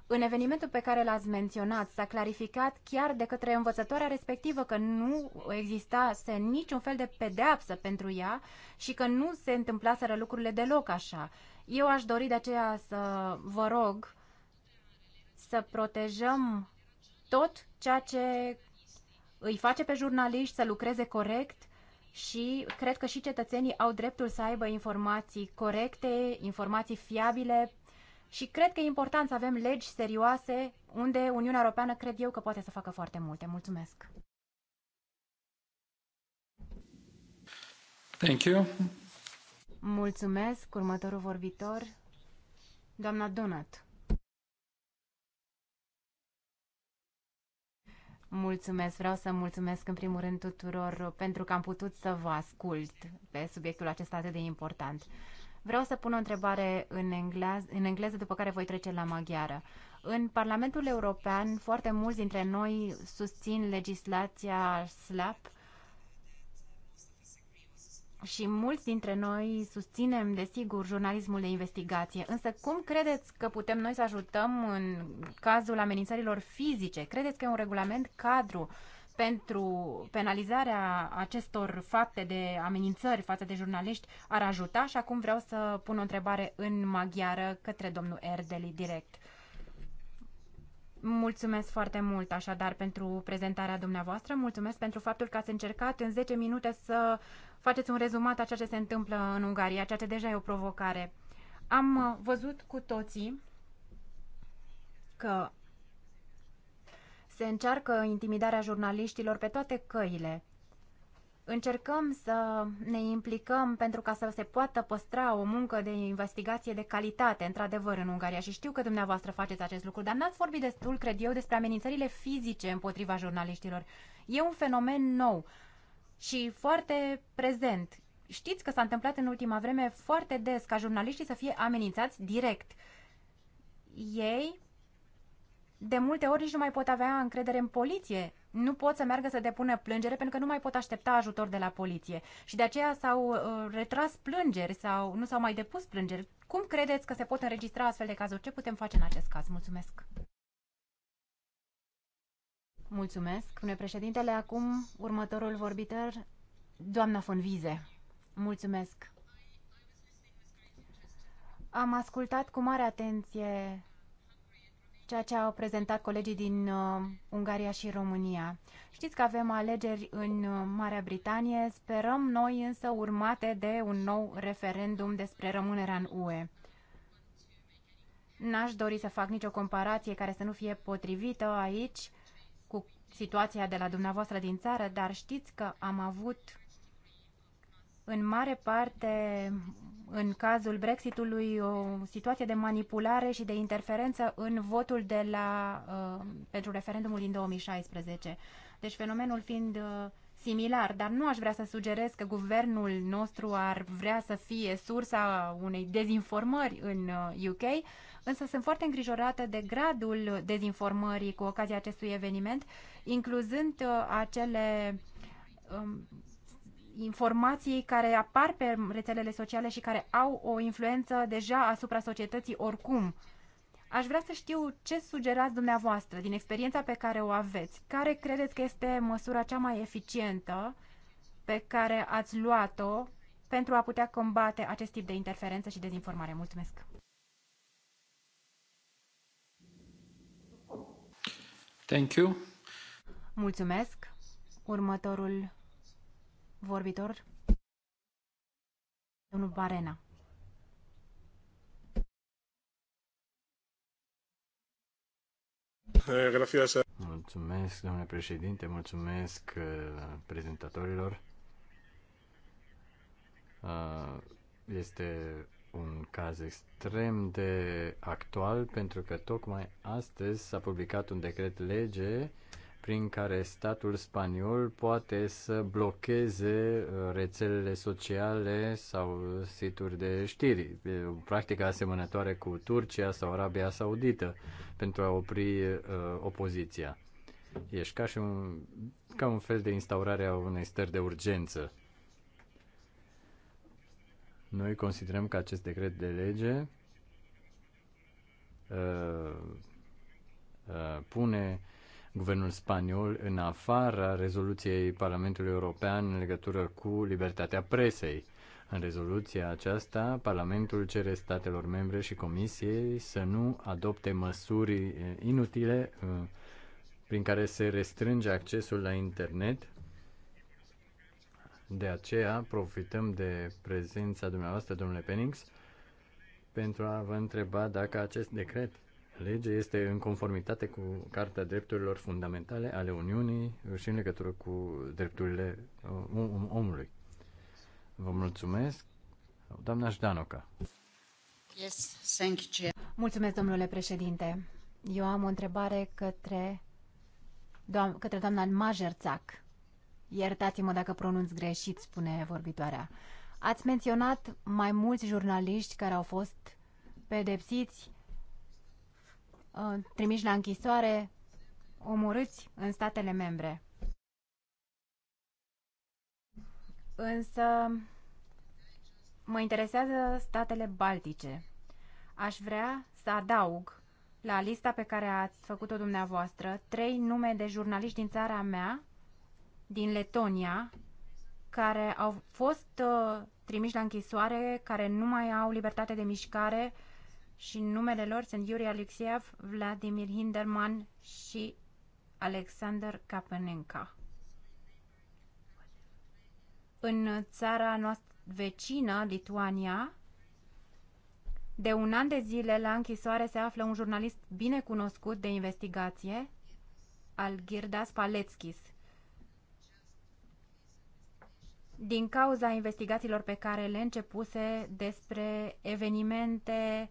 În evenimentul pe care l-ați menționat, s-a clarificat chiar de către învățătoarea respectivă că nu existase niciun fel de pedeapsă pentru ea și că nu se întâmplaseră lucrurile deloc așa. Eu aș dori de aceea să vă rog să protejăm tot ceea ce îi face pe jurnaliști să lucreze corect și cred că și cetățenii au dreptul să aibă informații corecte, informații fiabile și cred că e important să avem legi serioase unde Uniunea Europeană cred eu că poate să facă foarte multe. Mulțumesc! Thank you. Mulțumesc. Următorul vorbitor, doamna Donat. Mulțumesc, vreau să mulțumesc în primul rând tuturor pentru că am putut să vă ascult pe subiectul acesta atât de important. Vreau să pun o întrebare în engleză, în engleză după care voi trece la maghiară. În Parlamentul European, foarte mulți dintre noi susțin legislația SLAP și mulți dintre noi susținem, desigur, jurnalismul de investigație. Însă cum credeți că putem noi să ajutăm în cazul amenințărilor fizice? Credeți că e un regulament cadru pentru penalizarea acestor fapte de amenințări față de jurnaliști ar ajuta? Și acum vreau să pun o întrebare în maghiară către domnul Erdeli direct. Mulțumesc foarte mult așadar pentru prezentarea dumneavoastră, mulțumesc pentru faptul că ați încercat în 10 minute să faceți un rezumat a ceea ce se întâmplă în Ungaria, ceea ce deja e o provocare. Am uh, văzut cu toții că se încearcă intimidarea jurnaliștilor pe toate căile. Încercăm să ne implicăm pentru ca să se poată păstra o muncă de investigație de calitate, într-adevăr, în Ungaria. Și știu că dumneavoastră faceți acest lucru, dar n-ați vorbit destul, cred eu, despre amenințările fizice împotriva jurnaliștilor. E un fenomen nou și foarte prezent. Știți că s-a întâmplat în ultima vreme foarte des ca jurnaliștii să fie amenințați direct. Ei de multe ori nici nu mai pot avea încredere în poliție. Nu pot să meargă să depună plângere pentru că nu mai pot aștepta ajutor de la poliție. Și de aceea s-au uh, retras plângeri sau nu s-au mai depus plângeri. Cum credeți că se pot înregistra astfel de cazuri? Ce putem face în acest caz? Mulțumesc! Mulțumesc, spune președintele. Acum, următorul vorbitor, doamna Fonvize. Mulțumesc. Am ascultat cu mare atenție ceea ce au prezentat colegii din uh, Ungaria și România. Știți că avem alegeri în uh, Marea Britanie, sperăm noi însă urmate de un nou referendum despre rămânerea în UE. N-aș dori să fac nicio comparație care să nu fie potrivită aici, situația de la dumneavoastră din țară, dar știți că am avut în mare parte, în cazul Brexitului, o situație de manipulare și de interferență în votul de la, uh, pentru referendumul din 2016. Deci fenomenul fiind uh, similar, dar nu aș vrea să sugerez că guvernul nostru ar vrea să fie sursa unei dezinformări în uh, UK, însă sunt foarte îngrijorată de gradul dezinformării cu ocazia acestui eveniment, incluzând uh, acele um, informații care apar pe rețelele sociale și care au o influență deja asupra societății oricum. Aș vrea să știu ce sugerați dumneavoastră din experiența pe care o aveți. Care credeți că este măsura cea mai eficientă pe care ați luat-o pentru a putea combate acest tip de interferență și dezinformare? Mulțumesc! Thank you. Mulțumesc. Următorul vorbitor, domnul Barena. Eh, mulțumesc, domnule președinte, mulțumesc eh, prezentatorilor. Eh, este un caz extrem de actual pentru că tocmai astăzi s-a publicat un decret lege prin care statul spaniol poate să blocheze uh, rețelele sociale sau situri de știri, o practică asemănătoare cu Turcia sau Arabia Saudită, pentru a opri uh, opoziția. Ești ca și un, ca un fel de instaurare a unei stări de urgență. Noi considerăm că acest decret de lege uh, uh, pune guvernul spaniol în afara rezoluției Parlamentului European în legătură cu libertatea presei. În rezoluția aceasta, Parlamentul cere statelor membre și Comisiei să nu adopte măsuri inutile uh, prin care se restrânge accesul la internet de aceea profităm de prezența dumneavoastră, domnule Penix, pentru a vă întreba dacă acest decret lege este în conformitate cu Carta Drepturilor Fundamentale ale Uniunii și în legătură cu drepturile uh, omului. Vă mulțumesc. Doamna Ștanoca. Yes, thank you. Mulțumesc, domnule președinte. Eu am o întrebare către, doam- către doamna Majerțac. Iertați-mă dacă pronunț greșit, spune vorbitoarea. Ați menționat mai mulți jurnaliști care au fost pedepsiți, uh, trimiși la închisoare, omorâți în statele membre. Însă mă interesează statele baltice. Aș vrea să adaug la lista pe care ați făcut-o dumneavoastră trei nume de jurnaliști din țara mea din Letonia care au fost uh, trimiși la închisoare, care nu mai au libertate de mișcare și numele lor sunt Yuri Alexiev, Vladimir Hinderman și Alexander Kapanenka. În țara noastră vecină, Lituania, de un an de zile la închisoare se află un jurnalist binecunoscut de investigație, Algirdas Girdas Paleckis, din cauza investigațiilor pe care le începuse despre evenimente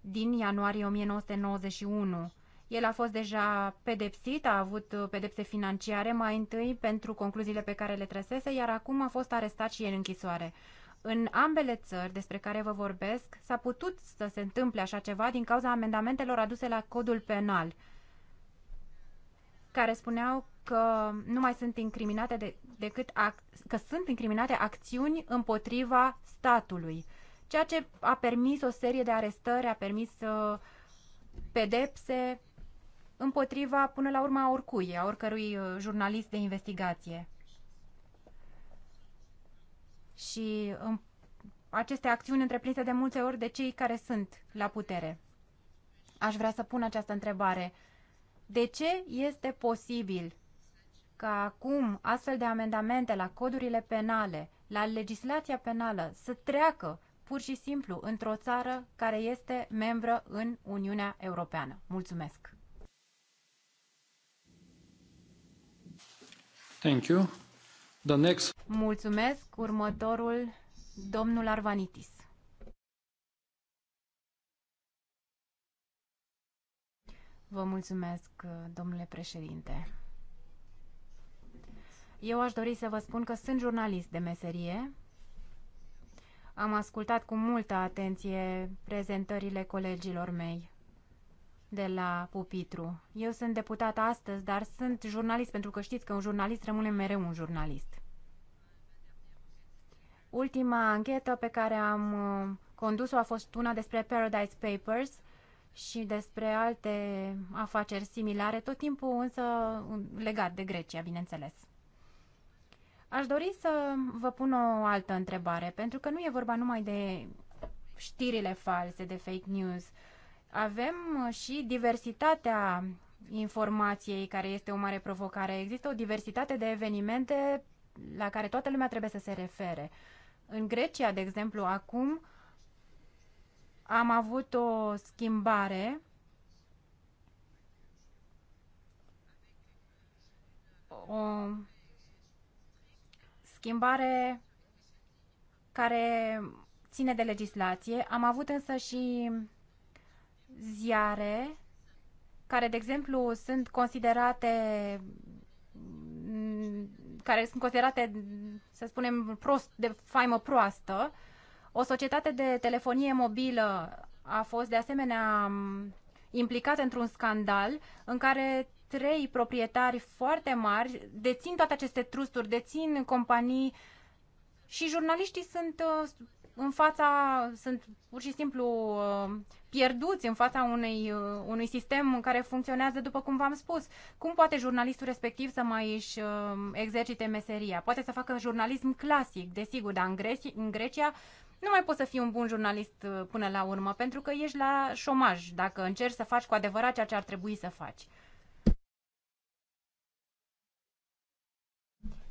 din ianuarie 1991. El a fost deja pedepsit, a avut pedepse financiare mai întâi pentru concluziile pe care le trăsese, iar acum a fost arestat și el în închisoare. În ambele țări despre care vă vorbesc, s-a putut să se întâmple așa ceva din cauza amendamentelor aduse la codul penal, care spuneau că nu mai sunt incriminate de decât că sunt incriminate acțiuni împotriva statului, ceea ce a permis o serie de arestări, a permis uh, pedepse împotriva, până la urmă, a oricui, a oricărui uh, jurnalist de investigație. Și um, aceste acțiuni întreprinse de multe ori de cei care sunt la putere. Aș vrea să pun această întrebare. De ce este posibil ca acum astfel de amendamente la codurile penale, la legislația penală, să treacă pur și simplu într-o țară care este membră în Uniunea Europeană. Mulțumesc! Thank you. The next... Mulțumesc. Următorul, domnul Arvanitis. Vă mulțumesc, domnule președinte. Eu aș dori să vă spun că sunt jurnalist de meserie. Am ascultat cu multă atenție prezentările colegilor mei de la Pupitru. Eu sunt deputat astăzi, dar sunt jurnalist pentru că știți că un jurnalist rămâne mereu un jurnalist. Ultima anchetă pe care am uh, condus-o a fost una despre Paradise Papers și despre alte afaceri similare, tot timpul însă uh, legat de Grecia, bineînțeles. Aș dori să vă pun o altă întrebare, pentru că nu e vorba numai de știrile false, de fake news. Avem și diversitatea informației, care este o mare provocare. Există o diversitate de evenimente la care toată lumea trebuie să se refere. În Grecia, de exemplu, acum am avut o schimbare o schimbare care ține de legislație. Am avut însă și ziare care, de exemplu, sunt considerate mm, care sunt considerate, să spunem, prost, de faimă proastă. O societate de telefonie mobilă a fost, de asemenea, mm, implicată într-un scandal în care trei proprietari foarte mari, dețin toate aceste trusturi, dețin companii și jurnaliștii sunt uh, în fața, sunt pur și simplu uh, pierduți în fața unei, uh, unui sistem care funcționează după cum v-am spus. Cum poate jurnalistul respectiv să mai își exercite meseria? Poate să facă jurnalism clasic, desigur, dar în, Gre- în Grecia nu mai poți să fii un bun jurnalist până la urmă, pentru că ești la șomaj dacă încerci să faci cu adevărat ceea ce ar trebui să faci.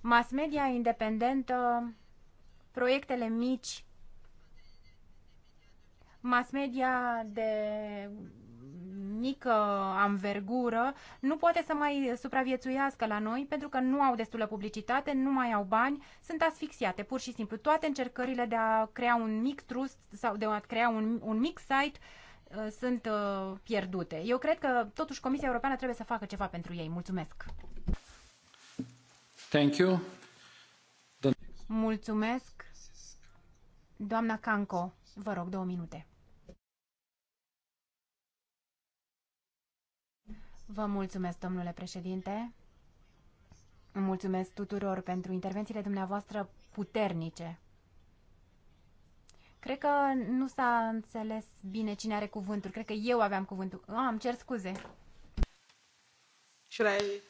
mass media independentă, proiectele mici, mass media de mică amvergură nu poate să mai supraviețuiască la noi pentru că nu au destulă publicitate, nu mai au bani, sunt asfixiate pur și simplu. Toate încercările de a crea un mic trust sau de a crea un, un mic site uh, sunt uh, pierdute. Eu cred că totuși Comisia Europeană trebuie să facă ceva pentru ei. Mulțumesc! Mulțumesc. Doamna Canco, vă rog două minute. Vă mulțumesc, domnule președinte. Mulțumesc tuturor pentru intervențiile dumneavoastră puternice. Cred că nu s-a înțeles bine cine are cuvântul. Cred că eu aveam cuvântul. Ah, cer scuze. Should I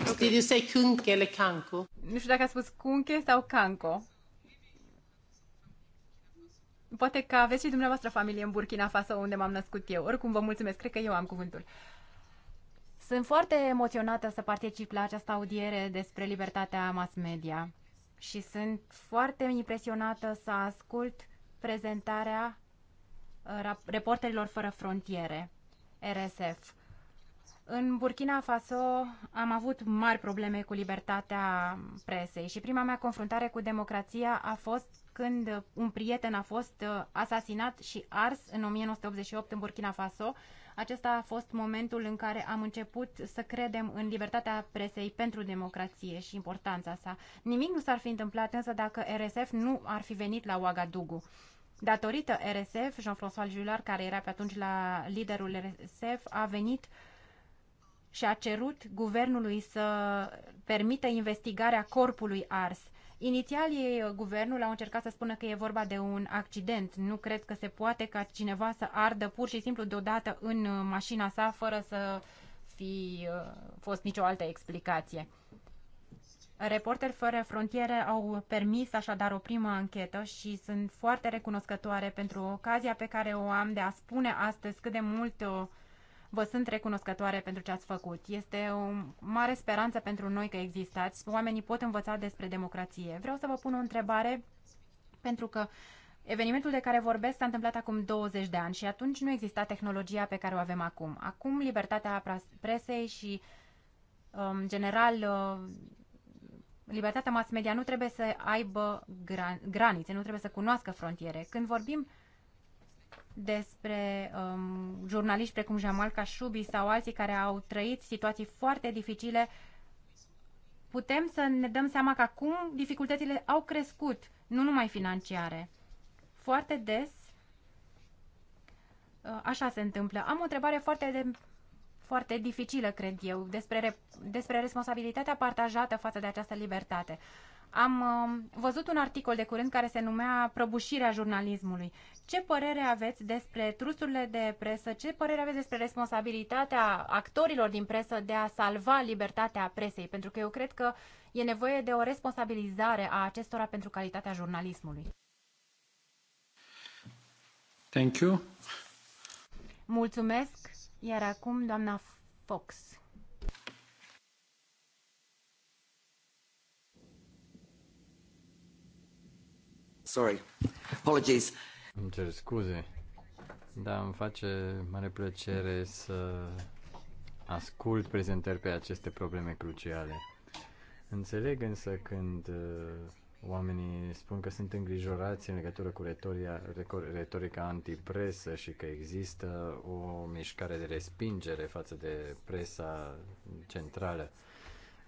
Okay. Did you say kunke le kanko? Nu știu dacă a spus kunke sau kanko. Poate că aveți și dumneavoastră familie în Burkina Faso, unde m-am născut eu. Oricum, vă mulțumesc. Cred că eu am cuvântul. Sunt foarte emoționată să particip la această audiere despre libertatea mass media și sunt foarte impresionată să ascult prezentarea uh, reporterilor fără frontiere, RSF. În Burkina Faso am avut mari probleme cu libertatea presei și prima mea confruntare cu democrația a fost când un prieten a fost uh, asasinat și ars în 1988 în Burkina Faso. Acesta a fost momentul în care am început să credem în libertatea presei pentru democrație și importanța sa. Nimic nu s-ar fi întâmplat însă dacă RSF nu ar fi venit la Ouagadougou. Datorită RSF, Jean-François Julard, care era pe atunci la liderul RSF, a venit uh, și a cerut guvernului să permită investigarea corpului ars. Inițial, ei, uh, guvernul au încercat să spună că e vorba de un accident. Nu cred că se poate ca cineva să ardă pur și simplu deodată în uh, mașina sa fără să fi uh, fost nicio altă explicație. Reporteri fără frontiere au permis așadar o primă anchetă și sunt foarte recunoscătoare pentru ocazia pe care o am de a spune astăzi cât de mult Vă sunt recunoscătoare pentru ce ați făcut. Este o mare speranță pentru noi că existați. Oamenii pot învăța despre democrație. Vreau să vă pun o întrebare pentru că Evenimentul de care vorbesc s-a întâmplat acum 20 de ani și atunci nu exista tehnologia pe care o avem acum. Acum libertatea presei și, în um, general, uh, libertatea mass media nu trebuie să aibă granițe, nu trebuie să cunoască frontiere. Când vorbim despre um, jurnaliști precum Jamal Kashubi sau alții care au trăit situații foarte dificile, putem să ne dăm seama că acum dificultățile au crescut, nu numai financiare. Foarte des uh, așa se întâmplă. Am o întrebare foarte de, foarte dificilă, cred eu, despre, despre responsabilitatea partajată față de această libertate. Am um, văzut un articol de curând care se numea Prăbușirea jurnalismului. Ce părere aveți despre trusurile de presă? Ce părere aveți despre responsabilitatea actorilor din presă de a salva libertatea presei? Pentru că eu cred că e nevoie de o responsabilizare a acestora pentru calitatea jurnalismului. Thank you. Mulțumesc. Iar acum, doamna Fox. Sorry. Apologies. Îmi cer scuze. Da, îmi face mare plăcere să ascult prezentări pe aceste probleme cruciale. Înțeleg însă când uh, oamenii spun că sunt îngrijorați în legătură cu retoria, retorica antipresă și că există o mișcare de respingere față de presa centrală.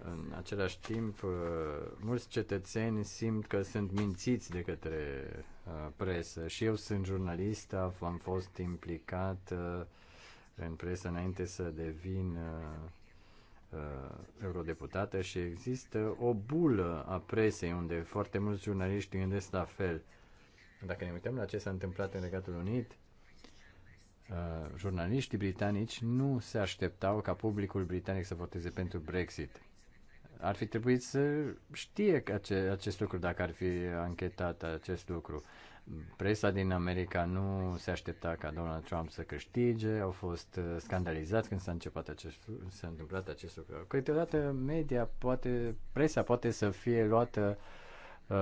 În același timp, uh, mulți cetățeni simt că sunt mințiți de către uh, presă. Și eu sunt jurnalist, am fost implicat uh, în presă înainte să devin eurodeputată și există o bulă a presei unde foarte mulți jurnaliști gândesc la fel. Dacă ne uităm la ce s-a întâmplat în Regatul Unit, jurnaliștii britanici nu se așteptau ca publicul britanic să voteze pentru Brexit ar fi trebuit să știe ace- acest lucru dacă ar fi anchetat acest lucru. Presa din America nu se aștepta ca Donald Trump să câștige, au fost uh, scandalizați când s-a, început acest, s-a întâmplat acest lucru. Câteodată media poate, presa poate să fie luată uh,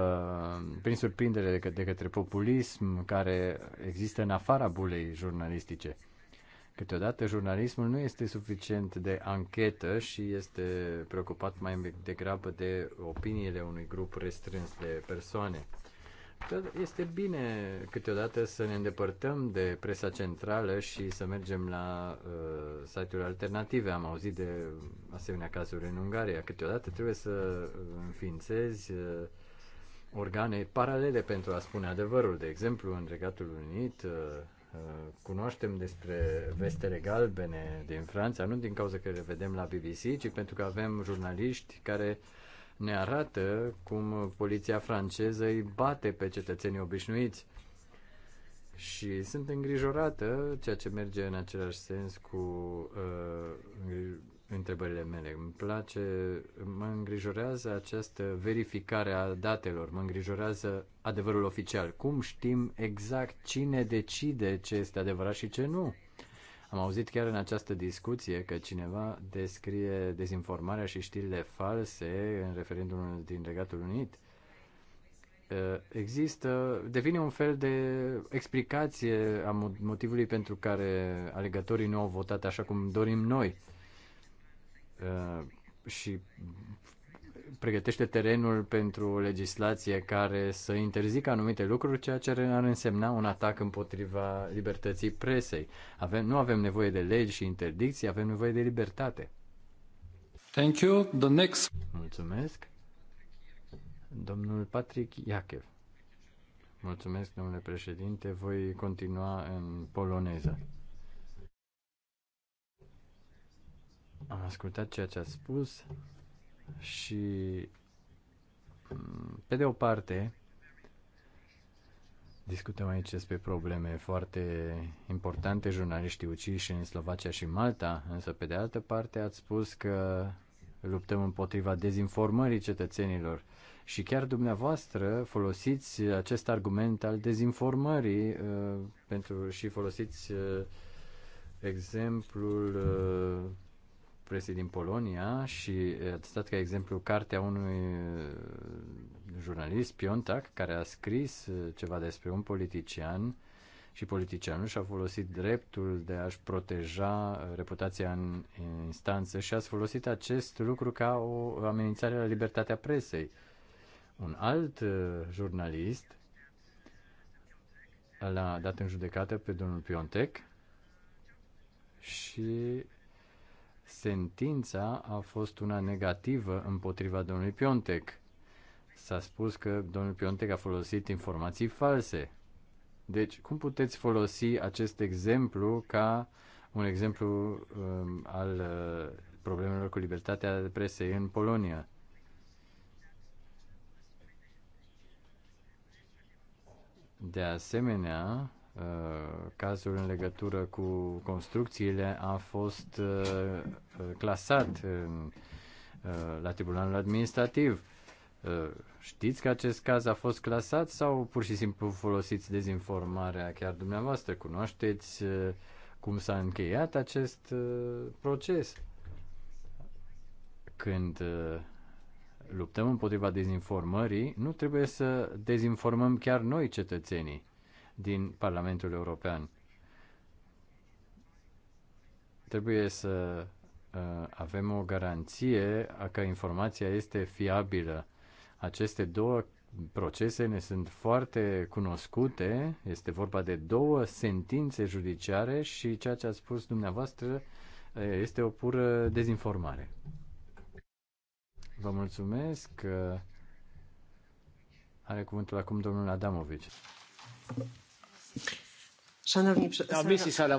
prin surprindere de, de către populism care există în afara bulei jurnalistice. Câteodată jurnalismul nu este suficient de anchetă și este preocupat mai degrabă de opiniile unui grup restrâns de persoane. Este bine câteodată să ne îndepărtăm de presa centrală și să mergem la uh, site-uri alternative. Am auzit de asemenea cazuri în Ungaria. Câteodată trebuie să înființezi uh, organe paralele pentru a spune adevărul. De exemplu, în Regatul Unit, uh, Eh, cunoaștem despre vestele galbene din Franța, nu din cauza că le vedem la BBC, ci pentru că avem jurnaliști care ne arată cum poliția franceză îi bate pe cetățenii obișnuiți. Și sunt îngrijorată, ceea ce merge în același sens cu uh, întrebările mele. Îmi place, mă îngrijorează această verificare a datelor, mă îngrijorează adevărul oficial. Cum știm exact cine decide ce este adevărat și ce nu? Am auzit chiar în această discuție că cineva descrie dezinformarea și știrile false în referendumul din Regatul Unit. Ă, există, devine un fel de explicație a motivului pentru care alegătorii nu au votat așa cum dorim noi Uh, și pregătește terenul pentru o legislație care să interzică anumite lucruri, ceea ce ar însemna un atac împotriva libertății presei. Avem, nu avem nevoie de legi și interdicții, avem nevoie de libertate. Thank you. The next. Mulțumesc. Domnul Patrick Iachev. Mulțumesc, domnule președinte. Voi continua în poloneză. Am ascultat ceea ce ați spus și, mm, pe de o parte, discutăm aici despre probleme foarte importante, jurnaliștii uciși în Slovacia și Malta, însă, pe de altă parte, ați spus că luptăm împotriva dezinformării cetățenilor. Și chiar dumneavoastră folosiți acest argument al dezinformării uh, pentru și folosiți uh, exemplul uh, presii din Polonia și ați stat ca exemplu cartea unui uh, jurnalist, Piontac, care a scris uh, ceva despre un politician și politicianul și-a folosit dreptul de a-și proteja uh, reputația în instanță și a folosit acest lucru ca o amenințare la libertatea presei. Un alt jurnalist l-a dat în judecată pe domnul Piontec și Sentința a fost una negativă împotriva domnului Piontec. S-a spus că domnul Piontec a folosit informații false. Deci, cum puteți folosi acest exemplu ca un exemplu um, al uh, problemelor cu libertatea de presei în Polonia? De asemenea, Uh, cazuri în legătură cu construcțiile a fost uh, uh, clasat la Tribunalul Administrativ. Știți că acest caz a fost clasat sau pur și simplu folosiți dezinformarea chiar dumneavoastră? Cunoașteți cum s-a încheiat acest proces? Când luptăm împotriva dezinformării, nu trebuie să dezinformăm chiar noi cetățenii din Parlamentul European. Trebuie să uh, avem o garanție că informația este fiabilă. Aceste două procese ne sunt foarte cunoscute. Este vorba de două sentințe judiciare și ceea ce a spus dumneavoastră uh, este o pură dezinformare. Vă mulțumesc. Uh, are cuvântul acum domnul Adamovici. Szanowni Przedstawiciele...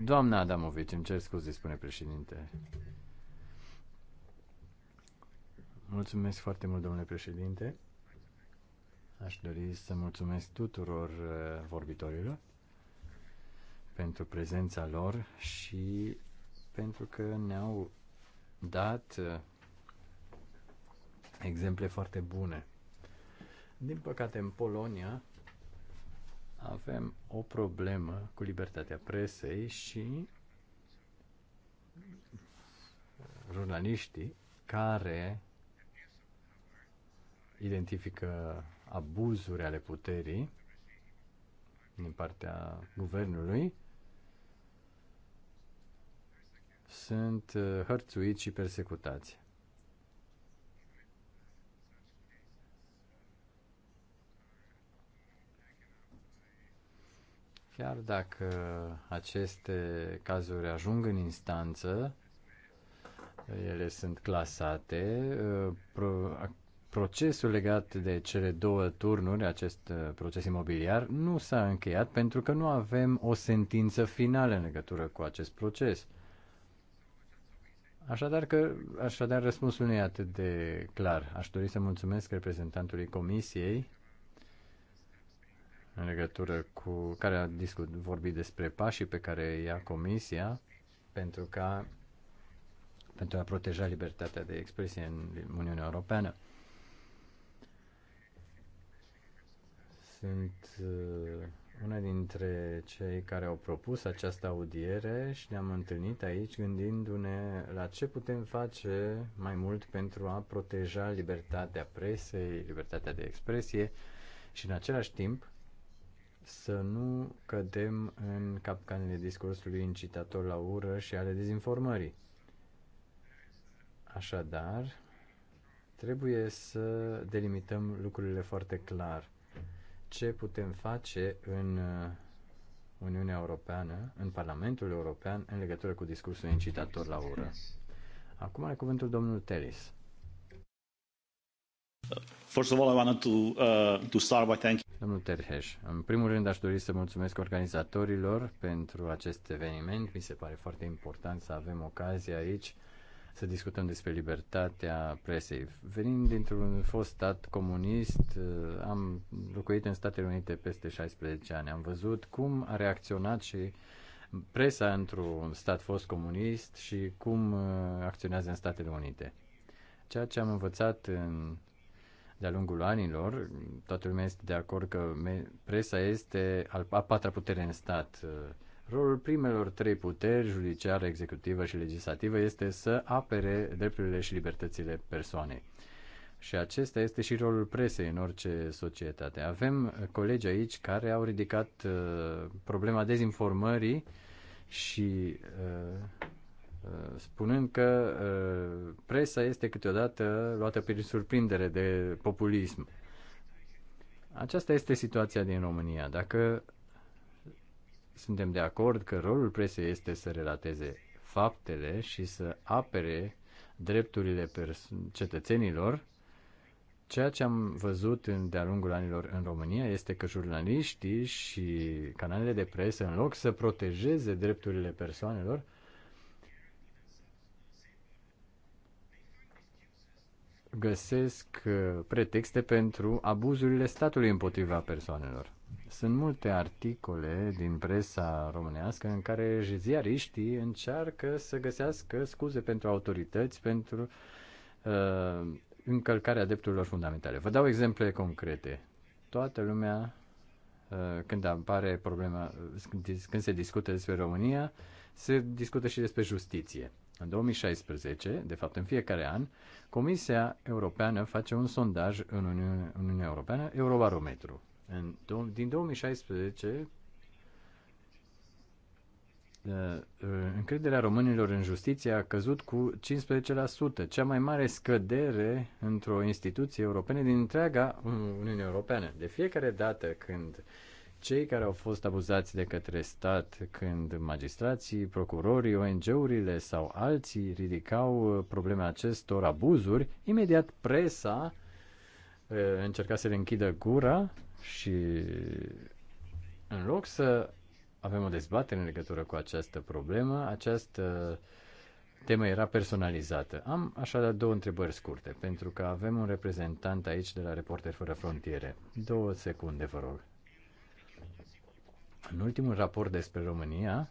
Doamna Adamovici, îmi cer scuze, spune președinte. Mulțumesc foarte mult, domnule președinte. Aș dori să mulțumesc tuturor uh, vorbitorilor pentru prezența lor și pentru că ne-au dat uh, exemple foarte bune. Din păcate, în Polonia, avem o problemă cu libertatea presei și jurnaliștii care identifică abuzuri ale puterii din partea guvernului sunt uh, hărțuiți și persecutați. Chiar dacă aceste cazuri ajung în instanță, ele sunt clasate, uh, procesul legat de cele două turnuri, acest uh, proces imobiliar, nu s-a încheiat pentru că nu avem o sentință finală în legătură cu acest proces. Așadar, că, așadar răspunsul nu e atât de clar. Aș dori să mulțumesc reprezentantului Comisiei în legătură cu care a discut, vorbit despre pașii pe care ia comisia pentru ca pentru a proteja libertatea de expresie în Uniunea Europeană. Sunt uh, una dintre cei care au propus această audiere și ne-am întâlnit aici gândindu-ne la ce putem face mai mult pentru a proteja libertatea presei, libertatea de expresie și în același timp să nu cădem în capcanele discursului incitator la ură și ale dezinformării. Așadar, trebuie să delimităm lucrurile foarte clar. Ce putem face în uh, Uniunea Europeană, în Parlamentul European, în legătură cu discursul incitator la ură. Acum are cuvântul domnul Telis. First of all, I wanted to, uh, to start by thanking Domnul Terheș, în primul rând aș dori să mulțumesc organizatorilor pentru acest eveniment. Mi se pare foarte important să avem ocazia aici să discutăm despre libertatea presei. Venind dintr-un fost stat comunist, eh, am locuit în Statele Unite peste 16 ani. Am văzut cum a reacționat și presa într-un stat fost comunist și cum eh, acționează în Statele Unite. Ceea ce am învățat în de-a lungul anilor. Toată lumea este de acord că presa este a patra putere în stat. Rolul primelor trei puteri, judiciară, executivă și legislativă, este să apere drepturile și libertățile persoanei. Și acesta este și rolul presei în orice societate. Avem colegi aici care au ridicat uh, problema dezinformării și uh, Uh, spunând că uh, presa este câteodată luată prin surprindere de populism. Aceasta este situația din România. Dacă suntem de acord că rolul presei este să relateze faptele și să apere drepturile cetățenilor, ceea ce am văzut în, de-a lungul anilor în România este că jurnaliștii și canalele de presă, în loc să protejeze drepturile persoanelor, uh, găsesc uh, pretexte pentru abuzurile statului împotriva persoanelor. Sunt multe articole din presa românească în care ziariștii încearcă să găsească scuze pentru autorități pentru uh, încălcarea drepturilor fundamentale. Vă dau exemple concrete. Toată lumea, uh, când apare problema, când se discută despre România, se discută și despre justiție. În 2016, de fapt în fiecare an, Comisia Europeană face un sondaj în Uniunea Europeană, Eurobarometru. În, din 2016, ă, ă, încrederea românilor în justiție a căzut cu 15%, cea mai mare scădere într-o instituție europeană din întreaga Uniune Europeană. De fiecare dată când uh, cei care au fost abuzați de către stat când magistrații, procurorii, ONG-urile sau alții ridicau uh, probleme acestor abuzuri, imediat presa uh, încerca să le închidă gura și în loc să avem o dezbatere în legătură cu această problemă, această temă era personalizată. Am așadar două întrebări scurte, pentru că avem un reprezentant aici de la Reporter Fără Frontiere. Două secunde, vă rog. În ultimul raport despre România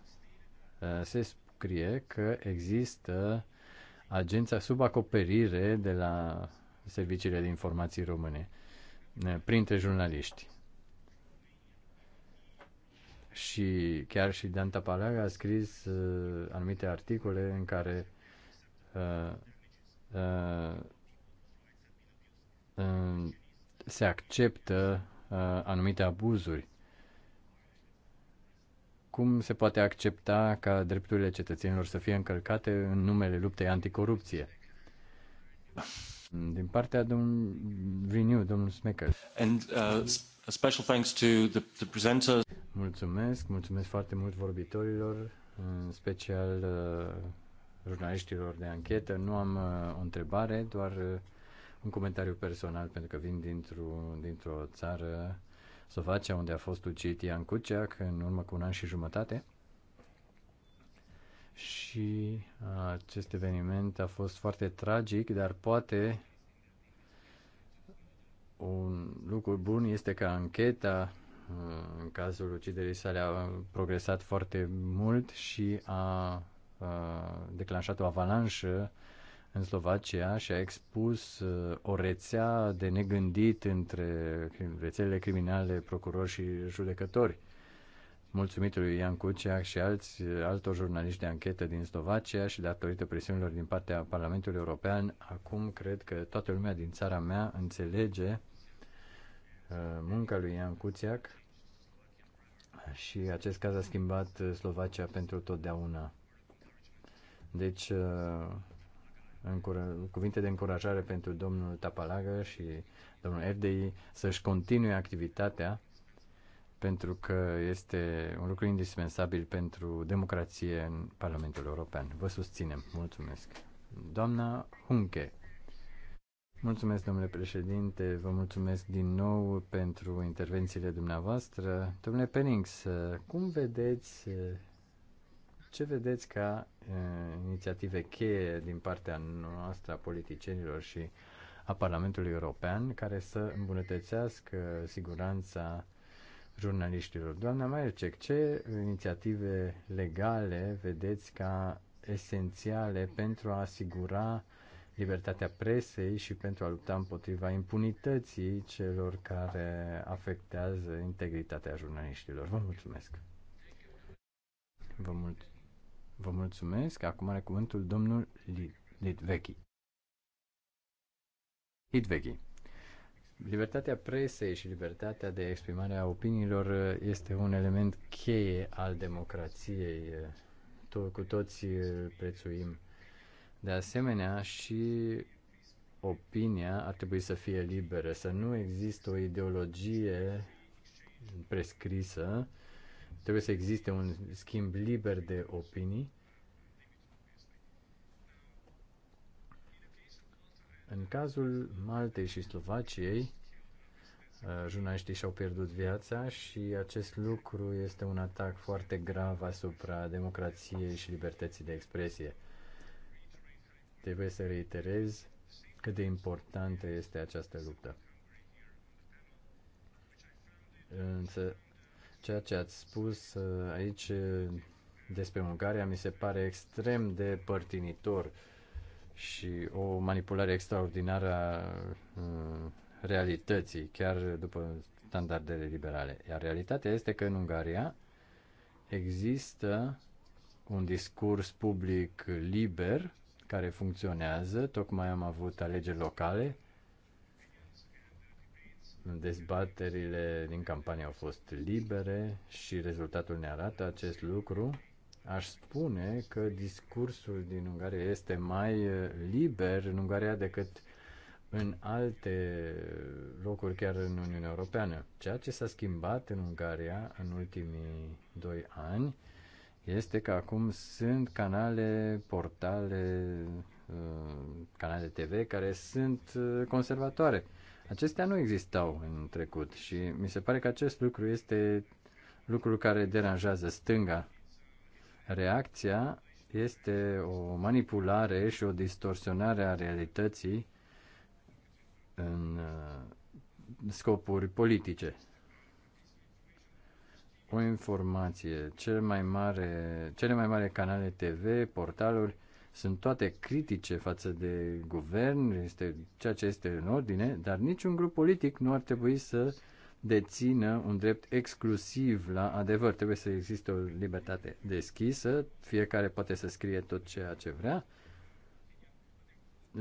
uh, se scrie că există agenția sub acoperire de la serviciile de informații române uh, printre jurnaliști. Și chiar și Danta Palaga a scris uh, anumite articole în care uh, uh, uh, se acceptă uh, anumite abuzuri cum se poate accepta ca drepturile cetățenilor să fie încălcate în numele luptei anticorupție? Din partea domnului Viniu, domnul Smecker. And uh, special thanks to the, Mulțumesc, mulțumesc foarte mult vorbitorilor, în special uh, jurnaliștilor de anchetă. Nu am uh, o întrebare, doar uh, un comentariu personal, pentru că vin dintr-o, dintr-o țară Slovacia, unde a fost ucit Ian Kuciak în urmă cu un an și jumătate. Și uh, acest eveniment a fost foarte tragic, dar poate un lucru bun este că ancheta uh, în cazul uciderii sale a progresat foarte mult și a, a uh, declanșat o avalanșă în Slovacia și a expus uh, o rețea de negândit între rețelele criminale, procurori și judecători. Mulțumitul lui Ian Cuceac și alți, uh, altor jurnaliști de anchetă din Slovacia și datorită presiunilor din partea Parlamentului European, acum cred că toată lumea din țara mea înțelege uh, munca lui Ian Cuceac și acest caz a schimbat Slovacia pentru totdeauna. Deci, cuvinte de încurajare pentru domnul Tapalagă și domnul Erdei să-și continue activitatea pentru că este un lucru indispensabil pentru democrație în Parlamentul European. Vă susținem. Mulțumesc. Doamna Hunke. Mulțumesc, domnule președinte, vă mulțumesc din nou pentru intervențiile dumneavoastră. Domnule Penings, cum vedeți ce vedeți ca uh, inițiative cheie din partea noastră a politicienilor și a Parlamentului European care să îmbunătățească siguranța jurnaliștilor? Doamna Maiercec, ce inițiative legale vedeți ca esențiale pentru a asigura libertatea presei și pentru a lupta împotriva impunității celor care afectează integritatea jurnaliștilor. Vă mulțumesc! Vă mulțumesc! Vă mulțumesc. Acum are cuvântul domnul Litvechi. Litvechi. Libertatea presei și libertatea de exprimare a opiniilor uh, este un element cheie al democrației. Uh, cu toți uh, prețuim. De asemenea, și opinia ar trebui să fie liberă, să nu există o ideologie prescrisă Trebuie să existe un schimb liber de opinii. În cazul Maltei și Slovaciei, uh, jurnaliștii și-au pierdut viața și acest lucru este un atac foarte grav asupra democrației și libertății de expresie. Trebuie să reiterez cât de importantă este această luptă. Însă Ceea ce ați spus uh, aici uh, despre Ungaria mi se pare extrem de părtinitor și o manipulare extraordinară a uh, realității, chiar după standardele liberale. Iar realitatea este că în Ungaria există un discurs public liber care funcționează. Tocmai am avut alegeri locale Dezbaterile din campanie au fost libere și rezultatul ne arată acest lucru. Aș spune că discursul din Ungaria este mai eh, liber în Ungaria decât în alte locuri, chiar în Uniunea Europeană. Ceea ce s-a schimbat în Ungaria în ultimii doi ani este că acum sunt canale, portale, eh, canale TV care sunt eh, conservatoare. Acestea nu existau în trecut și mi se pare că acest lucru este lucrul care deranjează stânga. Reacția este o manipulare și o distorsionare a realității în uh, scopuri politice. O informație, cele mai mare, cele mai mari canale TV, portaluri, sunt toate critice față de guvern, este ceea ce este în ordine, dar niciun grup politic nu ar trebui să dețină un drept exclusiv la adevăr. Trebuie să existe o libertate deschisă, fiecare poate să scrie tot ceea ce vrea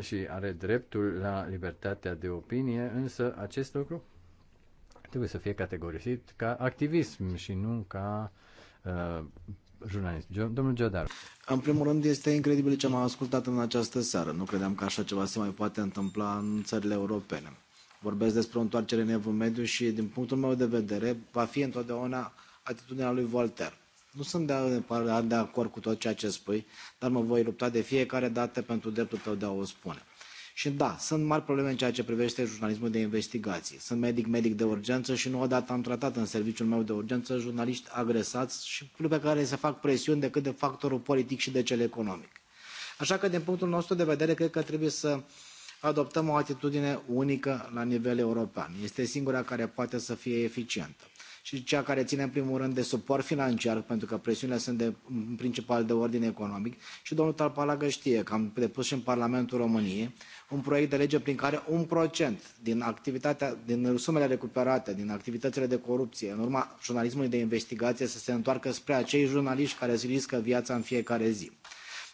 și are dreptul la libertatea de opinie, însă acest lucru trebuie să fie categorisit ca activism și nu ca uh, jurnalist. Domnul Geodar. În primul rând, este incredibil ce am ascultat în această seară. Nu credeam că așa ceva se mai poate întâmpla în țările europene. Vorbesc despre o întoarcere în evul mediu și, din punctul meu de vedere, va fi întotdeauna atitudinea lui Voltaire. Nu sunt de, de acord cu tot ceea ce spui, dar mă voi lupta de fiecare dată pentru dreptul tău de a o spune. Și da, sunt mari probleme în ceea ce privește jurnalismul de investigație. Sunt medic, medic de urgență și nu odată am tratat în serviciul meu de urgență jurnaliști agresați și pe care se fac presiuni decât de factorul politic și de cel economic. Așa că, din punctul nostru de vedere, cred că trebuie să adoptăm o atitudine unică la nivel european. Este singura care poate să fie eficientă și cea care ține în primul rând de suport financiar, pentru că presiunile sunt de, în principal de ordin economic. Și domnul Tarpalagă știe că am depus și în Parlamentul României un proiect de lege prin care un procent din, activitatea, din sumele recuperate, din activitățile de corupție, în urma jurnalismului de investigație, să se întoarcă spre acei jurnaliști care își riscă viața în fiecare zi.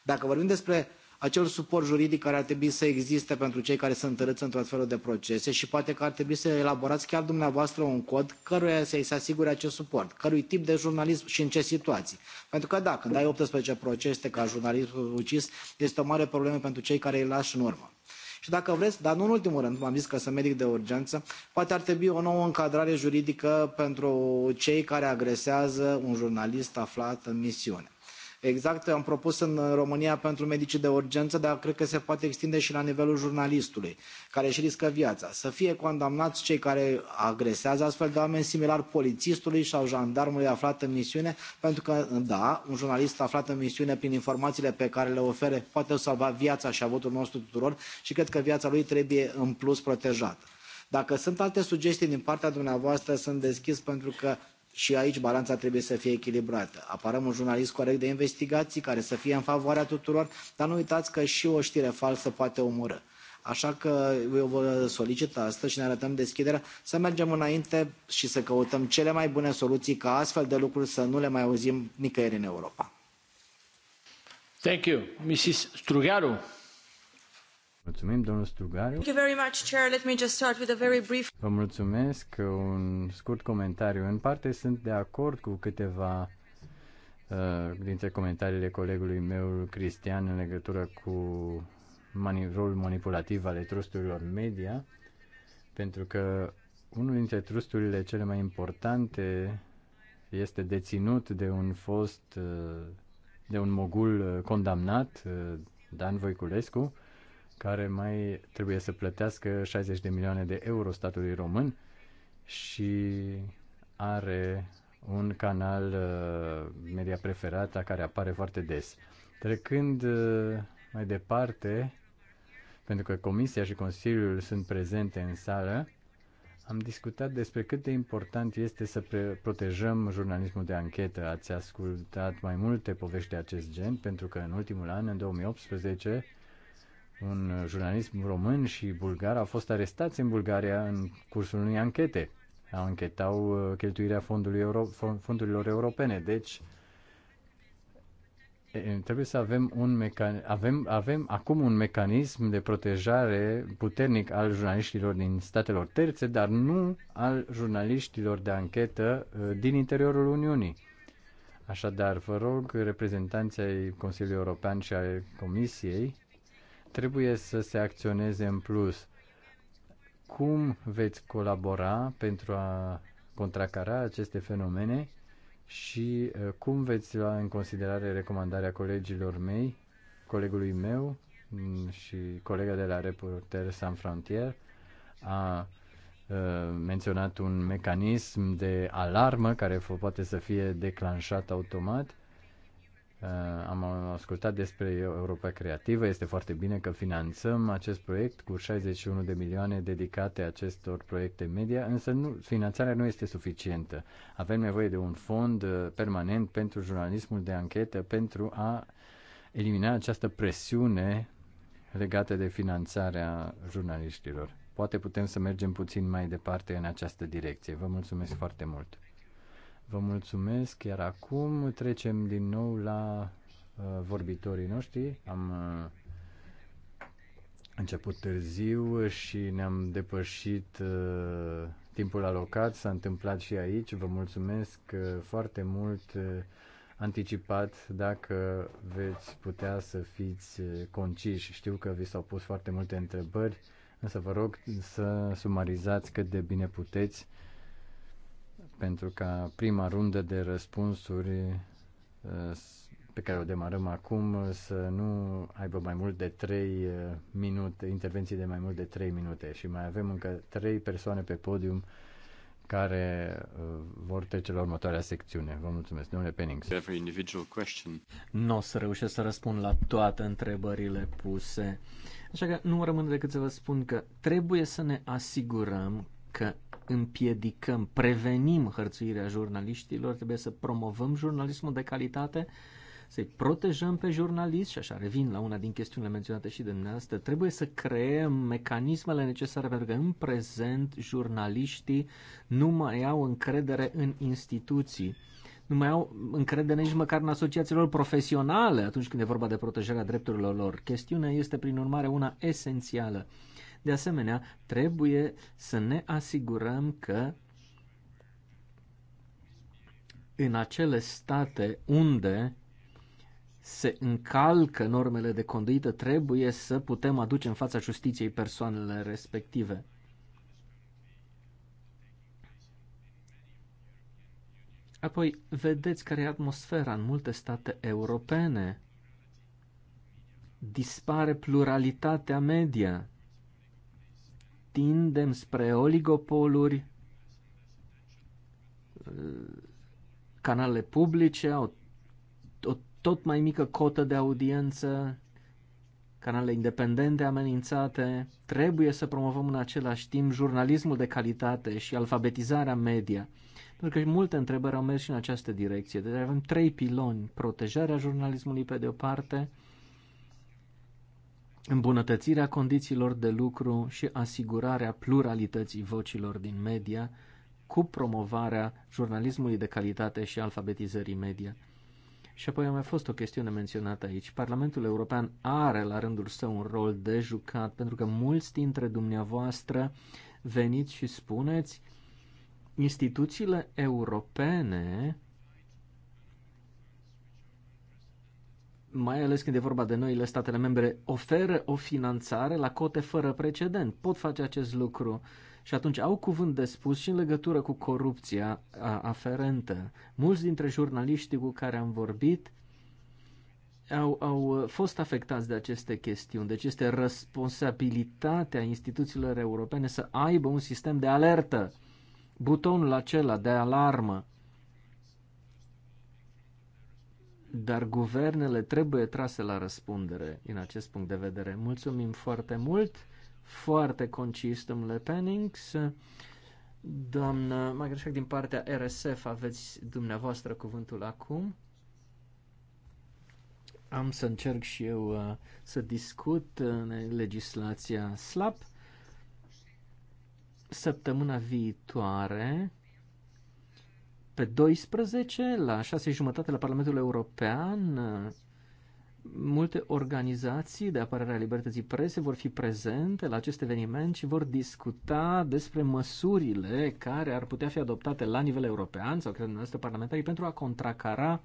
Dacă vorbim despre acel suport juridic care ar trebui să existe pentru cei care sunt târâți în tot felul de procese și poate că ar trebui să elaborați chiar dumneavoastră un cod căruia să-i se asigure acest suport, cărui tip de jurnalism și în ce situații. Pentru că da, când ai 18 procese ca jurnalist ucis, este o mare problemă pentru cei care îi lași în urmă. Și dacă vreți, dar nu în ultimul rând, v-am zis că sunt medic de urgență, poate ar trebui o nouă încadrare juridică pentru cei care agresează un jurnalist aflat în misiune Exact, am propus în România pentru medicii de urgență, dar cred că se poate extinde și la nivelul jurnalistului, care își riscă viața. Să fie condamnați cei care agresează astfel de oameni, similar polițistului sau jandarmului aflat în misiune, pentru că, da, un jurnalist aflat în misiune, prin informațiile pe care le ofere, poate salva viața și avutul nostru tuturor și cred că viața lui trebuie în plus protejată. Dacă sunt alte sugestii din partea dumneavoastră, sunt deschis pentru că și aici balanța trebuie să fie echilibrată. Apărăm un jurnalist corect de investigații care să fie în favoarea tuturor, dar nu uitați că și o știre falsă poate omorî. Așa că eu vă solicit astăzi și ne arătăm deschiderea să mergem înainte și să căutăm cele mai bune soluții ca astfel de lucruri să nu le mai auzim nicăieri în Europa. Thank you. Mrs. Strugaru. Mulțumim, domnul Strugariu. Thank you very much, Chair. Let me just start with a very brief... Vă mulțumesc. Un scurt comentariu. În parte sunt de acord cu câteva uh, dintre comentariile colegului meu, Cristian, în legătură cu mani- rolul manipulativ ale trusturilor media, pentru că unul dintre trusturile cele mai importante este deținut de un fost, uh, de un mogul uh, condamnat, uh, Dan Voiculescu, care mai trebuie să plătească 60 de milioane de euro statului român și are un canal uh, media preferată care apare foarte des. Trecând uh, mai departe, pentru că Comisia și Consiliul sunt prezente în sală, am discutat despre cât de important este să protejăm jurnalismul de anchetă. Ați ascultat mai multe povești de acest gen, pentru că în ultimul an, în 2018, un jurnalist român și bulgar a fost arestați în Bulgaria în cursul unei anchete. Au Anchetau uh, cheltuirea fondului euro, fondurilor europene. Deci, trebuie să avem un avem, avem acum un mecanism de protejare puternic al jurnaliștilor din statelor terțe, dar nu al jurnaliștilor de anchetă uh, din interiorul Uniunii. Așadar, vă rog, reprezentanții Consiliului European și ai Comisiei trebuie să se acționeze în plus. Cum veți colabora pentru a contracara aceste fenomene și uh, cum veți lua în considerare recomandarea colegilor mei, colegului meu mm, și colega de la Reporter San Frontier a uh, menționat un mecanism de alarmă care poate să fie declanșat automat Uh, am ascultat despre Europa Creativă. Este foarte bine că finanțăm acest proiect cu 61 de milioane dedicate acestor proiecte media, însă nu, finanțarea nu este suficientă. Avem nevoie de un fond uh, permanent pentru jurnalismul de anchetă pentru a elimina această presiune legată de finanțarea jurnaliștilor. Poate putem să mergem puțin mai departe în această direcție. Vă mulțumesc foarte mult! Vă mulțumesc, iar acum trecem din nou la uh, vorbitorii noștri. Am uh, început târziu și ne-am depășit uh, timpul alocat, s-a întâmplat și aici. Vă mulțumesc uh, foarte mult uh, anticipat dacă veți putea să fiți uh, conciși. Știu că vi s-au pus foarte multe întrebări, însă vă rog să sumarizați cât de bine puteți pentru ca prima rundă de răspunsuri eh, pe care o demarăm acum să nu aibă mai mult de 3 eh, minute, intervenții de mai mult de 3 minute și mai avem încă 3 persoane pe podium care eh, vor trece la următoarea secțiune. Vă mulțumesc, domnule Pennings. Every individual question. Nu o să reușesc să răspund la toate întrebările puse. Așa că nu rămâne decât să vă spun că trebuie să ne asigurăm că împiedicăm, prevenim hărțuirea jurnaliștilor, trebuie să promovăm jurnalismul de calitate, să-i protejăm pe jurnalist și așa revin la una din chestiunile menționate și de dumneavoastră, trebuie să creăm mecanismele necesare pentru că în prezent jurnaliștii nu mai au încredere în instituții nu mai au încredere nici măcar în asociațiilor profesionale atunci când e vorba de protejarea drepturilor lor. Chestiunea este, prin urmare, una esențială. De asemenea, trebuie să ne asigurăm că în acele state unde se încalcă normele de conduită, trebuie să putem aduce în fața justiției persoanele respective. Apoi, vedeți care e atmosfera în multe state europene. Dispare pluralitatea media tindem spre oligopoluri, canale publice au o tot mai mică cotă de audiență, canale independente amenințate, trebuie să promovăm în același timp jurnalismul de calitate și alfabetizarea media. Pentru că multe întrebări au mers și în această direcție. Deci avem trei piloni. Protejarea jurnalismului pe de o parte, îmbunătățirea condițiilor de lucru și asigurarea pluralității vocilor din media cu promovarea jurnalismului de calitate și alfabetizării media. Și apoi a mai fost o chestiune menționată aici. Parlamentul European are la rândul său un rol de jucat, pentru că mulți dintre dumneavoastră veniți și spuneți instituțiile europene mai ales când e vorba de noile statele membre, oferă o finanțare la cote fără precedent. Pot face acest lucru și atunci au cuvânt de spus și în legătură cu corupția aferentă. Mulți dintre jurnaliștii cu care am vorbit au, au uh, fost afectați de aceste chestiuni. Deci este responsabilitatea instituțiilor europene să aibă un sistem de alertă, butonul acela de alarmă dar guvernele trebuie trase la răspundere din acest punct de vedere. Mulțumim foarte mult, foarte concis, domnule Pennings. Doamnă Magreșac, din partea RSF aveți dumneavoastră cuvântul acum. Am să încerc și eu uh, să discut uh, legislația SLAP. Săptămâna viitoare pe 12, la 6 jumătate la Parlamentul European, multe organizații de apărare a libertății prese vor fi prezente la acest eveniment și vor discuta despre măsurile care ar putea fi adoptate la nivel european sau cred noastră parlamentarii pentru a contracara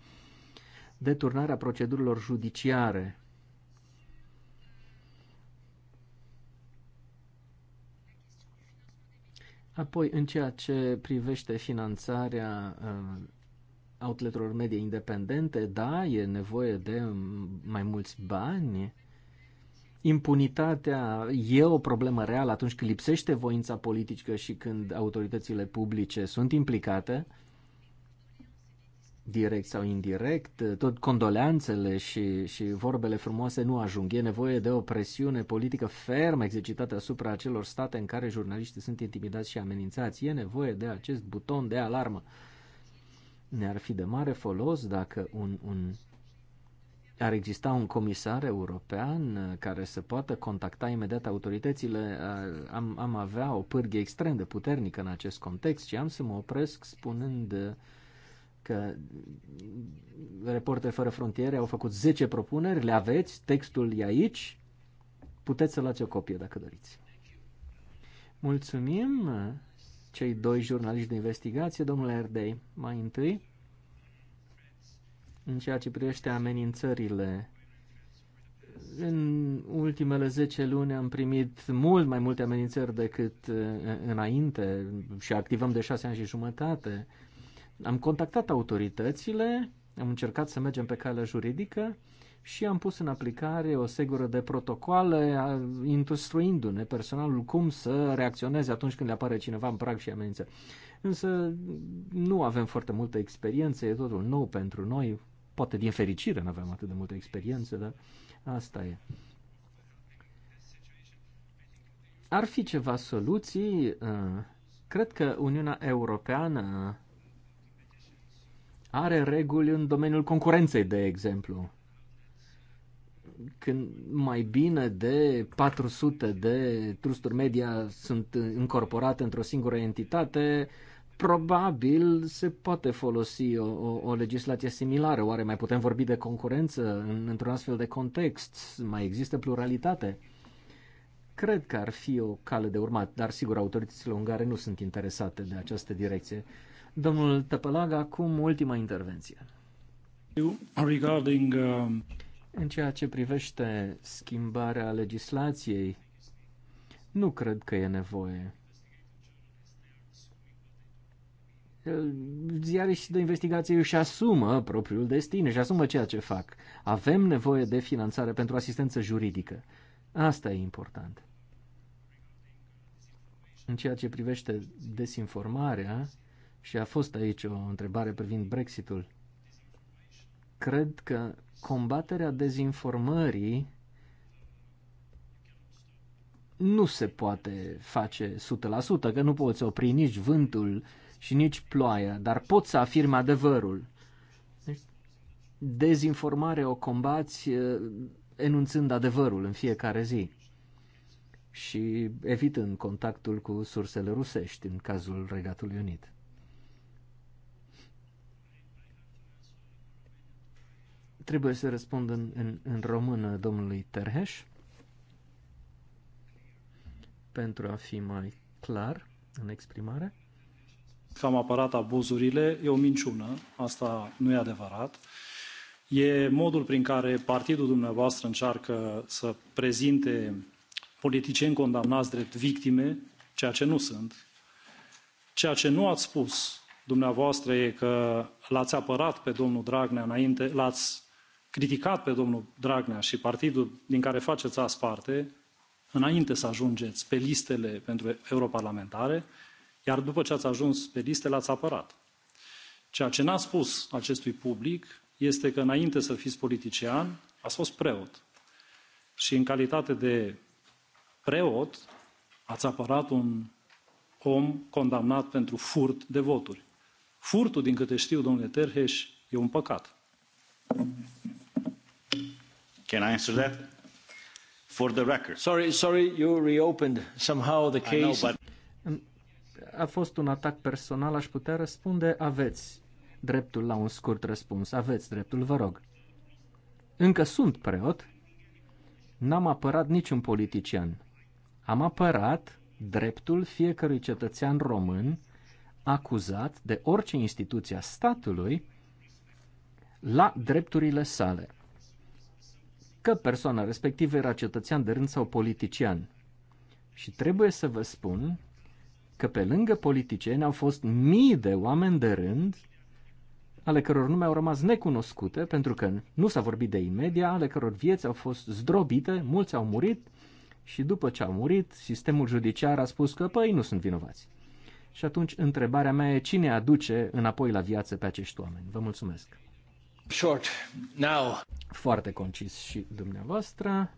deturnarea procedurilor judiciare Apoi, în ceea ce privește finanțarea uh, outleturilor medie independente, da, e nevoie de um, mai mulți bani. Impunitatea e o problemă reală atunci când lipsește voința politică și când autoritățile publice sunt implicate direct sau indirect, tot condoleanțele și, și vorbele frumoase nu ajung. E nevoie de o presiune politică fermă exercitată asupra acelor state în care jurnaliștii sunt intimidați și amenințați. E nevoie de acest buton de alarmă. Ne-ar fi de mare folos dacă un, un ar exista un comisar european uh, care să poată contacta imediat autoritățile, uh, am, am avea o pârghie extrem de puternică în acest context și am să mă opresc spunând uh, că Reporteri Fără Frontiere au făcut 10 propuneri, le aveți, textul e aici, puteți să luați o copie dacă doriți. Mulțumim cei doi jurnaliști de investigație, domnule Erdei, mai întâi, în ceea ce privește amenințările în ultimele 10 luni am primit mult mai multe amenințări decât uh, înainte și activăm de 6 ani și jumătate am contactat autoritățile, am încercat să mergem pe calea juridică și am pus în aplicare o segură de protocoale, instruindu-ne personalul cum să reacționeze atunci când le apare cineva în prag și amenință. Însă nu avem foarte multă experiență, e totul nou pentru noi, poate din fericire nu avem atât de multă experiență, dar asta e. Ar fi ceva soluții? Ă, cred că Uniunea Europeană are reguli în domeniul concurenței, de exemplu. Când mai bine de 400 de trusturi media sunt incorporate într-o singură entitate, probabil se poate folosi o, o, o legislație similară. Oare mai putem vorbi de concurență în, într-un astfel de context? Mai există pluralitate? Cred că ar fi o cale de urmat, dar sigur autoritățile ungare nu sunt interesate de această direcție. Domnul Tăpălag, acum ultima intervenție. Regarding, um... În ceea ce privește schimbarea legislației, nu cred că e nevoie. Ziariștii de investigație își asumă propriul destin, își asumă ceea ce fac. Avem nevoie de finanțare pentru asistență juridică. Asta e important. În ceea ce privește desinformarea, și a fost aici o întrebare privind Brexitul. Cred că combaterea dezinformării nu se poate face 100%, că nu poți opri nici vântul și nici ploaia, dar poți să afirmi adevărul. Deci, dezinformare o combați eh, enunțând adevărul în fiecare zi și evitând contactul cu sursele rusești în cazul Regatului Unit. Trebuie să răspund în, în, în română domnului Terheș pentru a fi mai clar în exprimare. Că am apărat abuzurile e o minciună, asta nu e adevărat. E modul prin care partidul dumneavoastră încearcă să prezinte politicieni condamnați drept victime, ceea ce nu sunt. Ceea ce nu ați spus dumneavoastră e că l-ați apărat pe domnul Dragnea înainte, l-ați criticat pe domnul Dragnea și partidul din care faceți azi parte, înainte să ajungeți pe listele pentru europarlamentare, iar după ce ați ajuns pe liste, l-ați apărat. Ceea ce n-a spus acestui public este că înainte să fiți politician, a fost preot. Și în calitate de preot, ați apărat un om condamnat pentru furt de voturi. Furtul, din câte știu, domnule Terheș, e un păcat. Can I answer that? For the record. Sorry, sorry, you reopened somehow the case. I know, but... A fost un atac personal, aș putea răspunde, aveți dreptul la un scurt răspuns, aveți dreptul, vă rog. Încă sunt preot, n-am apărat niciun politician. Am apărat dreptul fiecărui cetățean român acuzat de orice instituție a statului la drepturile sale că persoana respectivă era cetățean de rând sau politician. Și trebuie să vă spun că pe lângă politicieni au fost mii de oameni de rând ale căror nume au rămas necunoscute, pentru că nu s-a vorbit de imedia, ale căror vieți au fost zdrobite, mulți au murit și după ce au murit, sistemul judiciar a spus că, păi, nu sunt vinovați. Și atunci întrebarea mea e cine aduce înapoi la viață pe acești oameni. Vă mulțumesc! Short. Now. Foarte concis și dumneavoastră.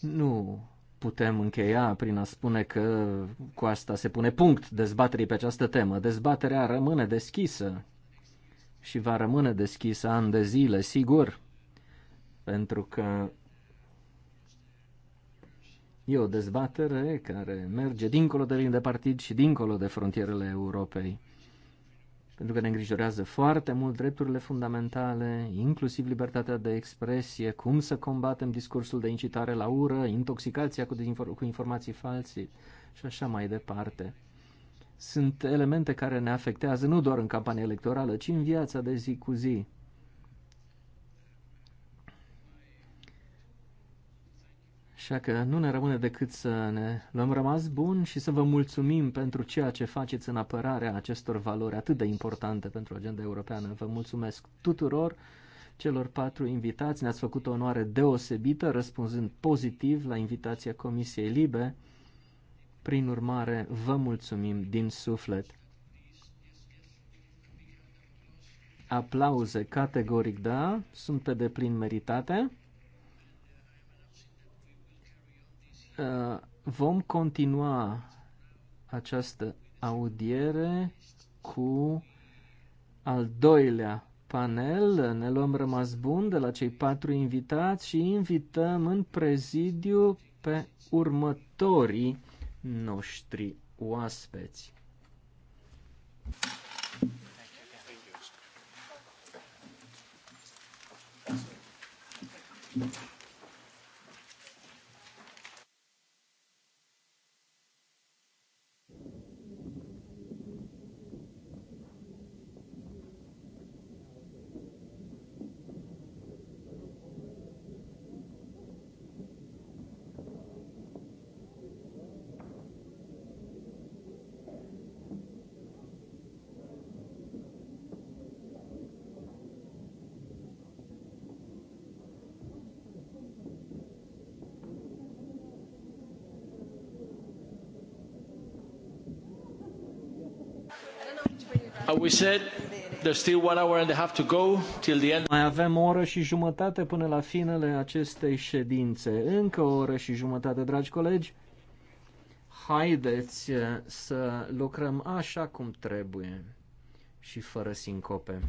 Nu putem încheia prin a spune că cu asta se pune punct dezbaterii pe această temă. Dezbaterea rămâne deschisă și va rămâne deschisă ani de zile, sigur, pentru că E o dezbatere care merge dincolo de linii de partid și dincolo de frontierele Europei, pentru că ne îngrijorează foarte mult drepturile fundamentale, inclusiv libertatea de expresie, cum să combatem discursul de incitare la ură, intoxicația cu, cu informații false și așa mai departe. Sunt elemente care ne afectează nu doar în campania electorală, ci în viața de zi cu zi. Așa că nu ne rămâne decât să ne luăm rămas bun și să vă mulțumim pentru ceea ce faceți în apărarea acestor valori atât de importante pentru agenda europeană. Vă mulțumesc tuturor celor patru invitați. Ne-ați făcut o onoare deosebită răspunzând pozitiv la invitația Comisiei Libe. Prin urmare, vă mulțumim din suflet. Aplauze categoric da, sunt pe deplin meritate. Uh, vom continua această audiere cu al doilea panel. Ne luăm rămas bun de la cei patru invitați și invităm în prezidiu pe următorii noștri oaspeți. Thank you. We said there's still one hour and a half to go till the end. Mai avem o oră și jumătate până la finele acestei ședințe. Încă o oră și jumătate, dragi colegi. Haideți eh, să lucrăm așa cum trebuie și fără sincope.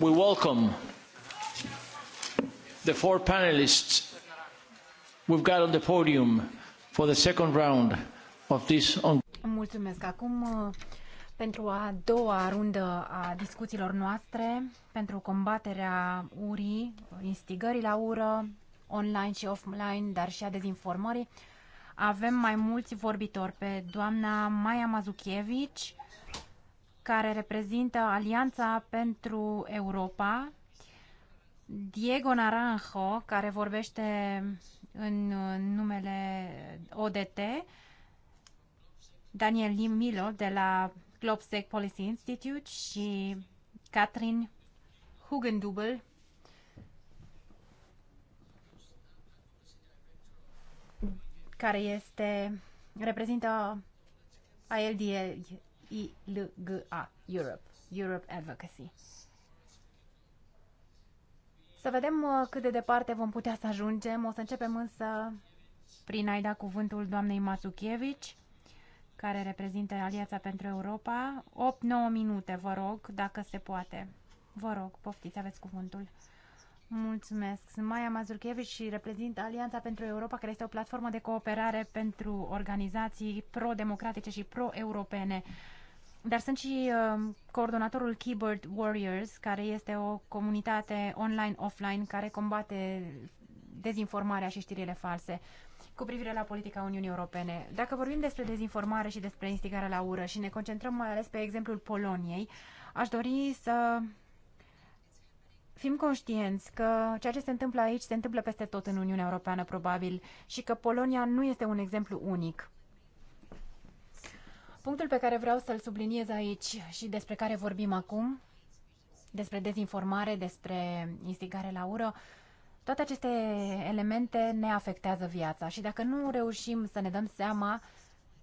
We welcome the four panelists we've got on the podium for the second round of this on Mulțumesc. Acum uh, pentru a doua rundă a discuțiilor noastre pentru combaterea urii, instigării la ură, online și offline, dar și a dezinformării, avem mai mulți vorbitori pe doamna Maia Mazukievici, care reprezintă Alianța pentru Europa, Diego Naranjo, care vorbește în uh, numele ODT, Daniel Milo de la Globsec Policy Institute și Catherine Hugendubel care este reprezintă ILDA Europe, Europe Advocacy. Să vedem uh, cât de departe vom putea să ajungem. O să începem însă prin a-i da cuvântul doamnei Mazukievici, care reprezintă Alianța pentru Europa. 8-9 minute, vă rog, dacă se poate. Vă rog, poftiți, aveți cuvântul. Mulțumesc. Sunt Maia Mazurchevici și reprezint Alianța pentru Europa, care este o platformă de cooperare pentru organizații pro-democratice și pro-europene. Dar sunt și uh, coordonatorul Keyboard Warriors, care este o comunitate online-offline care combate dezinformarea și știrile false cu privire la politica Uniunii Europene. Dacă vorbim despre dezinformare și despre instigarea la ură și ne concentrăm mai ales pe exemplul Poloniei, aș dori să fim conștienți că ceea ce se întâmplă aici se întâmplă peste tot în Uniunea Europeană, probabil, și că Polonia nu este un exemplu unic. Punctul pe care vreau să-l subliniez aici și despre care vorbim acum, despre dezinformare, despre instigare la ură, toate aceste elemente ne afectează viața și dacă nu reușim să ne dăm seama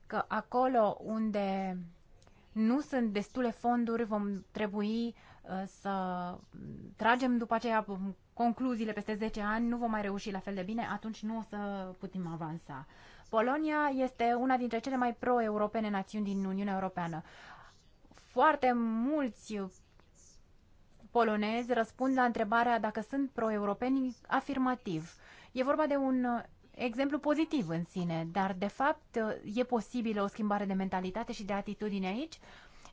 că acolo unde nu sunt destule fonduri, vom trebui uh, să tragem după aceea concluziile peste 10 ani, nu vom mai reuși la fel de bine, atunci nu o să putem avansa. Polonia este una dintre cele mai pro-europene națiuni din Uniunea Europeană. Foarte mulți polonezi răspund la întrebarea dacă sunt pro-europeni afirmativ. E vorba de un exemplu pozitiv în sine, dar de fapt e posibilă o schimbare de mentalitate și de atitudine aici?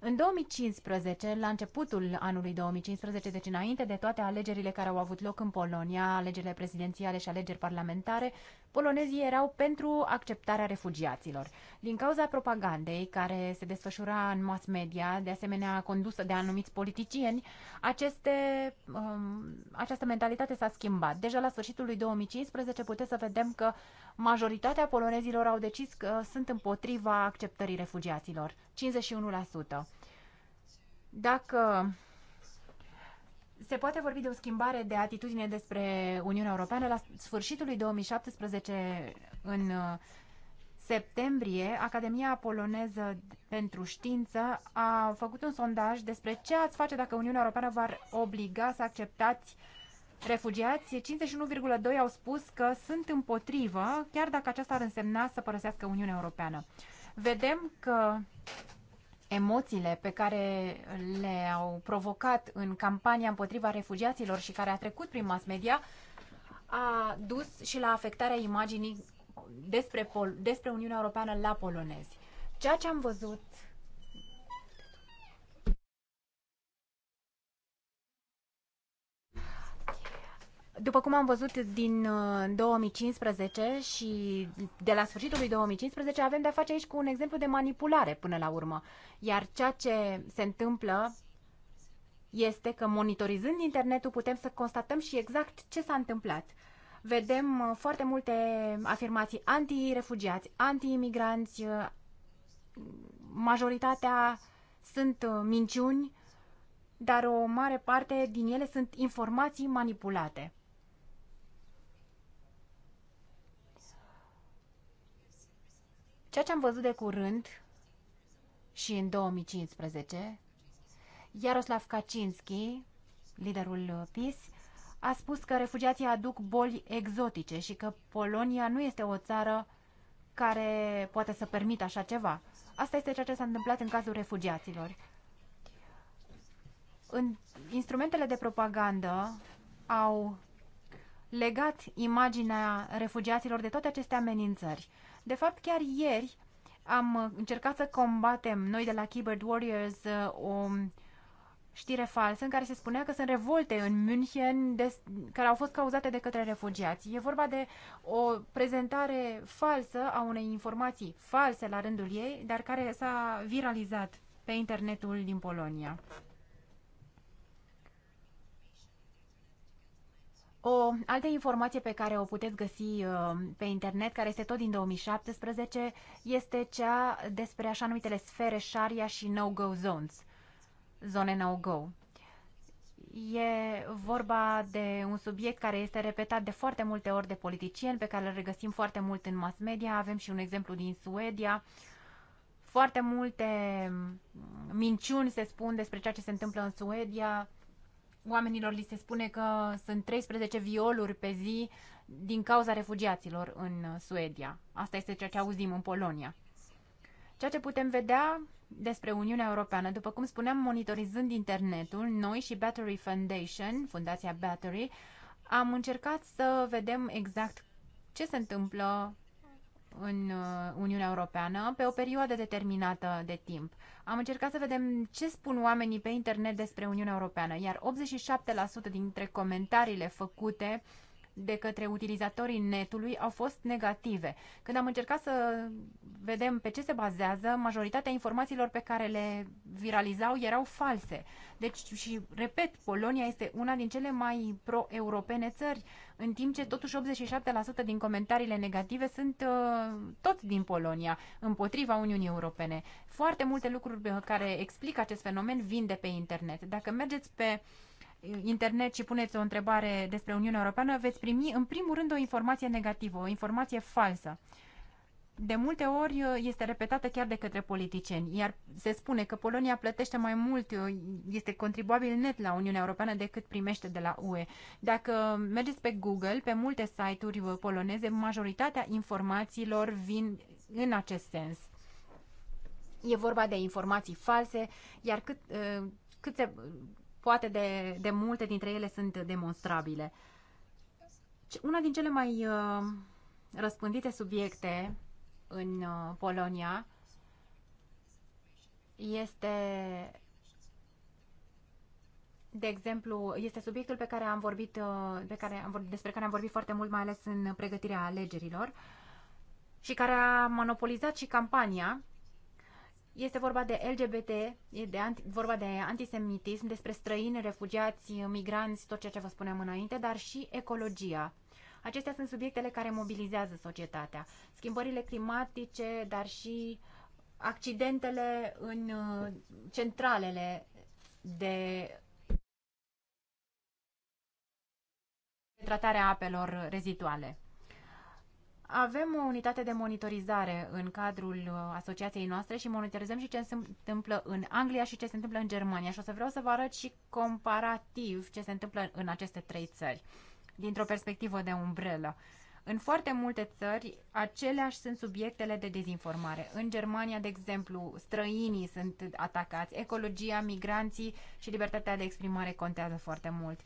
În 2015, la începutul anului 2015, deci înainte de toate alegerile care au avut loc în Polonia, alegerile prezidențiale și alegeri parlamentare, polonezii erau pentru acceptarea refugiaților. Din cauza propagandei care se desfășura în mass media, de asemenea condusă de anumiți politicieni, aceste, um, această mentalitate s-a schimbat. Deja la sfârșitul lui 2015 puteți să vedem că majoritatea polonezilor au decis că sunt împotriva acceptării refugiaților, 51%. Dacă se poate vorbi de o schimbare de atitudine despre Uniunea Europeană, la sfârșitul lui 2017, în uh, septembrie, Academia Poloneză pentru Știință a făcut un sondaj despre ce ați face dacă Uniunea Europeană v-ar obliga să acceptați uh, refugiați, 51,2 au spus că sunt împotrivă, chiar dacă aceasta ar însemna să părăsească Uniunea Europeană. Vedem că emoțiile pe care le-au provocat în campania împotriva refugiaților și care a trecut prin mass media a dus și la afectarea imaginii despre, despre Uniunea Europeană la polonezi. Ceea ce am văzut După cum am văzut din 2015 uh, și de la sfârșitul lui 2015, avem de-a face aici cu un exemplu de manipulare până la urmă. Iar ceea ce se întâmplă este că monitorizând internetul putem să constatăm și exact ce s-a întâmplat. Vedem uh, foarte multe afirmații anti-refugiați, anti-imigranți, uh, majoritatea sunt minciuni, dar o mare parte din ele sunt informații manipulate. Ceea ce am văzut de curând și în 2015, Iaroslav Kaczynski, liderul PIS, a spus că refugiații aduc boli exotice și că Polonia nu este o țară care poate să permită așa ceva. Asta este ceea ce s-a întâmplat în cazul refugiaților. În instrumentele de propagandă au legat imaginea refugiaților de toate aceste amenințări. De fapt, chiar ieri am încercat să combatem noi de la Keyboard Warriors uh, o știre falsă în care se spunea că sunt revolte în München de, care au fost cauzate de către refugiați. E vorba de o prezentare falsă a unei informații false la rândul ei, dar care s-a viralizat pe internetul din Polonia. O altă informație pe care o puteți găsi uh, pe internet, care este tot din 2017, este cea despre așa numitele sfere sharia și no-go zones, zone no-go. E vorba de un subiect care este repetat de foarte multe ori de politicieni, pe care îl regăsim foarte mult în mass media. Avem și un exemplu din Suedia. Foarte multe minciuni se spun despre ceea ce se întâmplă în Suedia oamenilor li se spune că sunt 13 violuri pe zi din cauza refugiaților în uh, Suedia. Asta este ceea ce auzim în Polonia. Ceea ce putem vedea despre Uniunea Europeană, după cum spuneam, monitorizând internetul, noi și Battery Foundation, Fundația Battery, am încercat să vedem exact ce se întâmplă în uh, Uniunea Europeană pe o perioadă determinată de timp. Am încercat să vedem ce spun oamenii pe internet despre Uniunea Europeană, iar 87% dintre comentariile făcute uh, de către utilizatorii netului au fost negative. Când am încercat să vedem pe ce se bazează, majoritatea informațiilor pe care le viralizau erau false. Deci, și repet, Polonia este una din cele mai pro-europene țări, în timp ce totuși 87% din comentariile negative sunt uh, tot din Polonia, împotriva Uniunii Europene. Foarte multe lucruri care explică acest fenomen vin de pe internet. Dacă mergeți pe uh, internet și puneți o întrebare despre Uniunea Europeană, veți primi în primul rând o informație negativă, o informație falsă. De multe ori uh, este repetată chiar de către politicieni, iar se spune că Polonia plătește mai mult, uh, este contribuabil net la Uniunea Europeană decât primește de la UE. Dacă mergeți pe Google, pe multe site-uri uh, poloneze, majoritatea informațiilor vin în acest sens. E vorba de informații false, iar cât, cât se, poate de, de multe dintre ele sunt demonstrabile. Una din cele mai uh, răspândite subiecte în uh, Polonia este, de exemplu, este subiectul pe care am vorbit, uh, pe care am vorbit, despre care am vorbit foarte mult, mai ales în pregătirea alegerilor, și care a monopolizat și campania este vorba de LGBT, e de anti, vorba de antisemitism, despre străini, refugiați, migranți, tot ceea ce vă spuneam înainte, dar și ecologia. Acestea sunt subiectele care mobilizează societatea. Schimbările climatice, dar și accidentele în uh, centralele de tratarea apelor reziduale. Avem o unitate de monitorizare în cadrul uh, asociației noastre și monitorizăm și ce se întâmplă în Anglia și ce se întâmplă în Germania și o să vreau să vă arăt și comparativ ce se întâmplă în aceste trei țări, dintr-o perspectivă de umbrelă. În foarte multe țări, aceleași sunt subiectele de dezinformare. În Germania, de exemplu, străinii sunt atacați, ecologia, migranții și libertatea de exprimare contează foarte mult.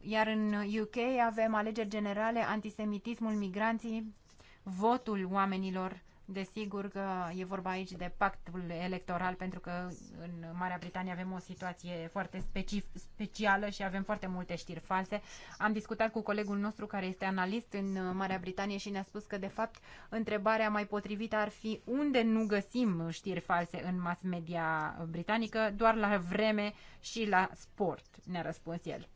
Iar în UK avem alegeri generale, antisemitismul, migranții, votul oamenilor. Desigur că e vorba aici de pactul electoral, pentru că în Marea Britanie avem o situație foarte specif, specială și avem foarte multe știri false. Am discutat cu colegul nostru care este analist în Marea Britanie și ne-a spus că, de fapt, întrebarea mai potrivită ar fi unde nu găsim știri false în mass media britanică, doar la vreme și la sport, ne-a răspuns el.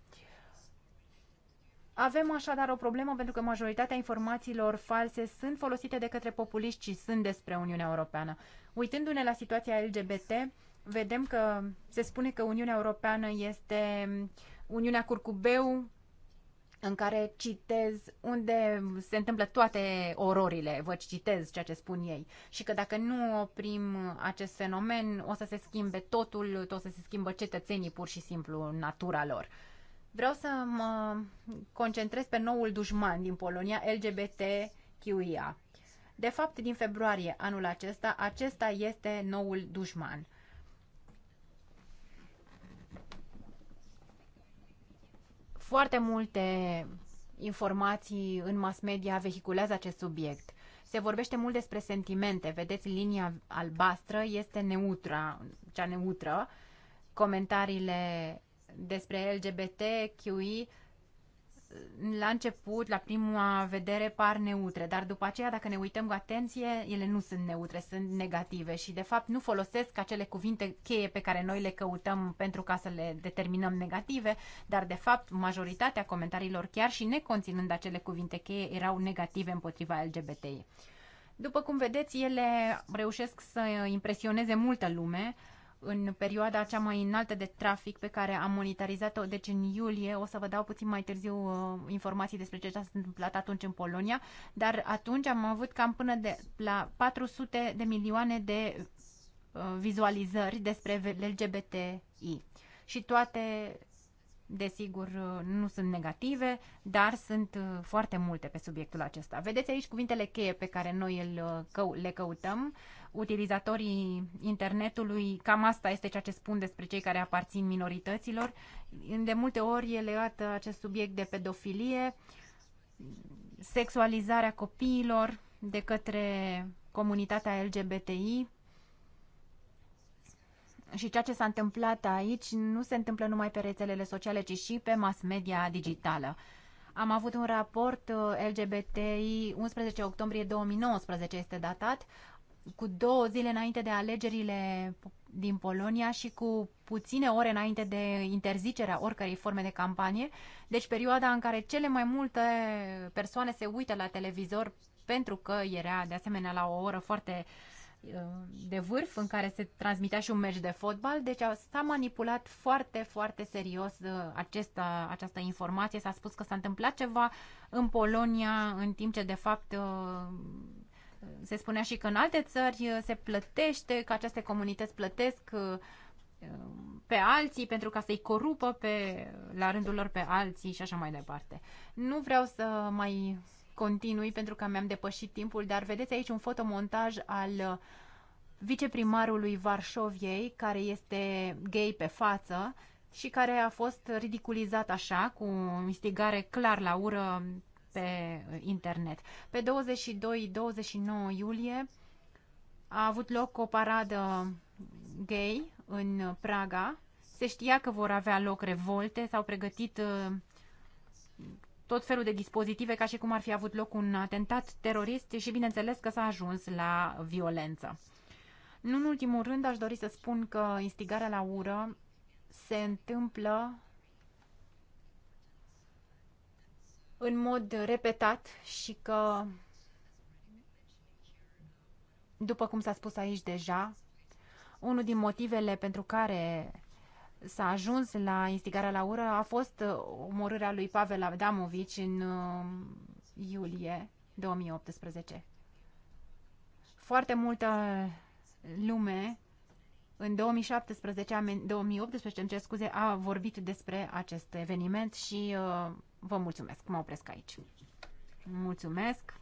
Avem așadar o problemă pentru că majoritatea informațiilor false sunt folosite de către populiști și sunt despre Uniunea Europeană. Uitându-ne la situația LGBT, vedem că se spune că Uniunea Europeană este Uniunea Curcubeu, în care citez unde se întâmplă toate ororile, vă citez ceea ce spun ei și că dacă nu oprim acest fenomen o să se schimbe totul, o să se schimbă cetățenii pur și simplu natura lor. Vreau să mă concentrez pe noul dușman din Polonia, LGBTQIA. De fapt, din februarie anul acesta, acesta este noul dușman. Foarte multe informații în mass media vehiculează acest subiect. Se vorbește mult despre sentimente. Vedeți, linia albastră este neutră, cea neutră. Comentariile despre LGBTQI la început, la prima vedere, par neutre, dar după aceea, dacă ne uităm cu atenție, ele nu sunt neutre, sunt negative și, de fapt, nu folosesc acele cuvinte cheie pe care noi le căutăm pentru ca să le determinăm negative, dar, de fapt, majoritatea comentariilor, chiar și neconținând acele cuvinte cheie, erau negative împotriva LGBTI. După cum vedeți, ele reușesc să impresioneze multă lume, în perioada cea mai înaltă de trafic pe care am monitorizat-o, deci în iulie, o să vă dau puțin mai târziu uh, informații despre ce s-a întâmplat atunci în Polonia, dar atunci am avut cam până de, la 400 de milioane de uh, vizualizări despre LGBTI. Și toate, desigur, uh, nu sunt negative, dar sunt foarte multe pe subiectul acesta. Vedeți aici cuvintele cheie pe care noi le căutăm utilizatorii internetului, cam asta este ceea ce spun despre cei care aparțin minorităților. De multe ori e legat acest subiect de pedofilie, sexualizarea copiilor de către comunitatea LGBTI, și ceea ce s-a întâmplat aici nu se întâmplă numai pe rețelele sociale, ci și pe mass media digitală. Am avut un raport uh, LGBTI 11 octombrie 2019 este datat, cu două zile înainte de alegerile din Polonia și cu puține ore înainte de interzicerea oricărei forme de campanie, deci perioada în care cele mai multe persoane se uită la televizor pentru că era de asemenea la o oră foarte uh, de vârf în care se transmitea și un meci de fotbal, deci s-a manipulat foarte, foarte serios uh, această, această informație, s-a spus că s-a întâmplat ceva în Polonia, în timp ce de fapt uh, se spunea și că în alte țări uh, se plătește, că aceste comunități plătesc uh, pe alții pentru ca să-i corupă pe, la rândul lor pe alții și așa mai departe. Nu vreau să mai continui pentru că mi-am depășit timpul, dar vedeți aici un fotomontaj al uh, viceprimarului Varșoviei, care este gay pe față și care a fost ridiculizat așa, cu instigare clar la ură pe internet. Pe 22-29 iulie a avut loc o paradă gay în Praga. Se știa că vor avea loc revolte, s-au pregătit uh, tot felul de dispozitive ca și cum ar fi avut loc un atentat terorist și bineînțeles că s-a ajuns la violență. Nu în ultimul rând aș dori să spun că instigarea la ură se întâmplă în mod repetat și că, după cum s-a spus aici deja, unul din motivele pentru care s-a ajuns la instigarea la ură a fost omorârea lui Pavel Adamovici în um, iulie 2018. Foarte multă lume în 2017, 2018, îmi cer scuze, a vorbit despre acest eveniment și uh, Vă mulțumesc. Mă opresc aici. Mulțumesc.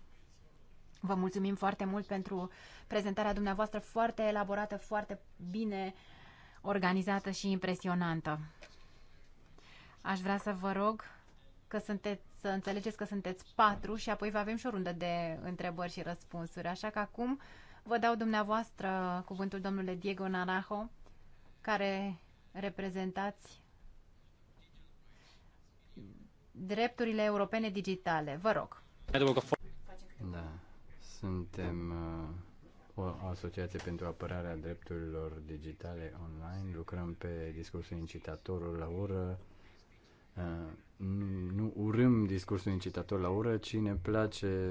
Vă mulțumim foarte mult pentru prezentarea dumneavoastră foarte elaborată, foarte bine organizată și impresionantă. Aș vrea să vă rog că sunteți, să înțelegeți că sunteți patru și apoi vă avem și o rundă de întrebări și răspunsuri. Așa că acum vă dau dumneavoastră cuvântul domnule Diego Narajo, care reprezentați drepturile europene digitale. Vă rog. Da. Suntem uh, o asociație pentru apărarea drepturilor digitale online. Lucrăm pe discursul incitatorul la ură. Uh, nu, nu urâm discursul incitator la ură, ci ne place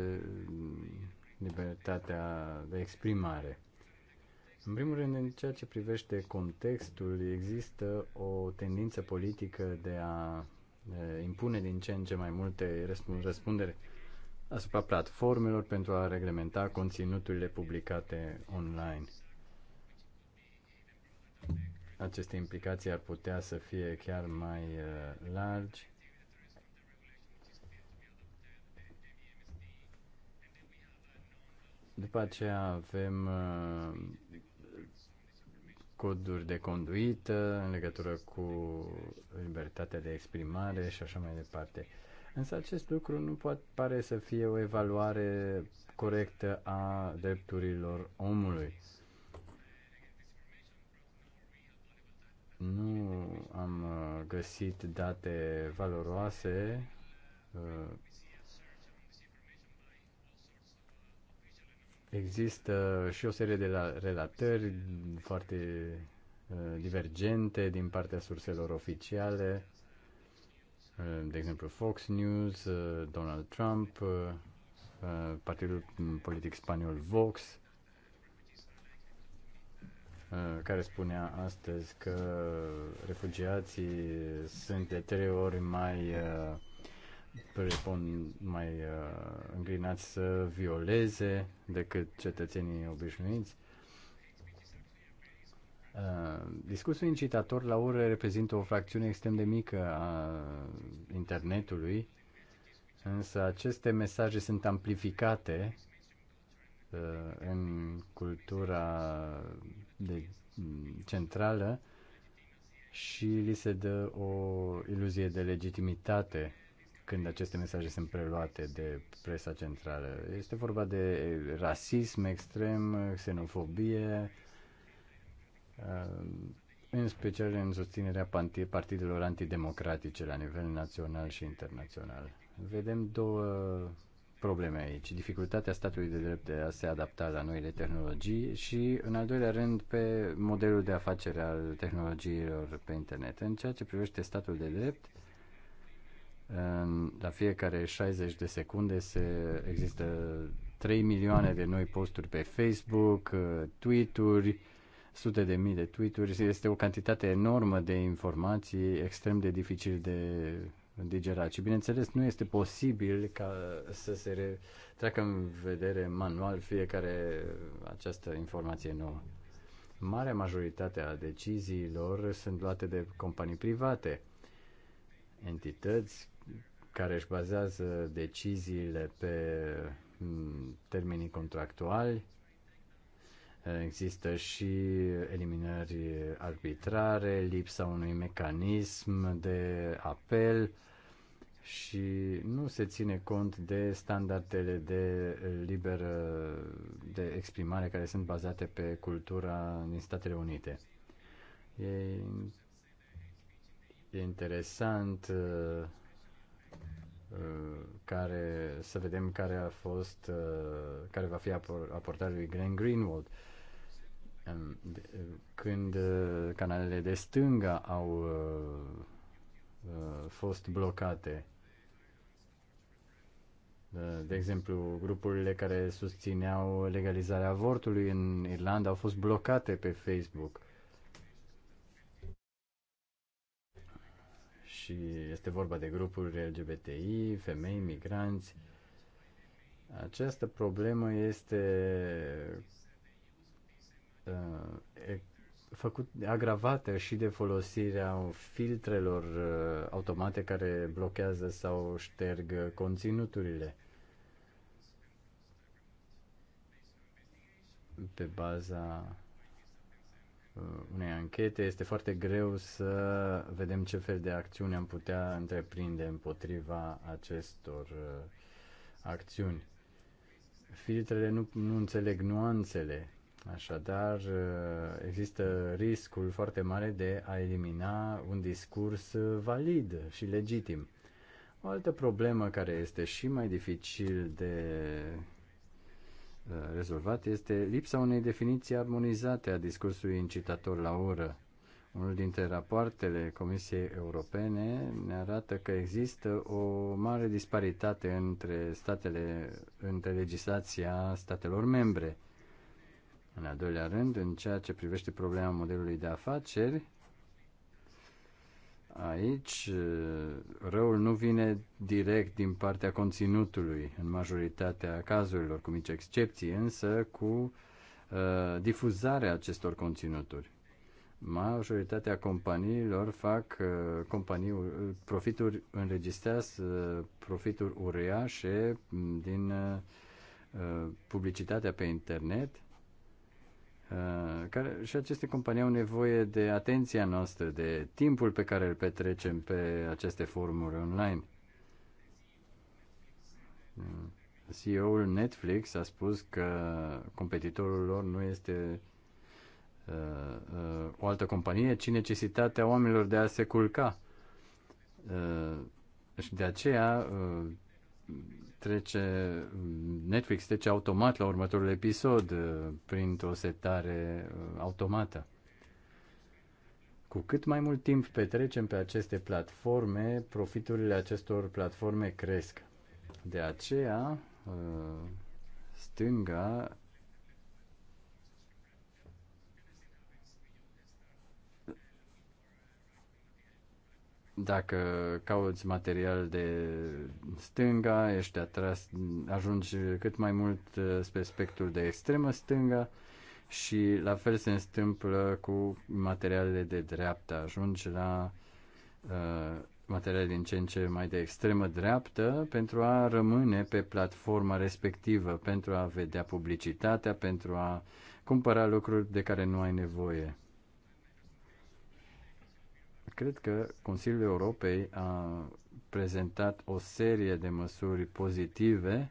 libertatea de exprimare. În primul rând, în ceea ce privește contextul, există o tendință politică de a impune din ce în ce mai multe răspundere asupra platformelor pentru a reglementa conținuturile publicate online. Aceste implicații ar putea să fie chiar mai largi. După aceea avem coduri de conduită în legătură cu libertatea de exprimare și așa mai departe. Însă acest lucru nu poate pare să fie o evaluare corectă a drepturilor omului. Nu am uh, găsit date valoroase uh, Există și o serie de relatări foarte uh, divergente din partea surselor oficiale, uh, de exemplu Fox News, uh, Donald Trump, Partidul Politic Spaniol Vox, care spunea astăzi că refugiații sunt de trei ori mai uh, prepon mai uh, înclinați să violeze decât cetățenii obișnuiți. Uh, discursul incitator la ură reprezintă o fracțiune extrem de mică a internetului, însă aceste mesaje sunt amplificate uh, în cultura de, centrală și li se dă o iluzie de legitimitate când aceste mesaje sunt preluate de presa centrală. Este vorba de rasism extrem, xenofobie, uh, în special în susținerea partidelor antidemocratice la nivel național și internațional. Vedem două probleme aici. Dificultatea statului de drept de a se adapta la noile tehnologii și, în al doilea rând, pe modelul de afacere al tehnologiilor pe internet. În ceea ce privește statul de drept, la fiecare 60 de secunde se există 3 milioane de noi posturi pe Facebook, uh, tweet-uri, sute de mii de tweet-uri. Este o cantitate enormă de informații extrem de dificil de digerat. Și bineînțeles nu este posibil ca să se re- treacă în vedere manual fiecare această informație nouă. Marea majoritate a deciziilor sunt luate de companii private, entități care își bazează deciziile pe mm, termenii contractuali. Există și eliminări arbitrare, lipsa unui mecanism de apel și nu se ține cont de standardele de liberă de exprimare care sunt bazate pe cultura din Statele Unite. E, e interesant uh, Uh, care să vedem care a fost uh, care va fi aportarea lui Glenn Greenwald um, uh, când canalele de stânga au fost blocate de exemplu, grupurile care susțineau legalizarea avortului în Irlanda au fost blocate pe Facebook. și este vorba de grupuri LGBTI, femei, migranți. Această problemă este uh, e, făcut, agravată și de folosirea filtrelor uh, automate care blochează sau șterg conținuturile. Pe baza Uh, unei anchete, este foarte greu să vedem ce fel de acțiuni am putea întreprinde împotriva acestor uh, acțiuni. Filtrele nu, nu înțeleg nuanțele, așadar uh, există riscul foarte mare de a elimina un discurs valid și legitim. O altă problemă care este și mai dificil de Uh, rezolvat este lipsa unei definiții armonizate a discursului incitator la ură. Unul dintre rapoartele Comisiei Europene ne arată că există o mare disparitate între, statele, între legislația statelor membre. În al doilea rând, în ceea ce privește problema modelului de afaceri, Aici răul nu vine direct din partea conținutului, în majoritatea cazurilor, cu mici excepții, însă cu uh, difuzarea acestor conținuturi. Majoritatea companiilor fac uh, companii, profituri, înregistrează profituri uriașe din uh, publicitatea pe internet Uh, care, și aceste companii au nevoie de atenția noastră, de timpul pe care îl petrecem pe aceste forumuri online. Uh, CEO-ul Netflix a spus că competitorul lor nu este uh, uh, o altă companie, ci necesitatea oamenilor de a se culca. Uh, și de aceea uh, trece, Netflix trece automat la următorul episod uh, printr-o setare uh, automată. Cu cât mai mult timp petrecem pe aceste platforme, profiturile acestor platforme cresc. De aceea, uh, stânga dacă cauți material de stânga, ești atras, ajungi cât mai mult uh, spre spectrul de extremă stânga și la fel se întâmplă cu materialele de dreapta. Ajungi la uh, materiale din ce în ce mai de extremă dreaptă pentru a rămâne pe platforma respectivă, pentru a vedea publicitatea, pentru a cumpăra lucruri de care nu ai nevoie Cred că Consiliul Europei a prezentat o serie de măsuri pozitive,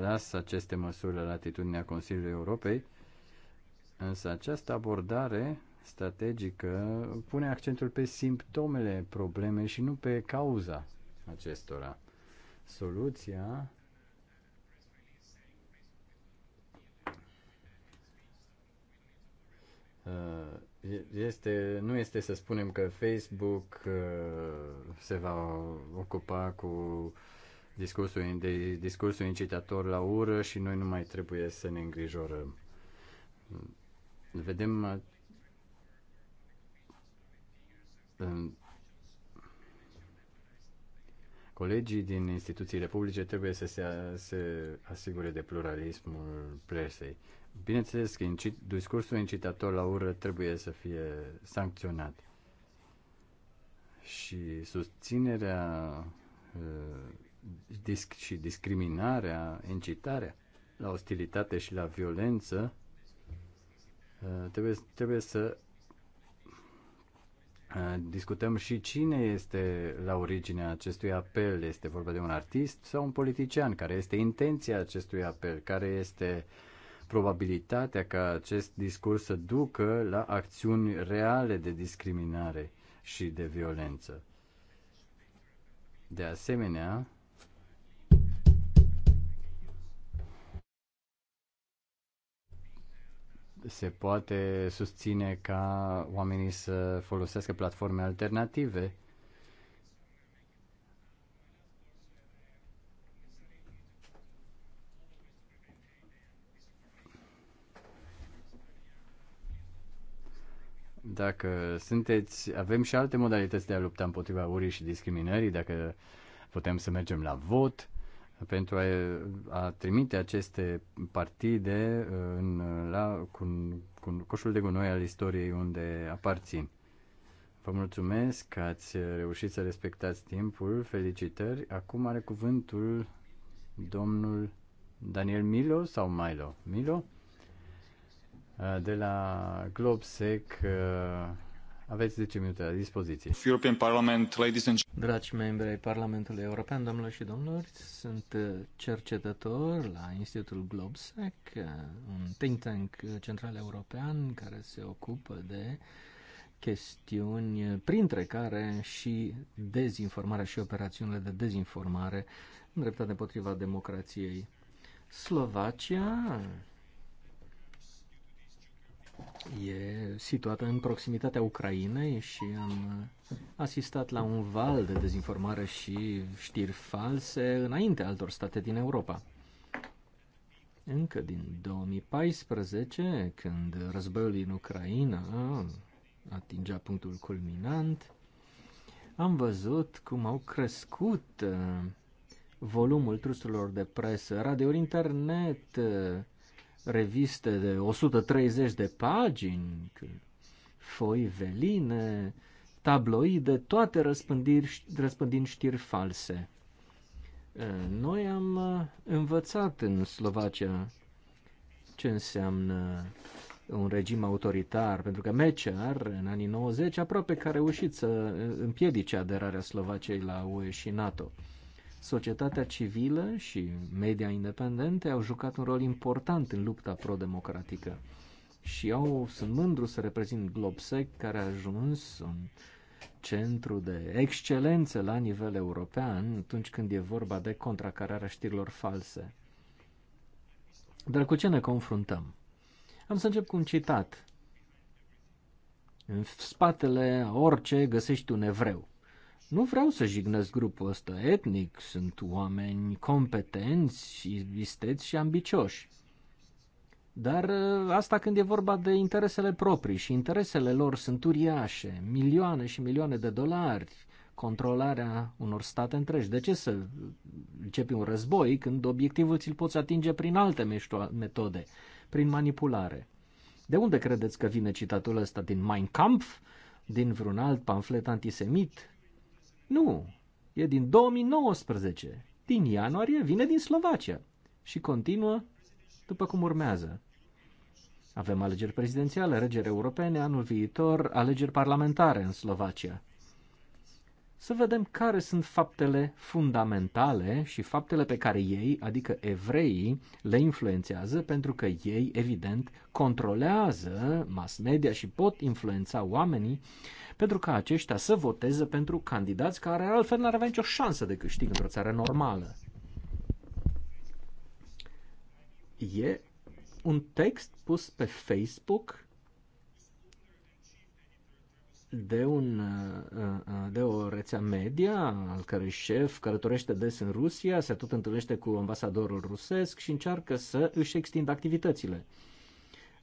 lasă aceste măsuri la latitudinea Consiliului Europei, însă această abordare strategică pune accentul pe simptomele problemei și nu pe cauza acestora. Soluția uh, este, nu este să spunem că Facebook uh, se va ocupa cu discursul, de discursul incitator la ură și noi nu mai trebuie să ne îngrijorăm. Vedem uh, colegii din instituțiile publice trebuie să se, se asigure de pluralismul presei. Bineînțeles că incit, discursul incitator la ură trebuie să fie sancționat. Și susținerea uh, disc, și discriminarea, incitarea la ostilitate și la violență uh, trebuie, trebuie să uh, discutăm și cine este la originea acestui apel. Este vorba de un artist sau un politician? Care este intenția acestui apel? Care este uh, probabilitatea ca acest discurs să ducă la acțiuni reale de discriminare și de violență. De asemenea, se poate susține ca oamenii să folosească platforme alternative dacă sunteți, avem și alte modalități de a lupta împotriva urii și discriminării, dacă putem să mergem la vot pentru a, a trimite aceste partide uh, în, la, cu, cu coșul de gunoi al istoriei unde aparțin. Vă mulțumesc că ați reușit să respectați timpul. Felicitări. Acum are cuvântul domnul Daniel Milo sau Milo? Milo? Uh, de la Globsec. Uh, aveți 10 minute la dispoziție. European Parliament, ladies and Dragi membri ai Parlamentului European, domnilor și domnilor, sunt uh, cercetător la Institutul Globsec, un think tank central european care se ocupă de chestiuni, printre care și dezinformarea și operațiunile de dezinformare îndreptate împotriva democrației. Slovacia e situată în proximitatea Ucrainei și am asistat la un val de dezinformare și știri false înainte altor state din Europa. Încă din 2014, când războiul din Ucraina atingea punctul culminant, am văzut cum au crescut uh, volumul truselor de presă, radio, internet, uh, reviste de 130 de pagini, foi veline, tabloide, toate răspândind știri false. Uh, noi am uh, învățat în Slovacia ce înseamnă un regim autoritar, pentru că Mecear, în anii 90, aproape că a reușit să uh, împiedice aderarea Slovaciei la UE și NATO. Societatea civilă și media independente au jucat un rol important în lupta pro-democratică și au, sunt mândru să reprezint Globsec, care a ajuns un centru de excelență la nivel european atunci când e vorba de contracararea știrilor false. Dar cu ce ne confruntăm? Am să încep cu un citat. În spatele orice găsești un evreu. Nu vreau să jignesc grupul ăsta etnic, sunt oameni competenți, isteți și ambicioși. Dar ă, asta când e vorba de interesele proprii și interesele lor sunt uriașe, milioane și milioane de dolari, controlarea unor state întregi. De ce să începi un război când obiectivul ți-l poți atinge prin alte metode, prin manipulare? De unde credeți că vine citatul ăsta? Din Mein Kampf? Din vreun alt pamflet antisemit? Nu, e din 2019, din ianuarie, vine din Slovacia și continuă după cum urmează. Avem alegeri prezidențiale, alegeri europene, anul viitor alegeri parlamentare în Slovacia să vedem care sunt faptele fundamentale și faptele pe care ei, adică evreii, le influențează, pentru că ei, evident, controlează mass media și pot influența oamenii pentru ca aceștia să voteze pentru candidați care altfel n-ar avea nicio șansă de câștig într-o țară normală. E un text pus pe Facebook de, un, uh, uh, de o rețea media al cărui șef călătorește des în Rusia, se tot întâlnește cu ambasadorul rusesc și încearcă să își extindă activitățile.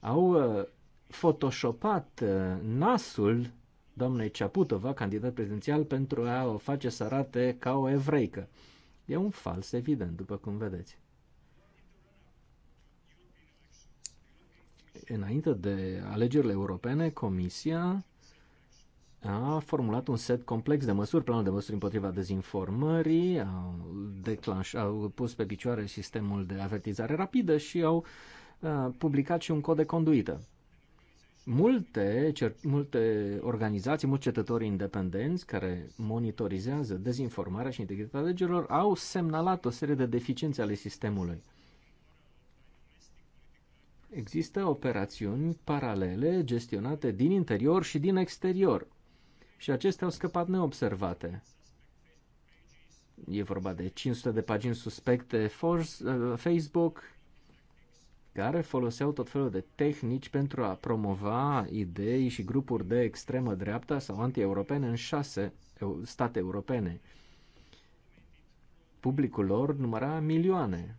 Au uh, photoshopat nasul doamnei Ceaputova, candidat prezidențial, pentru a o face să arate ca o evreică. E un fals evident, după cum vedeți. Înainte de alegerile europene, Comisia a formulat un set complex de măsuri, planul de măsuri împotriva dezinformării, au, declanș, au pus pe picioare sistemul de avertizare rapidă și au a, publicat și un cod de conduită. Multe, cer, multe organizații, mulți cetători independenți care monitorizează dezinformarea și integritatea legilor au semnalat o serie de deficiențe ale sistemului. Există operațiuni paralele gestionate din interior și din exterior și acestea au scăpat neobservate. E vorba de 500 de pagini suspecte uh, Facebook care foloseau tot felul de tehnici pentru a promova idei și grupuri de extremă dreapta sau anti-europene în șase state europene. Publicul lor număra milioane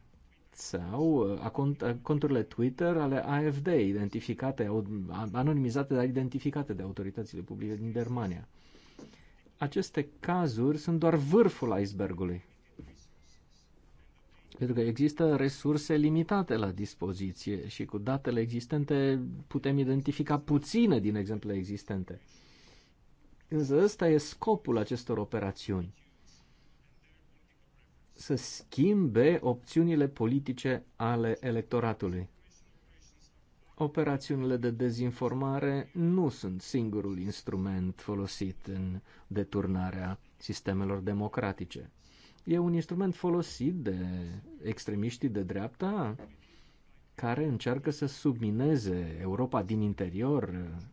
sau uh, uh, conturile Twitter ale AFD, identificate, anonimizate, dar identificate de autoritățile publice din Germania aceste cazuri sunt doar vârful icebergului. Pentru că există resurse limitate la dispoziție și cu datele existente putem identifica puține din exemplele existente. Însă ăsta e scopul acestor operațiuni. Să schimbe opțiunile politice ale electoratului. Operațiunile de dezinformare nu sunt singurul instrument folosit în deturnarea sistemelor democratice. E un instrument folosit de extremiștii de dreapta care încearcă să submineze Europa din interior uh,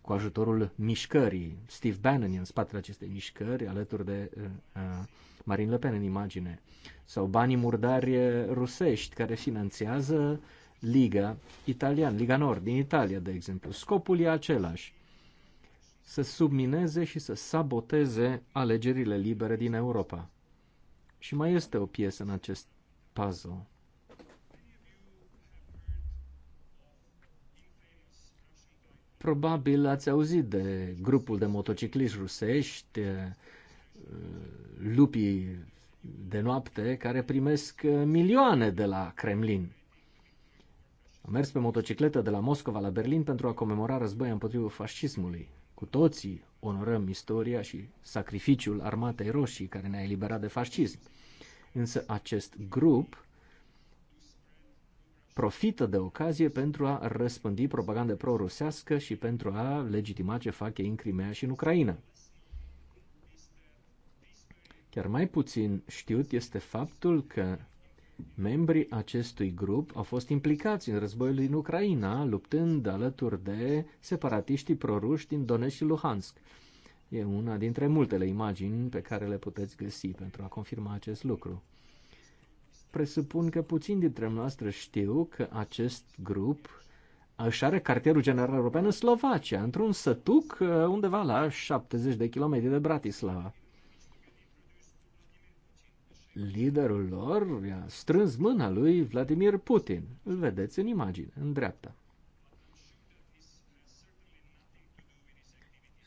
cu ajutorul mișcării. Steve Bannon e în spatele acestei mișcări, alături de uh, uh Marine Le Pen în imagine. Sau banii murdari uh, rusești care finanțează uh, Liga Italian, Liga Nord, din Italia, de exemplu. Scopul e același. Să submineze și să saboteze alegerile libere din Europa. Și mai este o piesă în acest puzzle. Probabil ați auzit de grupul de motocicliști rusești, eh, lupii de noapte, care primesc eh, milioane de la Kremlin. A mers pe motocicletă de la Moscova la Berlin pentru a comemora războiul împotriva fascismului. Cu toții onorăm istoria și sacrificiul armatei roșii care ne-a eliberat de fascism. Însă acest grup profită de ocazie pentru a răspândi propagandă pro-rusească și pentru a legitima ce fac ei în Crimea și în Ucraina. Chiar mai puțin știut este faptul că Membrii acestui grup au fost implicați în războiul din Ucraina, luptând alături de separatiștii proruși din Donetsk și Luhansk. E una dintre multele imagini pe care le puteți găsi pentru a confirma acest lucru. Presupun că puțin dintre noastre știu că acest grup își are cartierul general european în Slovacia, într-un sătuc uh, undeva la 70 de kilometri de Bratislava. Liderul lor i-a strâns mâna lui Vladimir Putin. Îl vedeți în imagine, în dreapta.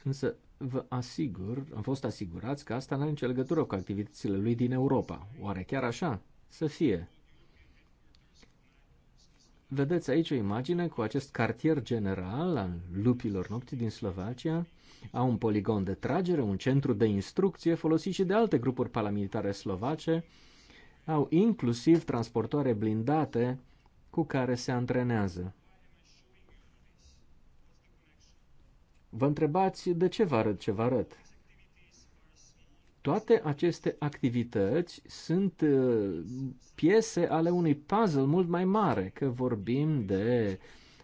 Însă vă asigur, am fost asigurați că asta nu are nicio legătură cu activitățile lui din Europa. Oare chiar așa? Să fie. Vedeți aici o imagine cu acest cartier general al lupilor nopții din Slovacia. Au un poligon de tragere, un centru de instrucție folosit și de alte grupuri paramilitare slovace. Au inclusiv transportoare blindate cu care se antrenează. Vă întrebați de ce vă arăt ce vă arăt? Toate aceste activități sunt uh, piese ale unui puzzle mult mai mare, că vorbim de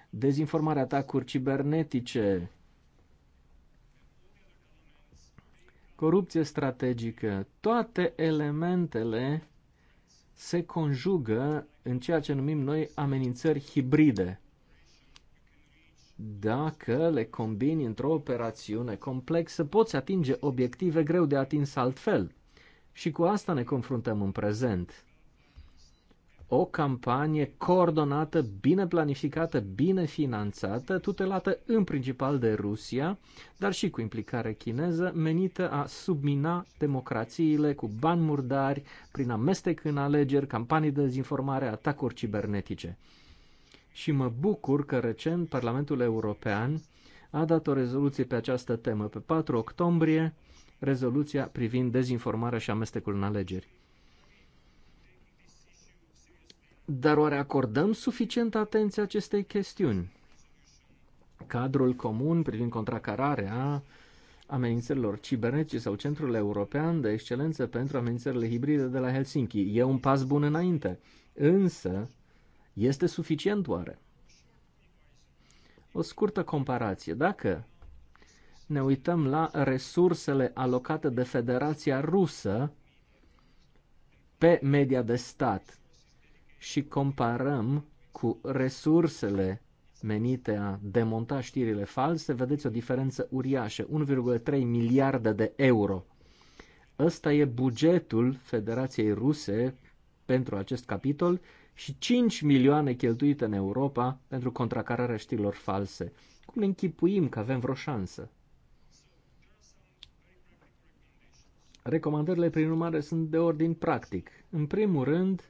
dezinformarea atacuri cibernetice, corupție strategică, toate elementele se conjugă în ceea ce numim noi amenințări hibride dacă le combini într-o operațiune complexă, poți atinge obiective greu de atins altfel. Și cu asta ne confruntăm în prezent. O campanie coordonată, bine planificată, bine finanțată, tutelată în principal de Rusia, dar și cu implicare chineză, menită a submina democrațiile cu bani murdari, prin amestec în alegeri, campanii de dezinformare, atacuri cibernetice și mă bucur că recent Parlamentul European a dat o rezoluție pe această temă. Pe 4 octombrie, rezoluția privind dezinformarea și amestecul în alegeri. Dar oare acordăm suficientă atenție acestei chestiuni? Cadrul comun privind contracararea amenințărilor cibernetice sau Centrul European de Excelență pentru Amenințările Hibride de la Helsinki e un pas bun înainte. Însă, este suficient oare? O scurtă comparație. Dacă ne uităm la resursele alocate de Federația Rusă pe media de stat și comparăm cu resursele menite a demonta știrile false, vedeți o diferență uriașă, 1,3 miliarde de euro. Ăsta e bugetul Federației Ruse pentru acest capitol și 5 milioane cheltuite în Europa pentru contracararea știrilor false. Cum ne închipuim că avem vreo șansă? Recomandările, prin urmare, sunt de ordin practic. În primul rând,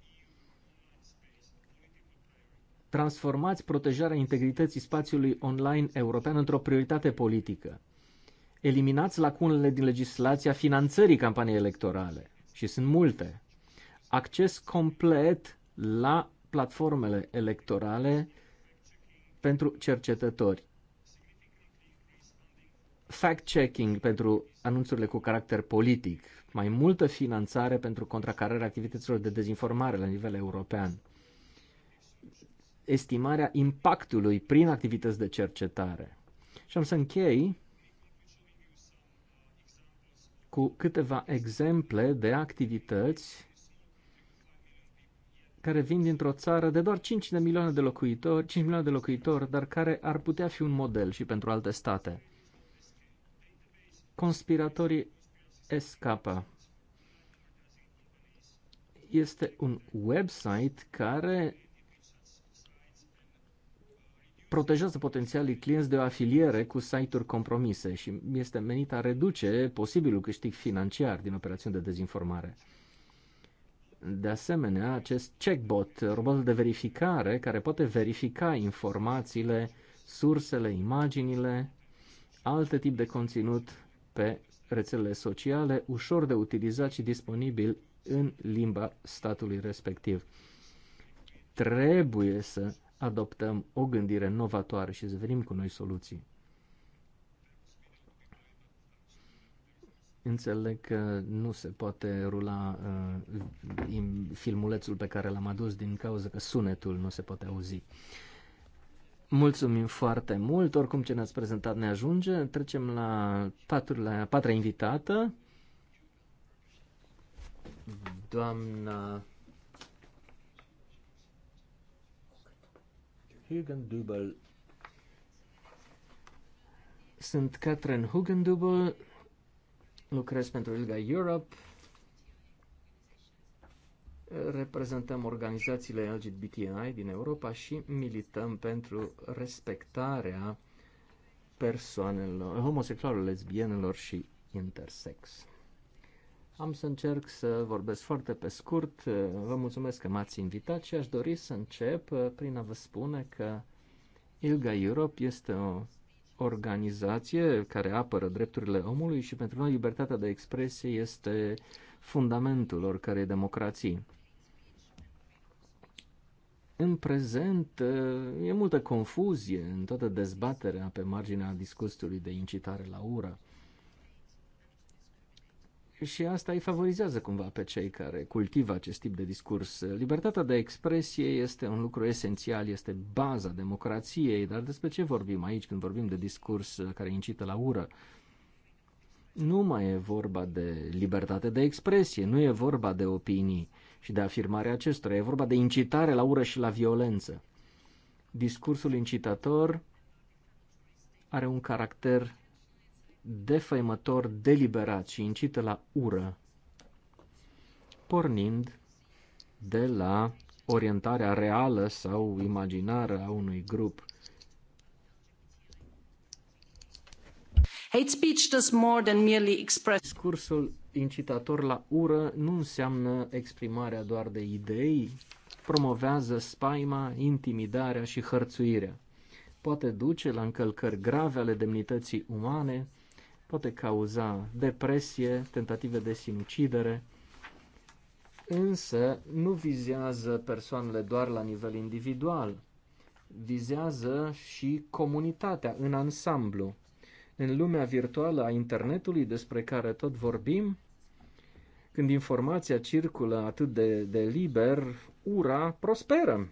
transformați protejarea integrității spațiului online european într-o prioritate politică. Eliminați lacunele din legislația finanțării campaniei electorale, și sunt multe. Acces complet la platformele electorale pentru cercetători. Fact-checking pentru anunțurile cu caracter politic, mai multă finanțare pentru contracararea activităților de dezinformare la nivel european, estimarea impactului prin activități de cercetare. Și am să închei cu câteva exemple de activități care vin dintr-o țară de doar 5 de milioane de locuitori, 5 milioane de locuitori, dar care ar putea fi un model și pentru alte state. Conspiratorii escapă. Este un website care protejează potențialii clienți de o afiliere cu site-uri compromise și este menit a reduce posibilul câștig financiar din operațiuni de dezinformare. De asemenea, acest checkbot, robotul de verificare, care poate verifica informațiile, sursele, imaginile, alte tip de conținut pe rețelele sociale, ușor de utilizat și disponibil în limba statului respectiv. Trebuie să adoptăm o gândire novatoare și să venim cu noi soluții. Înțeleg că nu se poate rula uh, filmulețul pe care l-am adus din cauza că sunetul nu se poate auzi. Mulțumim foarte mult, oricum ce ne-ați prezentat ne ajunge. Trecem la, patru, la patra invitată, doamna Hugendubel. Sunt Catherine Hugendubel, Lucrez pentru Ilga Europe. Reprezentăm organizațiile LGBTI din Europa și milităm pentru respectarea persoanelor, homosexualilor, lesbienelor și intersex. Am să încerc să vorbesc foarte pe scurt. Vă mulțumesc că m-ați invitat și aș dori să încep prin a vă spune că ILGA Europe este o organizație care apără drepturile omului și pentru noi libertatea de expresie este fundamentul oricărei democrații. În prezent eh, e multă confuzie în toată dezbaterea pe marginea discursului de incitare la ură și asta îi favorizează cumva pe cei care cultivă acest tip de discurs. Libertatea de expresie este un lucru esențial, este baza democrației, dar despre ce vorbim aici când vorbim de discurs care incită la ură? Nu mai e vorba de libertate de expresie, nu e vorba de opinii și de afirmarea acestora, e vorba de incitare la ură și la violență. Discursul incitator are un caracter defăimător deliberat și incită la ură, pornind de la orientarea reală sau imaginară a unui grup. Hate speech does more than merely express. Discursul incitator la ură nu înseamnă exprimarea doar de idei, promovează spaima, intimidarea și hărțuirea. Poate duce la încălcări grave ale demnității umane, poate cauza depresie, tentative de sinucidere, însă nu vizează persoanele doar la nivel individual, vizează și comunitatea în ansamblu. În lumea virtuală a internetului despre care tot vorbim, când informația circulă atât de, de liber, ura prosperă.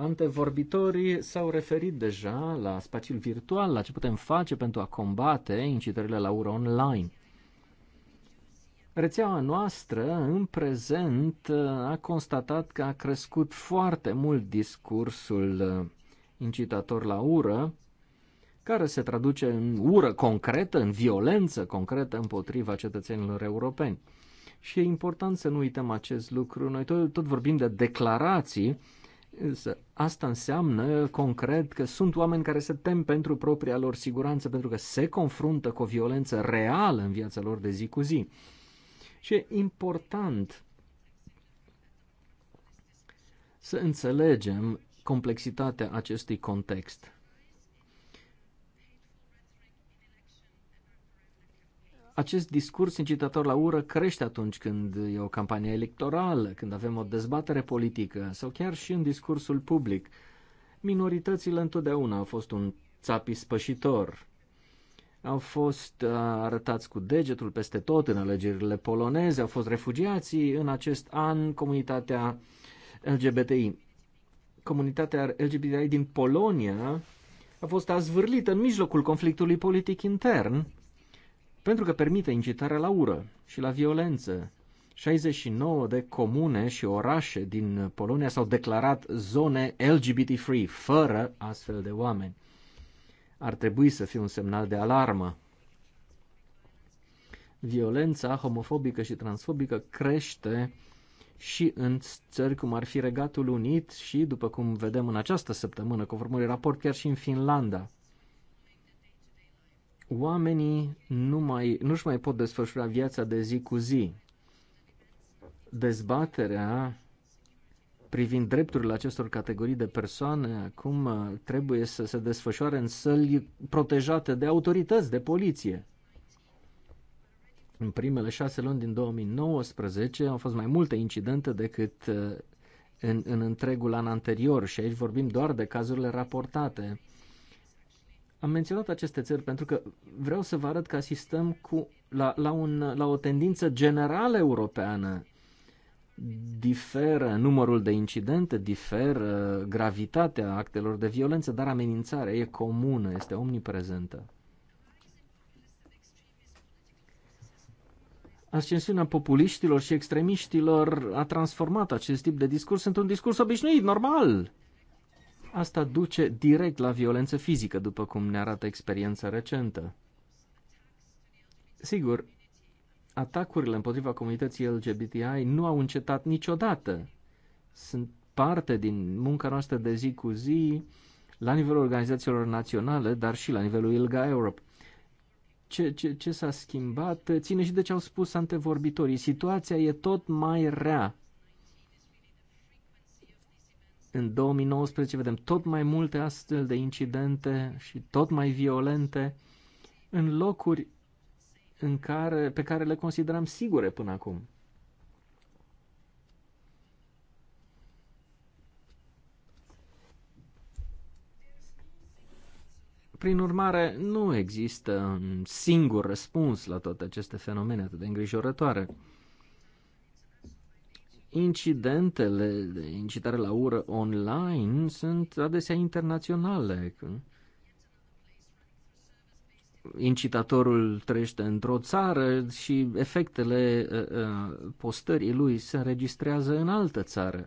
Antevorbitorii s-au referit deja la spațiul virtual, la ce putem face pentru a combate incitările la ură online. Rețeaua noastră, în prezent, a constatat că a crescut foarte mult discursul uh, incitator la ură, care se traduce în ură concretă, în violență concretă împotriva cetățenilor europeni. Și e important să nu uităm acest lucru. Noi tot, tot vorbim de declarații, Însă asta înseamnă concret că sunt oameni care se tem pentru propria lor siguranță, pentru că se confruntă cu o violență reală în viața lor de zi cu zi. Și e important să înțelegem complexitatea acestui context. acest discurs incitator la ură crește atunci când e o campanie electorală, când avem o dezbatere politică sau chiar și în discursul public. Minoritățile întotdeauna au fost un țapi spășitor. Au fost uh, arătați cu degetul peste tot în alegerile poloneze, au fost refugiații în acest an comunitatea LGBTI. Comunitatea LGBTI din Polonia a fost azvârlită în mijlocul conflictului politic intern pentru că permite incitarea la ură și la violență. 69 de comune și orașe din Polonia s-au declarat zone LGBT-free, fără astfel de oameni. Ar trebui să fie un semnal de alarmă. Violența homofobică și transfobică crește și în țări cum ar fi Regatul Unit și, după cum vedem în această săptămână, conform unui raport, chiar și în Finlanda oamenii nu mai, nu-și mai pot desfășura viața de zi cu zi. Dezbaterea privind drepturile acestor categorii de persoane acum uh, trebuie să se desfășoare în săli protejate de autorități, de poliție. În primele șase luni din 2019 au fost mai multe incidente decât uh, în, în întregul an anterior și aici vorbim doar de cazurile raportate. Am menționat aceste țări pentru că vreau să vă arăt că asistăm cu, la, la, un, la o tendință generală europeană. Diferă numărul de incidente, diferă gravitatea actelor de violență, dar amenințarea e comună, este omniprezentă. Ascensiunea populiștilor și extremiștilor a transformat acest tip de discurs într-un discurs obișnuit, normal, Asta duce direct la violență fizică, după cum ne arată experiența recentă. Sigur, atacurile împotriva comunității LGBTI nu au încetat niciodată. Sunt parte din munca noastră de zi cu zi la nivelul organizațiilor naționale, dar și la nivelul ILGA Europe. Ce, ce, ce s-a schimbat ține și de ce au spus antevorbitorii. Situația e tot mai rea în 2019 vedem tot mai multe astfel de incidente și tot mai violente în locuri în care, pe care le consideram sigure până acum. Prin urmare, nu există un singur răspuns la toate aceste fenomene atât de îngrijorătoare incidentele de incitare la ură online sunt adesea internaționale. Incitatorul trăiește într-o țară și efectele uh, uh, postării lui se înregistrează în altă țară.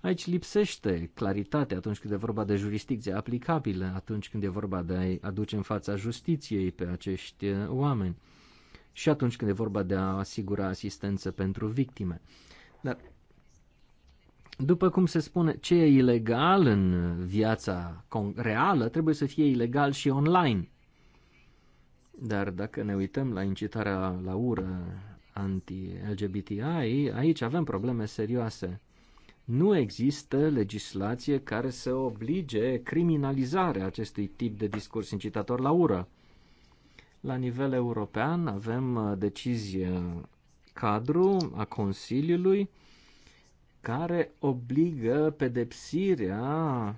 Aici lipsește claritate atunci când e vorba de jurisdicție aplicabilă, atunci când e vorba de a-i aduce în fața justiției pe acești uh, oameni și atunci când e vorba de a asigura asistență pentru victime. Dar, după cum se spune, ce e ilegal în viața reală trebuie să fie ilegal și online. Dar dacă ne uităm la incitarea la ură anti-LGBTI, aici avem probleme serioase. Nu există legislație care să oblige criminalizarea acestui tip de discurs incitator la ură. La nivel european avem uh, decizie cadru a Consiliului care obligă pedepsirea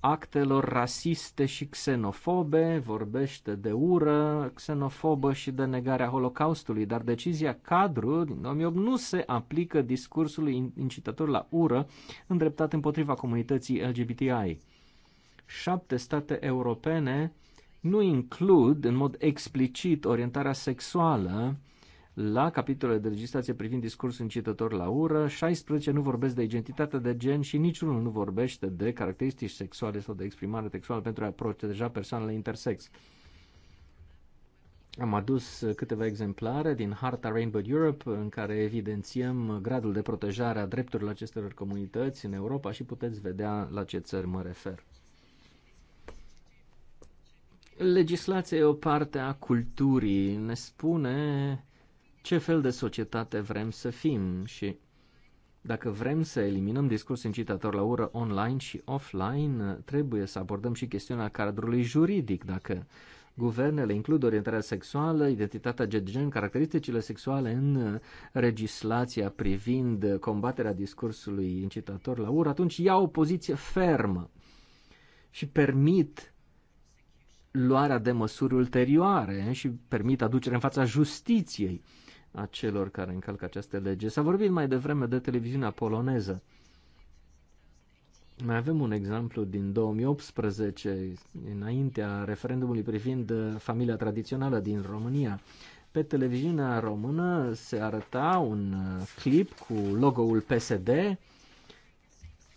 actelor rasiste și xenofobe, vorbește de ură xenofobă și de negarea Holocaustului, dar decizia cadru din 2008 nu se aplică discursului incitator la ură îndreptat împotriva comunității LGBTI. Șapte state europene nu includ în mod explicit orientarea sexuală la capitolele de legislație privind discursul încitător la ură, 16 nu vorbesc de identitate de gen și niciunul nu vorbește de caracteristici sexuale sau de exprimare sexuală pentru a proteja persoanele intersex. Am adus câteva exemplare din harta Rainbow Europe în care evidențiem gradul de protejare a drepturilor acestor comunități în Europa și puteți vedea la ce țări mă refer. Legislația e o parte a culturii. Ne spune ce fel de societate vrem să fim și dacă vrem să eliminăm discursul incitator la ură online și offline, trebuie să abordăm și chestiunea cadrului juridic. Dacă guvernele includ orientarea sexuală, identitatea de gen, caracteristicile sexuale în legislația privind combaterea discursului incitator la ură, atunci ia o poziție fermă și permit luarea de măsuri ulterioare și permit aducerea în fața justiției a celor care încalcă această lege. S-a vorbit mai devreme de televiziunea poloneză. Mai avem un exemplu din 2018, înaintea referendumului privind familia tradițională din România. Pe televiziunea română se arăta un clip cu logo-ul PSD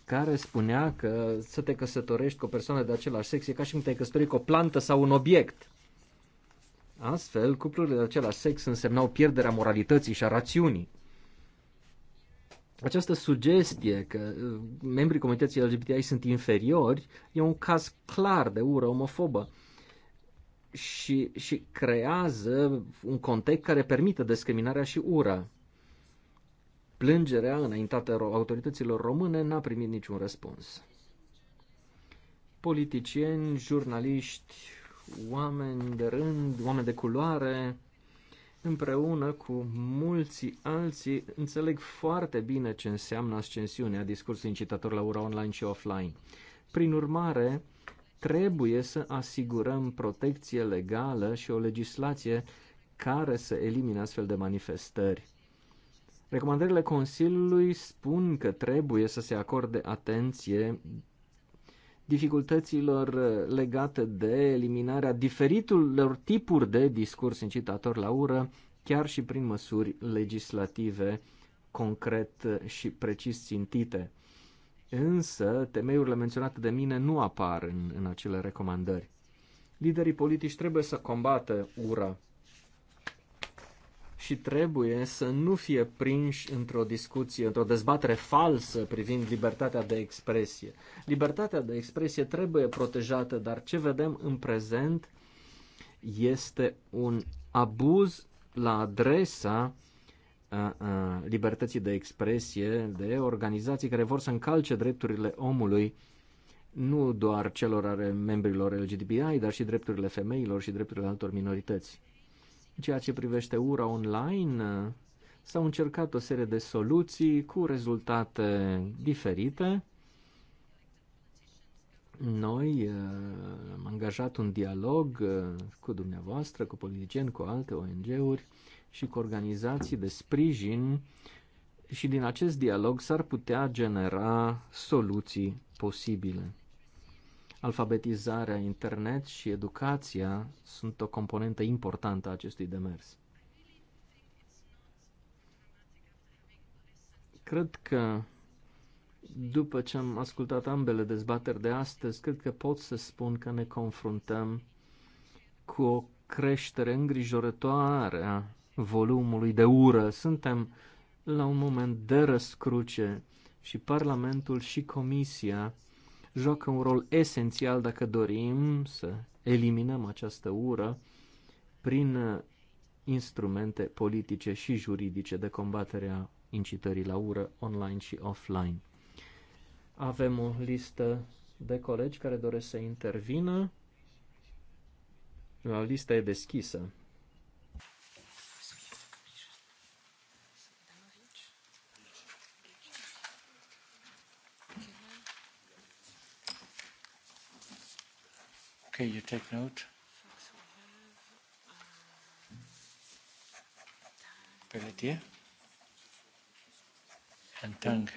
care spunea că să te căsătorești cu o persoană de același sex e ca și cum te-ai căsătorit cu o plantă sau un obiect. Astfel, cuplurile de același sex însemnau pierderea moralității și a rațiunii. Această sugestie că uh, membrii comunității LGBTI sunt inferiori e un caz clar de ură omofobă și, și creează un context care permite discriminarea și ura. Plângerea înaintată autorităților române n-a primit niciun răspuns. Politicieni, jurnaliști, oameni de rând, oameni de culoare, împreună cu mulți alții, înțeleg foarte bine ce înseamnă ascensiunea discursului incitator la ura online și offline. Prin urmare, trebuie să asigurăm protecție legală și o legislație care să elimine astfel de manifestări. Recomandările Consiliului spun că trebuie să se acorde atenție dificultăților eh, legate de eliminarea diferitelor tipuri de discurs incitator la ură, chiar și prin măsuri legislative concret eh, și precis țintite. Însă, temeiurile menționate de mine nu apar în, în acele recomandări. Liderii politici trebuie să combată ura și trebuie să nu fie prinși într-o discuție, într-o dezbatere falsă privind libertatea de expresie. Libertatea de expresie trebuie protejată, dar ce vedem în prezent este un abuz la adresa a, a, libertății de expresie de organizații care vor să încalce drepturile omului nu doar celor ale membrilor LGBTI, dar și drepturile femeilor și drepturile altor minorități ceea ce privește ura online, s-au încercat o serie de soluții cu rezultate diferite. Noi eh, am angajat un dialog eh, cu dumneavoastră, cu politicieni, cu alte ONG-uri și cu organizații de sprijin și din acest dialog s-ar putea genera soluții posibile. Alfabetizarea internet și educația sunt o componentă importantă a acestui demers. Cred că după ce am ascultat ambele dezbateri de astăzi, cred că pot să spun că ne confruntăm cu o creștere îngrijorătoare a volumului de ură. Suntem la un moment de răscruce și Parlamentul și Comisia joacă un rol esențial dacă dorim să eliminăm această ură prin uh, instrumente politice și juridice de combatere a incitării la ură online și offline. Avem o listă de colegi care doresc să intervină. La lista e deschisă. Okay, you take note. Pelletier and Tang.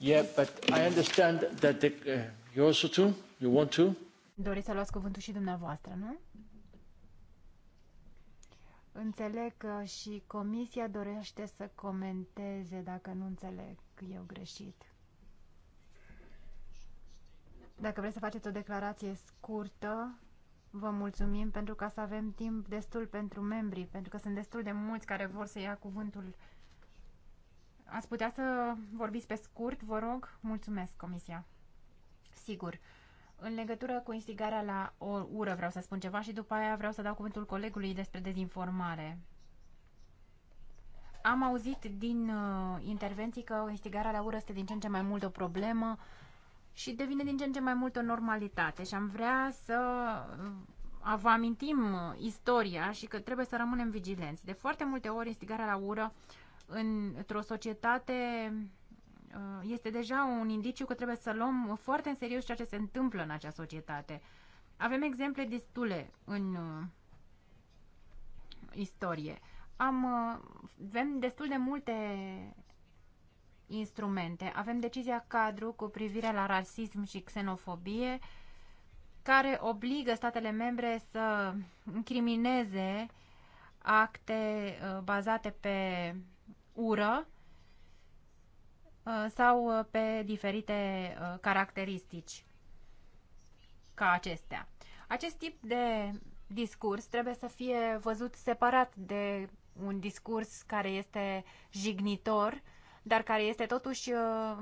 Yeah, but I understand that the, uh, you also too? You want to? Doriți să luați cuvântul și dumneavoastră, nu? Înțeleg că și comisia dorește să comenteze dacă nu înțeleg eu greșit. Dacă vreți să faceți o declarație scurtă, vă mulțumim pentru că să avem timp destul pentru membrii, pentru că sunt destul de mulți care vor să ia cuvântul. Ați putea să vorbiți pe scurt, vă rog? Mulțumesc, Comisia. Sigur. În legătură cu instigarea la o ură vreau să spun ceva și după aia vreau să dau cuvântul colegului despre dezinformare. Am auzit din uh, intervenții că instigarea la ură este din ce în ce mai mult o problemă. Uh, și devine din ce în ce mai mult o normalitate și am vrea să vă amintim istoria și că trebuie să rămânem vigilenți. De foarte multe ori instigarea la ură într-o societate este deja un indiciu că trebuie să luăm foarte în serios ceea ce se întâmplă în acea societate. Avem exemple destule în istorie. Am, avem destul de multe instrumente. Avem decizia cadru cu privire la rasism și xenofobie, care obligă statele membre să incrimineze acte uh, bazate pe ură uh, sau uh, pe diferite caracteristici ca acestea. Acest tip de discurs trebuie să fie văzut separat de un discurs care este jignitor dar care este totuși uh,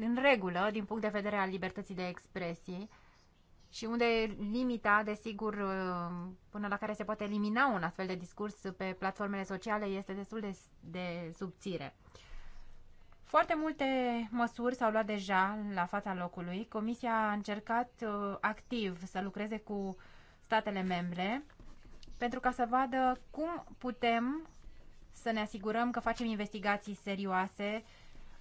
în regulă din punct de vedere al libertății de expresie și unde limita, desigur, uh, până la care se poate elimina un astfel de discurs pe platformele sociale este destul de, de subțire. Foarte multe măsuri s-au luat deja la fața locului. Comisia a încercat uh, activ să lucreze cu statele membre pentru ca să vadă cum putem să ne asigurăm că facem investigații serioase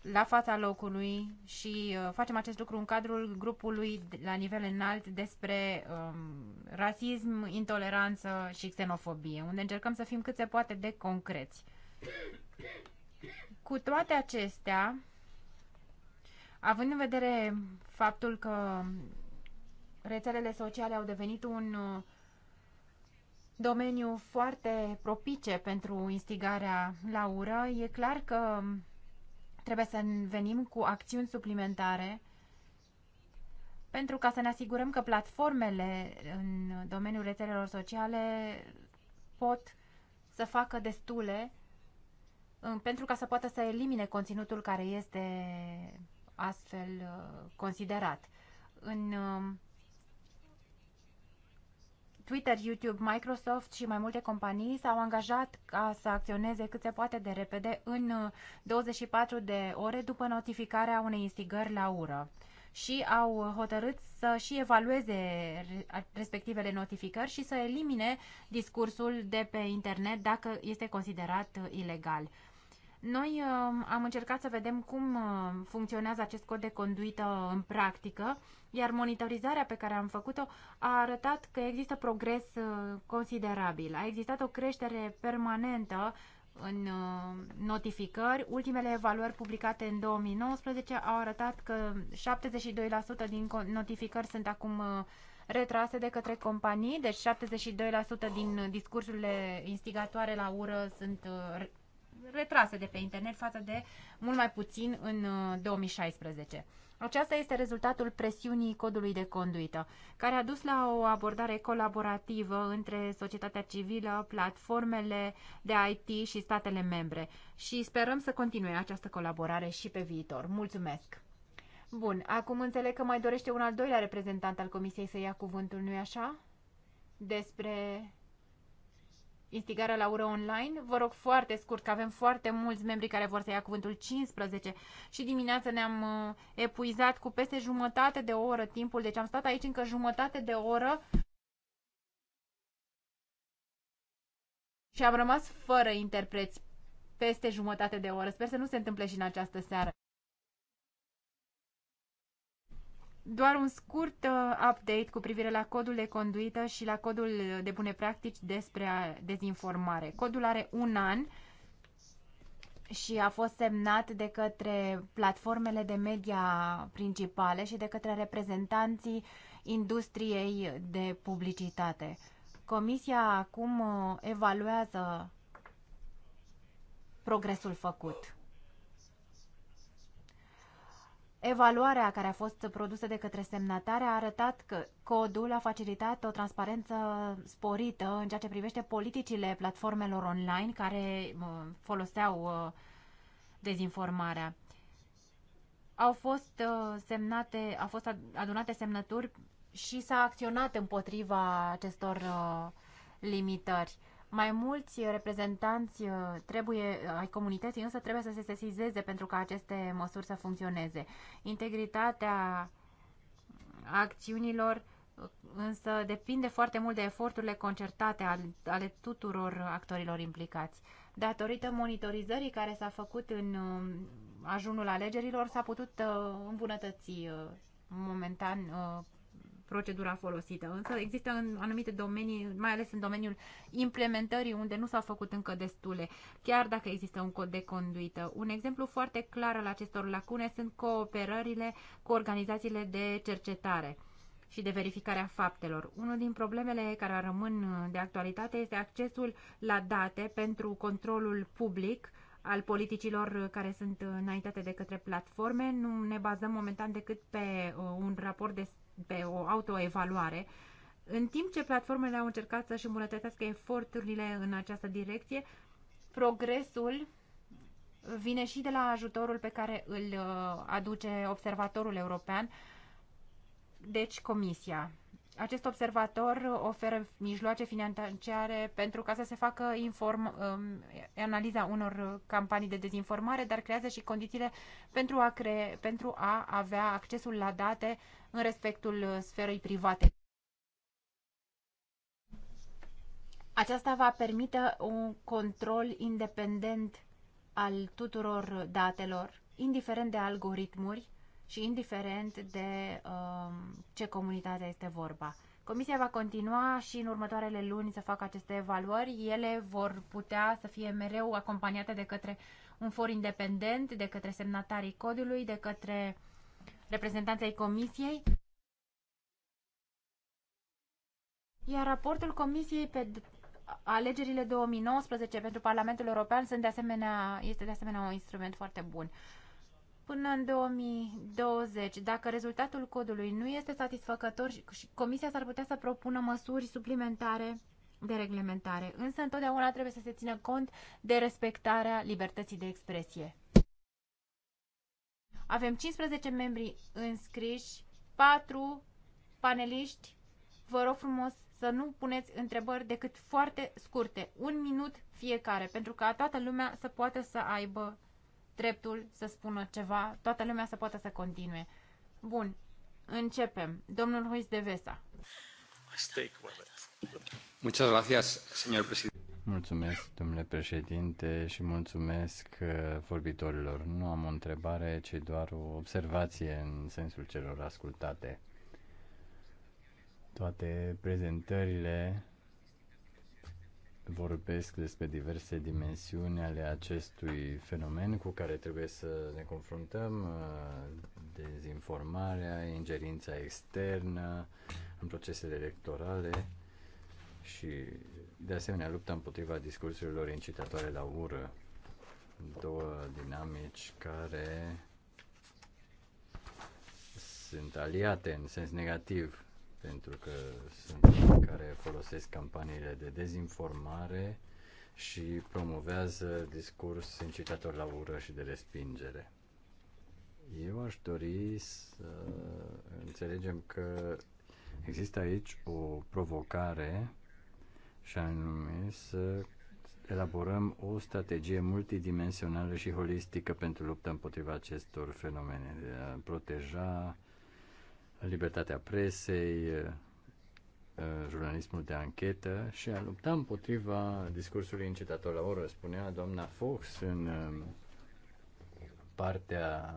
la fața locului și uh, facem acest lucru în cadrul grupului la nivel înalt despre um, rasism, intoleranță și xenofobie, unde încercăm să fim cât se poate de concreți. Cu toate acestea, având în vedere faptul că rețelele sociale au devenit un uh, domeniu foarte propice pentru instigarea la ură. E clar că trebuie să venim cu acțiuni suplimentare pentru ca să ne asigurăm că platformele în domeniul rețelelor sociale pot să facă destule pentru ca să poată să elimine conținutul care este astfel uh, considerat. În um, Twitter, YouTube, Microsoft și mai multe companii s-au angajat ca să acționeze cât se poate de repede în 24 uh, de ore după notificarea unei instigări la ură și au uh, hotărât să și evalueze respectivele notificări și să elimine discursul de pe internet dacă este considerat uh, ilegal. Noi uh, am încercat să vedem cum uh, funcționează acest cod de conduită în practică, iar monitorizarea pe care am făcut-o a arătat că există progres uh, considerabil. A existat o creștere permanentă în uh, notificări. Ultimele evaluări publicate în 2019 au arătat că 72% din notificări sunt acum uh, retrase de către companii, deci 72% din discursurile instigatoare la ură sunt uh, retrase de pe internet față de mult mai puțin în 2016. Uh, Aceasta este rezultatul presiunii codului de conduită, care a dus la o abordare colaborativă între societatea civilă, platformele de IT și statele membre și sperăm să continue această colaborare și pe viitor. Mulțumesc! Bun, acum înțeleg că mai dorește un al doilea reprezentant al Comisiei să ia cuvântul, nu-i așa? Despre instigarea la ură online. Vă rog foarte scurt, că avem foarte mulți membri care vor să ia cuvântul 15 și dimineața ne-am uh, epuizat cu peste jumătate de oră timpul, deci am stat aici încă jumătate de oră și am rămas fără interpreți peste jumătate de oră. Sper să nu se întâmple și în această seară. Doar un scurt uh, update cu privire la codul de conduită și la codul de bune practici despre uh, dezinformare. Codul are un an și a fost semnat de către platformele de media principale și de către reprezentanții industriei de publicitate. Comisia acum uh, evaluează progresul făcut. Evaluarea care a fost produsă de către semnatare a arătat că codul a facilitat o transparență sporită în ceea ce privește politicile platformelor online care uh, foloseau uh, dezinformarea. Au fost uh, semnate, au fost adunate semnături și s-a acționat împotriva acestor limitări. Mai mulți eh, reprezentanți eh, trebuie, eh, ai comunității însă trebuie să se sesizeze pentru ca aceste măsuri să funcționeze. Integritatea acțiunilor însă depinde foarte mult de eforturile concertate ale tuturor actorilor implicați. Datorită monitorizării care s-a făcut în ajunul alegerilor, s-a putut îmbunătăți momentan procedura folosită. Însă există în anumite domenii, mai ales în domeniul implementării, unde nu s-au făcut încă destule, chiar dacă există un cod de conduită. Un exemplu foarte clar al acestor lacune sunt cooperările cu organizațiile de cercetare și de verificarea faptelor. Unul din problemele care rămân de actualitate este accesul la date pentru controlul public al politicilor care sunt înaintate de către platforme. Nu ne bazăm momentan decât pe uh, un raport de pe o autoevaluare, în timp ce platformele au încercat să-și îmbunătățească eforturile în această direcție, progresul vine și de la ajutorul pe care îl uh, aduce observatorul european, deci Comisia. Acest observator oferă mijloace financiare pentru ca să se facă inform, um, analiza unor campanii de dezinformare, dar creează și condițiile pentru a, cre, pentru a avea accesul la date în respectul sferei private. Aceasta va permite un control independent al tuturor datelor, indiferent de algoritmuri, și indiferent de uh, ce comunitate este vorba. Comisia va continua și în următoarele luni să facă aceste evaluări. Ele vor putea să fie mereu acompaniate de către un for independent, de către semnatarii codului, de către reprezentanții Comisiei. Iar raportul Comisiei pe alegerile 2019 pentru Parlamentul European sunt de asemenea, este de asemenea un instrument foarte bun până în 2020. Dacă rezultatul codului nu este satisfăcător, Comisia s-ar putea să propună măsuri suplimentare de reglementare, însă întotdeauna trebuie să se țină cont de respectarea libertății de expresie. Avem 15 membri înscriși, 4 paneliști. Vă rog frumos să nu puneți întrebări decât foarte scurte, un minut fiecare, pentru ca toată lumea să poată să aibă dreptul să spună ceva, toată lumea să poată să continue. Bun, începem. Domnul Huiz de Vesa. Muchas gracias, señor presidente. Mulțumesc, domnule președinte, și mulțumesc uh, vorbitorilor. Nu am o întrebare, ci doar o observație în sensul celor ascultate. Toate prezentările vorbesc despre diverse dimensiuni ale acestui fenomen cu care trebuie să ne confruntăm, uh, dezinformarea, ingerința externă în procesele electorale și, de asemenea, lupta împotriva discursurilor incitatoare la ură. Două dinamici care sunt aliate în sens negativ pentru că sunt cei care folosesc campaniile de dezinformare și promovează discurs incitator la ură și de respingere. Eu aș dori să înțelegem că există aici o provocare și anume să elaborăm o strategie multidimensională și holistică pentru lupta împotriva acestor fenomene, de a proteja libertatea presei, eh, eh, jurnalismul de anchetă și a lupta împotriva discursului incitator la oră, spunea doamna Fox în eh, partea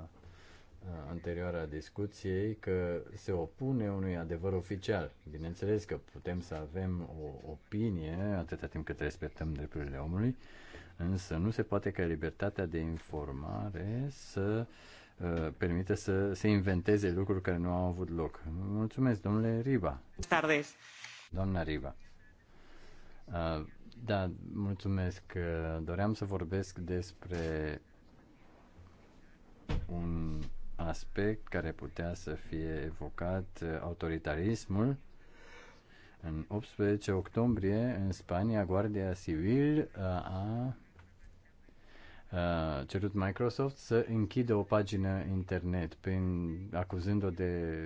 anterioară a discuției că se opune unui adevăr oficial. Bineînțeles că putem să avem o opinie atâta timp cât respectăm drepturile omului, însă nu se poate ca libertatea de informare să uh, Uh, permite să se inventeze lucruri care nu au avut loc. Mulțumesc, domnule Riba. Tardes. Doamna Riba. Uh, da, mulțumesc. Uh, doream să vorbesc despre un aspect care putea să fie evocat, autoritarismul. În 18 octombrie, în Spania, Guardia Civil a Uh, cerut Microsoft să închidă o pagină internet prin, acuzând-o de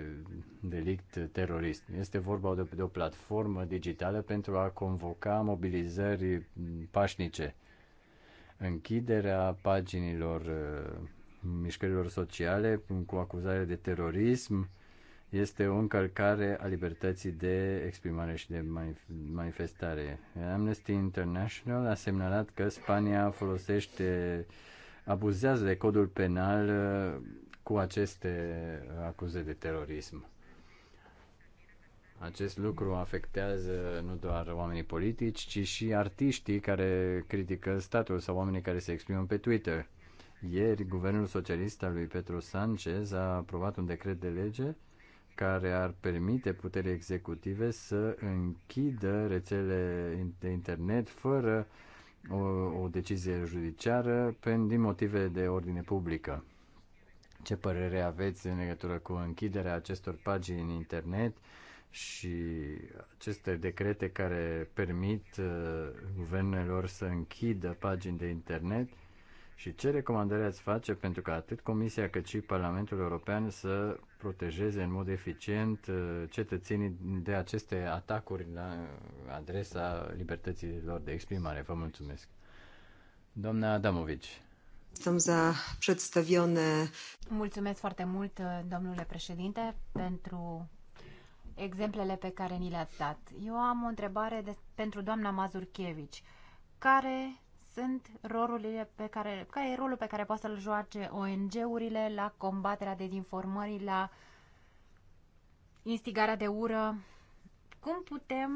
delict terorist. Este vorba de, de o platformă digitală pentru a convoca mobilizări pașnice. Închiderea paginilor uh, mișcărilor sociale cu acuzare de terorism este o încălcare a libertății de exprimare și de manifestare. Amnesty International a semnalat că Spania folosește, abuzează de codul penal uh, cu aceste uh, acuze de terorism. Acest lucru afectează nu doar oamenii politici, ci și artiștii care critică statul sau oamenii care se exprimă pe Twitter. Ieri, guvernul socialist al lui Petru Sanchez a aprobat un decret de lege care ar permite puterii executive să închidă rețele de internet fără o, o decizie judiciară din motive de ordine publică. Ce părere aveți în legătură cu închiderea acestor pagini în internet și aceste decrete care permit uh, guvernelor să închidă pagini de internet uh, și ce recomandări ați face pentru ca atât Comisia cât și Parlamentul European să protejeze în mod eficient uh, cetățenii de aceste atacuri la uh, adresa libertății lor de exprimare? Vă mulțumesc. Doamna Adamovici. Mulțumesc foarte mult, uh, domnule președinte, pentru exemplele pe care ni le-ați dat. Eu am o întrebare de, pentru doamna Mazurchevici. care sunt rolurile pe care, care e rolul pe care poate să-l joace ONG-urile la combaterea dezinformării, la instigarea de ură. Cum putem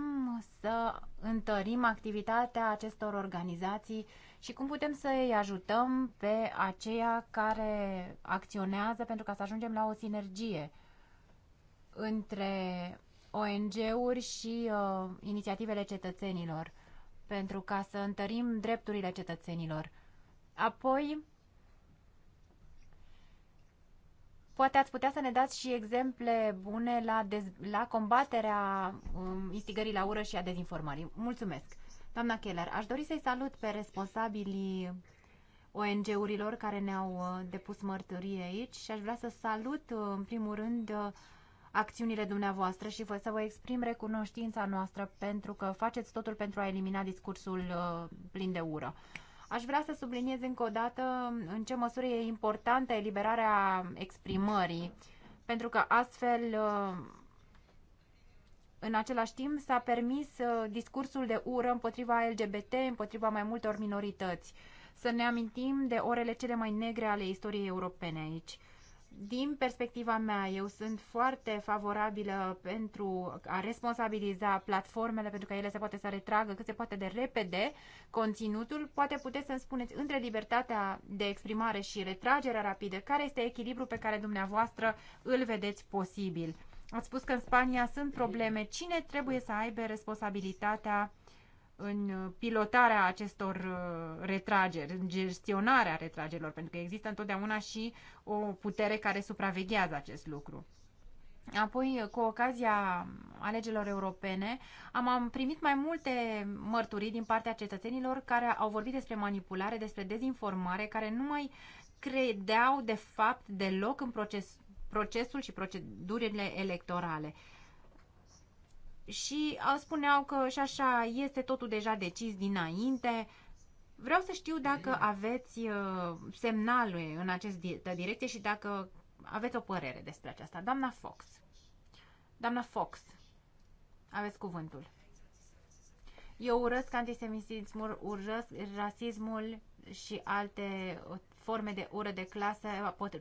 să întărim activitatea acestor organizații și cum putem să îi ajutăm pe aceia care acționează pentru ca să ajungem la o sinergie între ONG-uri și uh, inițiativele cetățenilor pentru ca să întărim drepturile cetățenilor. Apoi, Poate ați putea să ne dați și exemple bune la, dez- la combaterea um, instigării la ură și a dezinformării. Mulțumesc. Doamna Keller, aș dori să-i salut pe responsabilii ONG-urilor care ne-au uh, depus mărturie aici și aș vrea să salut, uh, în primul rând, uh, acțiunile dumneavoastră și să vă exprim recunoștința noastră pentru că faceți totul pentru a elimina discursul uh, plin de ură. Aș vrea să subliniez încă o dată în ce măsură e importantă eliberarea exprimării, pentru că astfel uh, în același timp s-a permis uh, discursul de ură împotriva LGBT, împotriva mai multor minorități. Să ne amintim de orele cele mai negre ale istoriei europene aici. Din perspectiva mea, eu sunt foarte favorabilă pentru a responsabiliza platformele, pentru că ele se poate să retragă cât se poate de repede conținutul. Poate puteți să-mi spuneți între libertatea de exprimare și retragerea rapidă, care este echilibrul pe care dumneavoastră îl vedeți posibil? Ați spus că în Spania sunt probleme. Cine trebuie să aibă responsabilitatea în pilotarea acestor uh, retrageri, în gestionarea retragerilor, pentru că există întotdeauna și o putere care supraveghează acest lucru. Apoi, uh, cu ocazia alegerilor europene, am, am primit mai multe mărturii din partea cetățenilor care au vorbit despre manipulare, despre dezinformare, care nu mai credeau, de fapt, deloc în proces, procesul și procedurile electorale și uh, spuneau că și așa este totul deja decis dinainte. Vreau să știu dacă aveți uh, semnalul în această direcție și dacă aveți o părere despre aceasta. Doamna Fox. Doamna Fox, aveți cuvântul. Eu urăsc antisemitismul, urăsc rasismul și alte uh, forme de ură de clasă,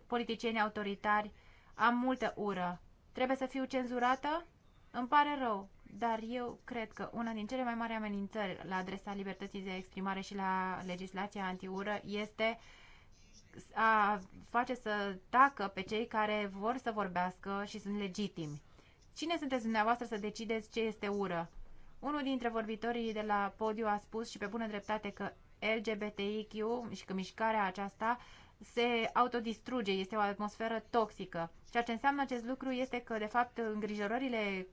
politicieni autoritari. Am multă ură. Trebuie să fiu cenzurată? Îmi pare rău dar eu cred că una din cele mai mari amenințări la adresa libertății de exprimare și la legislația antiură este a face să tacă pe cei care vor să vorbească și sunt legitimi. Cine sunteți dumneavoastră să decideți ce este ură? Unul dintre vorbitorii de la podiu a spus și pe bună dreptate că LGBTIQ și că mișcarea aceasta se autodistruge, este o atmosferă toxică. Ceea ce înseamnă acest lucru este că, de fapt, îngrijorările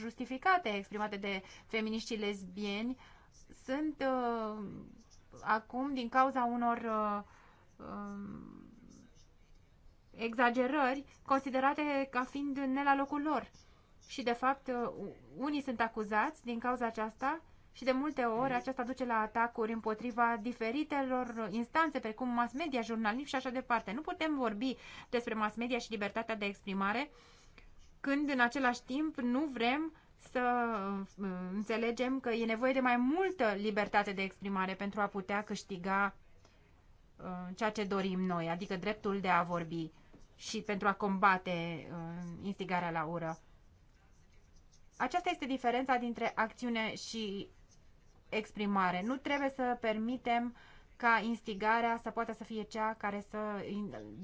justificate exprimate de feminiștii lesbieni sunt uh, acum din cauza unor uh, uh, exagerări considerate ca fiind ne la locul lor. Și de fapt uh, unii sunt acuzați din cauza aceasta și de multe ori mm. aceasta duce la atacuri împotriva diferitelor instanțe, precum mass media, jurnalism și așa departe. Nu putem vorbi despre mass media și libertatea de exprimare uh, când în același timp nu vrem să uh, înțelegem că e nevoie de mai multă libertate de exprimare pentru a putea câștiga uh, ceea ce dorim noi, adică dreptul de a vorbi și pentru a combate uh, instigarea la ură. Aceasta este diferența dintre acțiune și exprimare. Nu trebuie să permitem uh, ca instigarea să poată să fie cea care să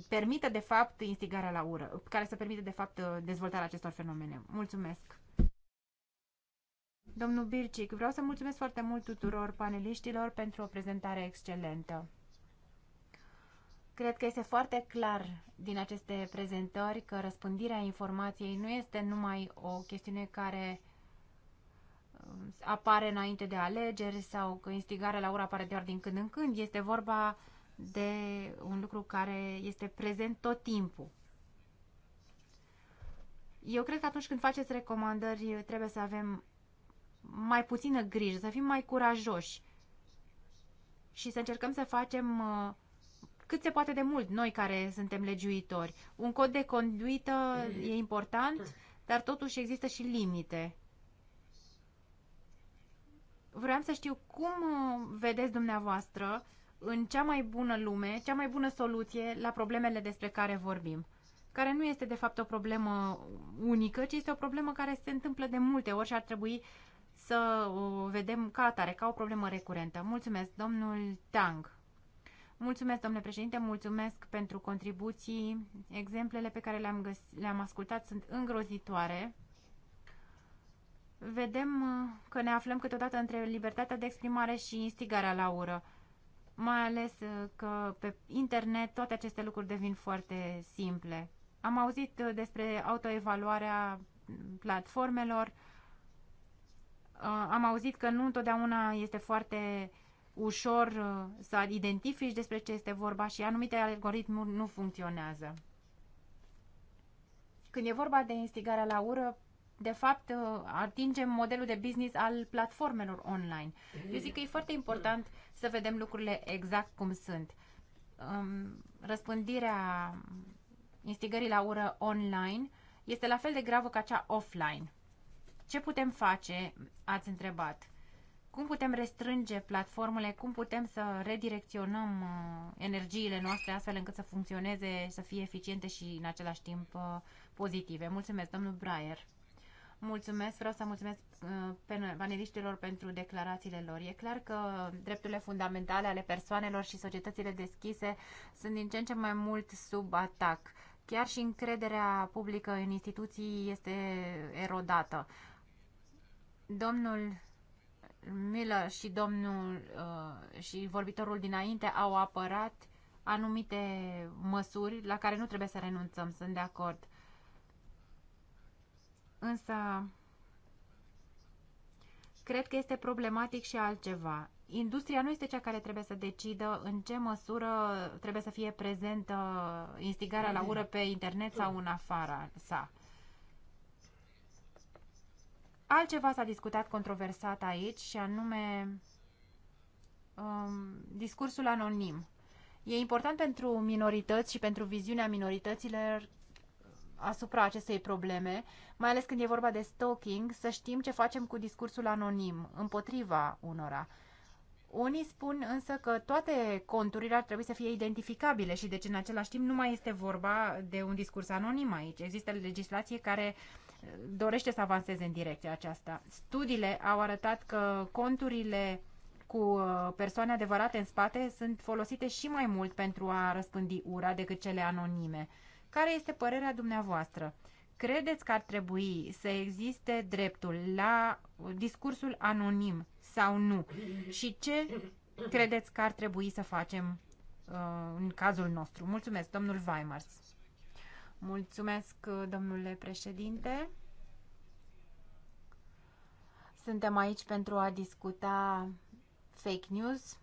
permită de fapt instigarea la ură, care să permită de fapt dezvoltarea acestor fenomene. Mulțumesc! Domnul Bircic, vreau să mulțumesc foarte mult tuturor paneliștilor pentru o prezentare excelentă. Cred că este foarte clar din aceste prezentări că răspândirea informației nu este numai o chestiune care apare înainte de alegeri sau că instigarea la ură apare doar din când în când. Este vorba de un lucru care este prezent tot timpul. Eu cred că atunci când faceți recomandări trebuie să avem mai puțină grijă, să fim mai curajoși și să încercăm să facem uh, cât se poate de mult noi care suntem legiuitori. Un cod de conduită e important, dar totuși există și limite. Vreau să știu cum uh, vedeți dumneavoastră în cea mai bună lume, cea mai bună soluție la problemele despre care vorbim, care nu este de fapt o problemă unică, ci este o problemă care se întâmplă de multe ori și ar trebui să o vedem ca atare, ca o problemă recurentă. Mulțumesc, domnul Tang. Mulțumesc, domnule președinte, mulțumesc pentru contribuții. Exemplele pe care le-am, le, găs- le ascultat sunt îngrozitoare vedem uh, că ne aflăm câteodată între libertatea de exprimare și instigarea la ură. Mai ales uh, că pe internet toate aceste lucruri devin foarte simple. Am auzit uh, despre autoevaluarea platformelor, am auzit că nu întotdeauna este foarte ușor să identifici despre ce este vorba și anumite algoritmuri nu funcționează. Când e vorba de instigarea la ură, de fapt, uh, atingem modelul de business al platformelor online. Eu zic că e foarte important să vedem lucrurile exact cum sunt. Um, răspândirea instigării la ură online este la fel de gravă ca cea offline. Ce putem face, ați întrebat. Cum putem restrânge platformele, cum putem să redirecționăm uh, energiile noastre astfel încât să funcționeze, să fie eficiente și în același timp uh, pozitive. Mulțumesc, domnul Braier. Mulțumesc, vreau să mulțumesc uh, paneliștilor pentru declarațiile lor. E clar că drepturile fundamentale ale persoanelor și societățile deschise sunt din ce în ce mai mult sub atac. Chiar și încrederea publică în instituții este erodată. Domnul Miller și domnul uh, și vorbitorul dinainte au apărat anumite măsuri la care nu trebuie să renunțăm, sunt de acord. Însă, cred că este problematic și altceva. Industria nu este cea care trebuie să decidă în ce măsură trebuie să fie prezentă instigarea la ură pe internet sau în afara sa. Altceva s-a discutat controversat aici și anume um, discursul anonim. E important pentru minorități și pentru viziunea minorităților asupra acestei probleme, mai ales când e vorba de stalking, să știm ce facem cu discursul anonim, împotriva unora. Unii spun însă că toate conturile ar trebui să fie identificabile și deci în același timp nu mai este vorba de un discurs anonim aici. Există legislație care uh, dorește să avanseze în direcția aceasta. Studiile au arătat că conturile cu uh, persoane adevărate în spate sunt folosite și mai mult pentru a răspândi ura decât cele anonime. Care este părerea dumneavoastră? Credeți că ar trebui să existe dreptul la discursul anonim sau nu? Și ce credeți că ar trebui să facem uh, în cazul nostru? Mulțumesc, domnul Weimars. Mulțumesc, uh, domnule președinte. Suntem aici pentru a discuta fake news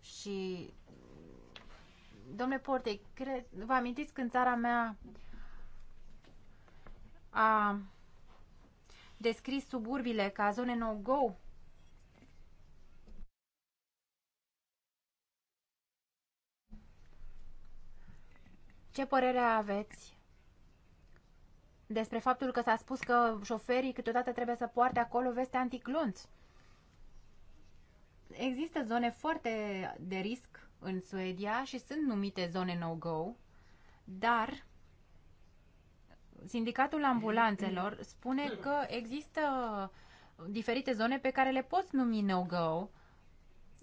și Domnule Portei, cred, vă amintiți când țara mea a descris suburbile ca zone no-go? Ce părere aveți despre faptul că s-a spus că șoferii câteodată trebuie să poarte acolo veste anticlunți? Există zone foarte de risc în Suedia și sunt numite zone no-go, dar Sindicatul Ambulanțelor spune că există diferite zone pe care le poți numi no-go.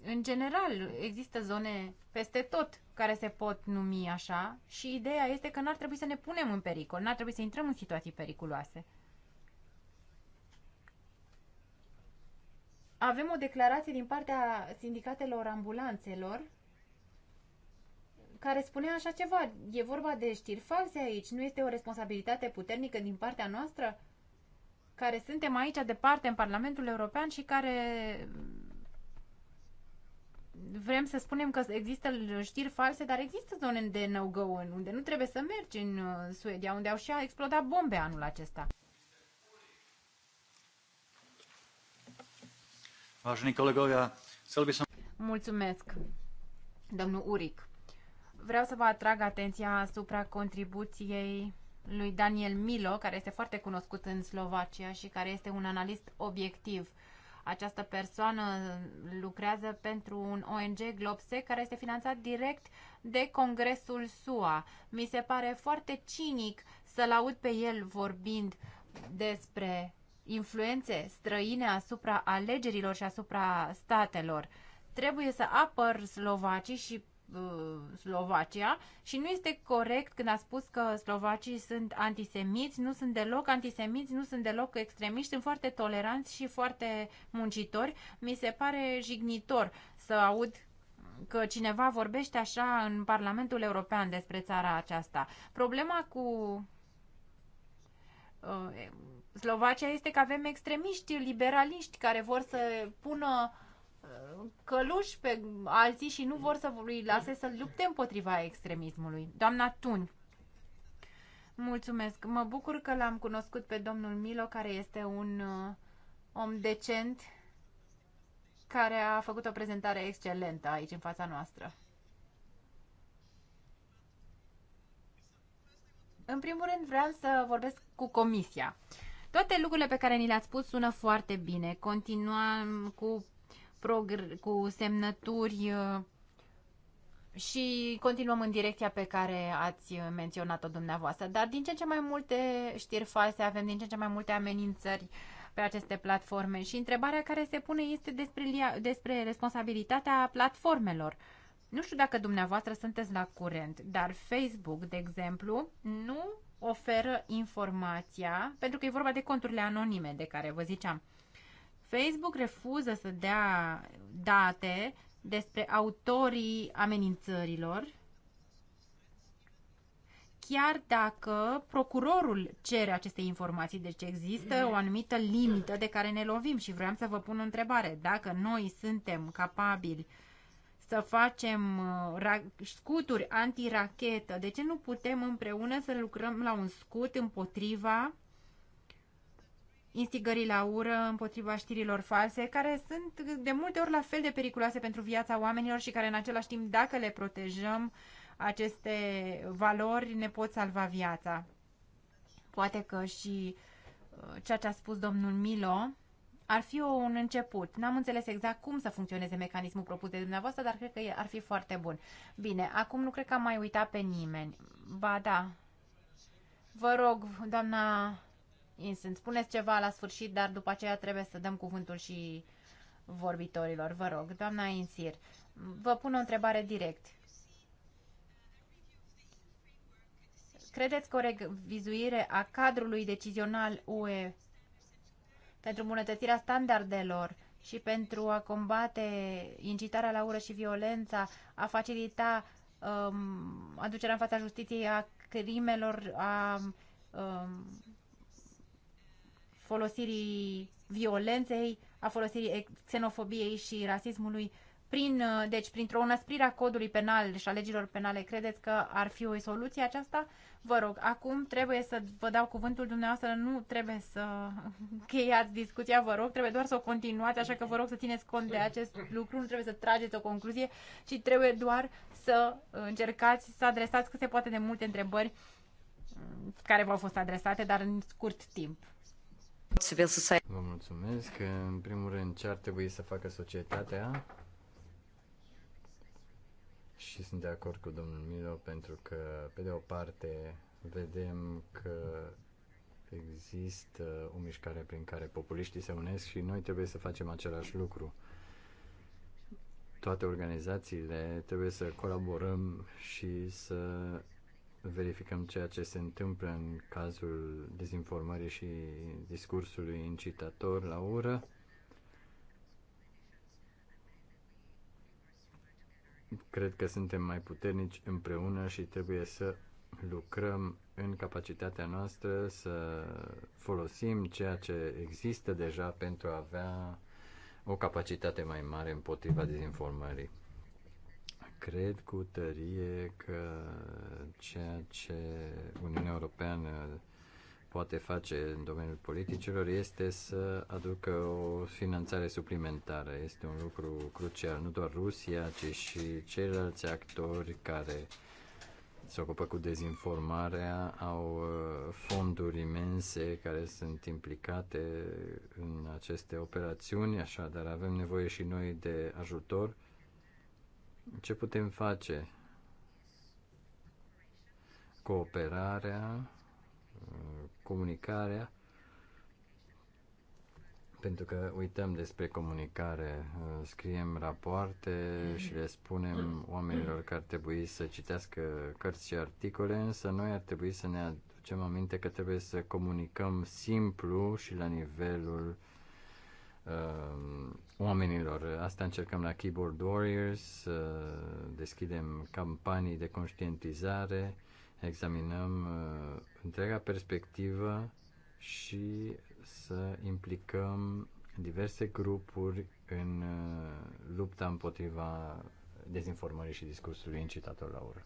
În general, există zone peste tot care se pot numi așa și ideea este că n-ar trebui să ne punem în pericol, n-ar trebui să intrăm în situații periculoase. Avem o declarație din partea sindicatelor ambulanțelor care spunea așa ceva. E vorba de știri false aici, nu este o responsabilitate puternică din partea noastră? Care suntem aici departe în Parlamentul European și care vrem să spunem că există știri false, dar există zone de no-go unde nu trebuie să mergi în uh, Suedia, unde au și a explodat bombe anul acesta. Vážení kolegovia, chcel by som... Mulțumesc, domnul Uric. Vreau să vă atrag atenția asupra contribuției lui Daniel Milo, care este foarte cunoscut în Slovacia și care este un analist obiectiv. Această persoană lucrează pentru un ONG Globsec care este finanțat direct de Congresul SUA. Mi se pare foarte cinic să-l aud pe el vorbind despre influențe străine asupra alegerilor și asupra statelor. Trebuie să apăr slovacii și Uh, Slovacia și nu este corect când a spus că slovacii sunt antisemiți, nu sunt deloc antisemiți, nu sunt deloc extremiști, sunt foarte toleranți și foarte muncitori. Mi se pare jignitor să aud că cineva vorbește așa în Parlamentul European despre țara aceasta. Problema cu uh, Slovacia este că avem extremiști liberaliști care vor să pună uh, căluși pe alții și nu vor să îi lase să lupte împotriva extremismului. Doamna Tun. Mulțumesc. Mă bucur că l-am cunoscut pe domnul Milo, care este un uh, om decent, care a făcut o prezentare excelentă aici în fața noastră. În primul rând vreau să vorbesc cu comisia. Toate lucrurile pe care ni le-ați spus sună foarte bine. Continuăm cu cu semnături uh, și continuăm în direcția pe care ați menționat-o dumneavoastră. Dar din ce în ce mai multe știri false avem, din ce în ce mai multe amenințări pe aceste platforme și întrebarea care se pune este despre, despre responsabilitatea platformelor. Nu știu dacă dumneavoastră sunteți la curent, dar Facebook, de exemplu, nu oferă informația, pentru că e vorba de conturile anonime de care vă ziceam. Facebook refuză să dea date despre autorii amenințărilor, chiar dacă procurorul cere aceste informații. Deci există o anumită limită de care ne lovim și vreau să vă pun o întrebare. Dacă noi suntem capabili să facem uh, scuturi antirachetă, de ce nu putem împreună să lucrăm la un scut împotriva instigării la ură împotriva știrilor false, care sunt de multe ori la fel de periculoase pentru viața oamenilor și care în același timp, dacă le protejăm, aceste valori ne pot salva viața. Poate că și uh, ceea ce a spus domnul Milo ar fi un început. N-am înțeles exact cum să funcționeze mecanismul propus de dumneavoastră, dar cred că ar fi foarte bun. Bine, acum nu cred că am mai uitat pe nimeni. Ba da. Vă rog, doamna instant. Spuneți ceva la sfârșit, dar după aceea trebuie să dăm cuvântul și vorbitorilor. Vă rog, doamna Insir, vă pun o întrebare direct. Credeți că o revizuire a cadrului decizional UE pentru îmbunătățirea standardelor și pentru a combate incitarea la ură și violența, a facilita um, aducerea în fața justiției a crimelor, a um, folosirii violenței, a folosirii xenofobiei și rasismului prin, uh, deci, printr-o înăsprire a codului penal și a legilor penale, credeți că ar fi o soluție aceasta? Vă rog, acum trebuie să vă dau cuvântul dumneavoastră, nu trebuie să (laughs) cheiați discuția, vă rog, trebuie doar să o continuați, așa că vă rog să țineți cont de acest lucru, nu trebuie să trageți o concluzie, ci trebuie doar să uh, încercați să adresați cât se poate de multe întrebări mm, care v-au fost adresate, dar în scurt timp civil society. Vă mulțumesc. În primul rând, ce ar trebui să facă societatea? Și sunt de acord cu domnul Milo pentru că, pe de o parte, vedem că există o mișcare prin care populiștii se unesc și noi trebuie să facem același lucru. Toate organizațiile trebuie să colaborăm și să verificăm ceea ce se întâmplă în cazul dezinformării și discursului incitator la ură. Cred că suntem mai puternici împreună și trebuie să lucrăm în capacitatea noastră să folosim ceea ce există deja pentru a avea o capacitate mai mare împotriva dezinformării. Cred cu tărie că ceea ce Uniunea Europeană poate face în domeniul politicilor este să aducă o finanțare suplimentară. Este un lucru crucial, nu doar Rusia, ci și ceilalți actori care se ocupă cu dezinformarea, au uh, fonduri imense care sunt implicate în aceste operațiuni, așadar avem nevoie și noi de ajutor ce putem face? Cooperarea, comunicarea, pentru că uităm despre comunicare, scriem rapoarte și le spunem oamenilor că ar trebui să citească cărți și articole, însă noi ar trebui să ne aducem aminte că trebuie să comunicăm simplu și la nivelul uh, oamenilor. Asta încercăm la Keyboard Warriors, uh, deschidem campanii de conștientizare, examinăm uh, întreaga perspectivă și să implicăm diverse grupuri în uh, lupta împotriva dezinformării și discursului incitator la ură.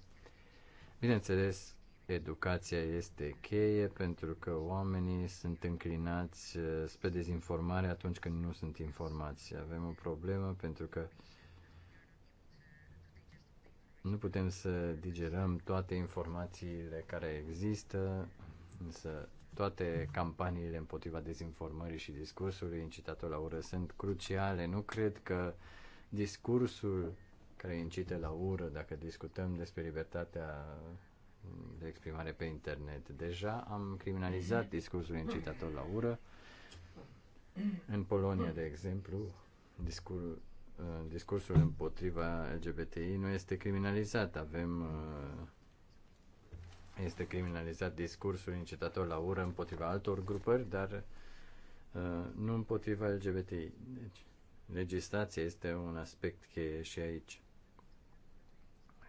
Bineînțeles, educația este cheie pentru că oamenii sunt înclinați uh, spre dezinformare atunci când nu sunt informați. Avem o problemă pentru că nu putem să digerăm toate informațiile care există, însă toate campaniile împotriva dezinformării și discursului incitator la ură sunt cruciale. Nu cred că discursul care incite la ură, dacă discutăm despre libertatea exprimare pe internet. Deja am criminalizat discursul incitator la ură. În Polonia, de exemplu, discursul uh, discursul împotriva LGBTI nu este criminalizat. Avem uh, este criminalizat discursul incitator la ură împotriva altor grupări, dar uh, nu împotriva LGBTI. Deci, legislația este un aspect cheie și aici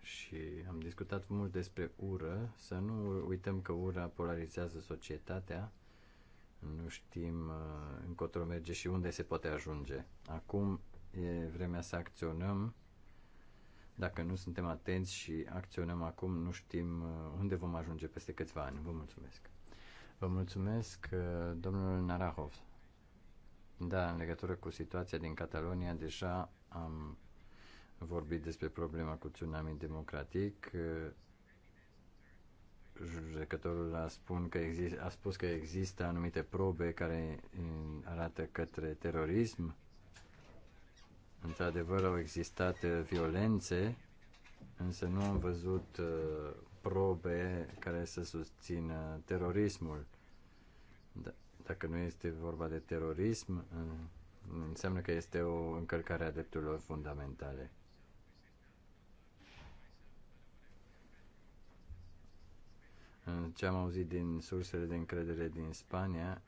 și am discutat mult despre ură, să nu uităm că ura polarizează societatea, nu știm uh, încotro merge și unde se poate ajunge. Acum e vremea să acționăm. Dacă nu suntem atenți și acționăm acum, nu știm uh, unde vom ajunge peste câțiva ani. Vă mulțumesc. Vă mulțumesc, uh, domnul Narahov. Da, în legătură cu situația din Catalonia, deja am vorbit despre problema cu tsunami democratic. Judecătorul a, spun că exist, a spus că există anumite probe care arată către terorism. Într-adevăr, au existat uh, violențe, însă nu am văzut uh, probe care să susțină terorismul. Da, dacă nu este vorba de terorism, uh, înseamnă că este o încălcare a drepturilor fundamentale. Ce am auzit din sursele de încredere din Spania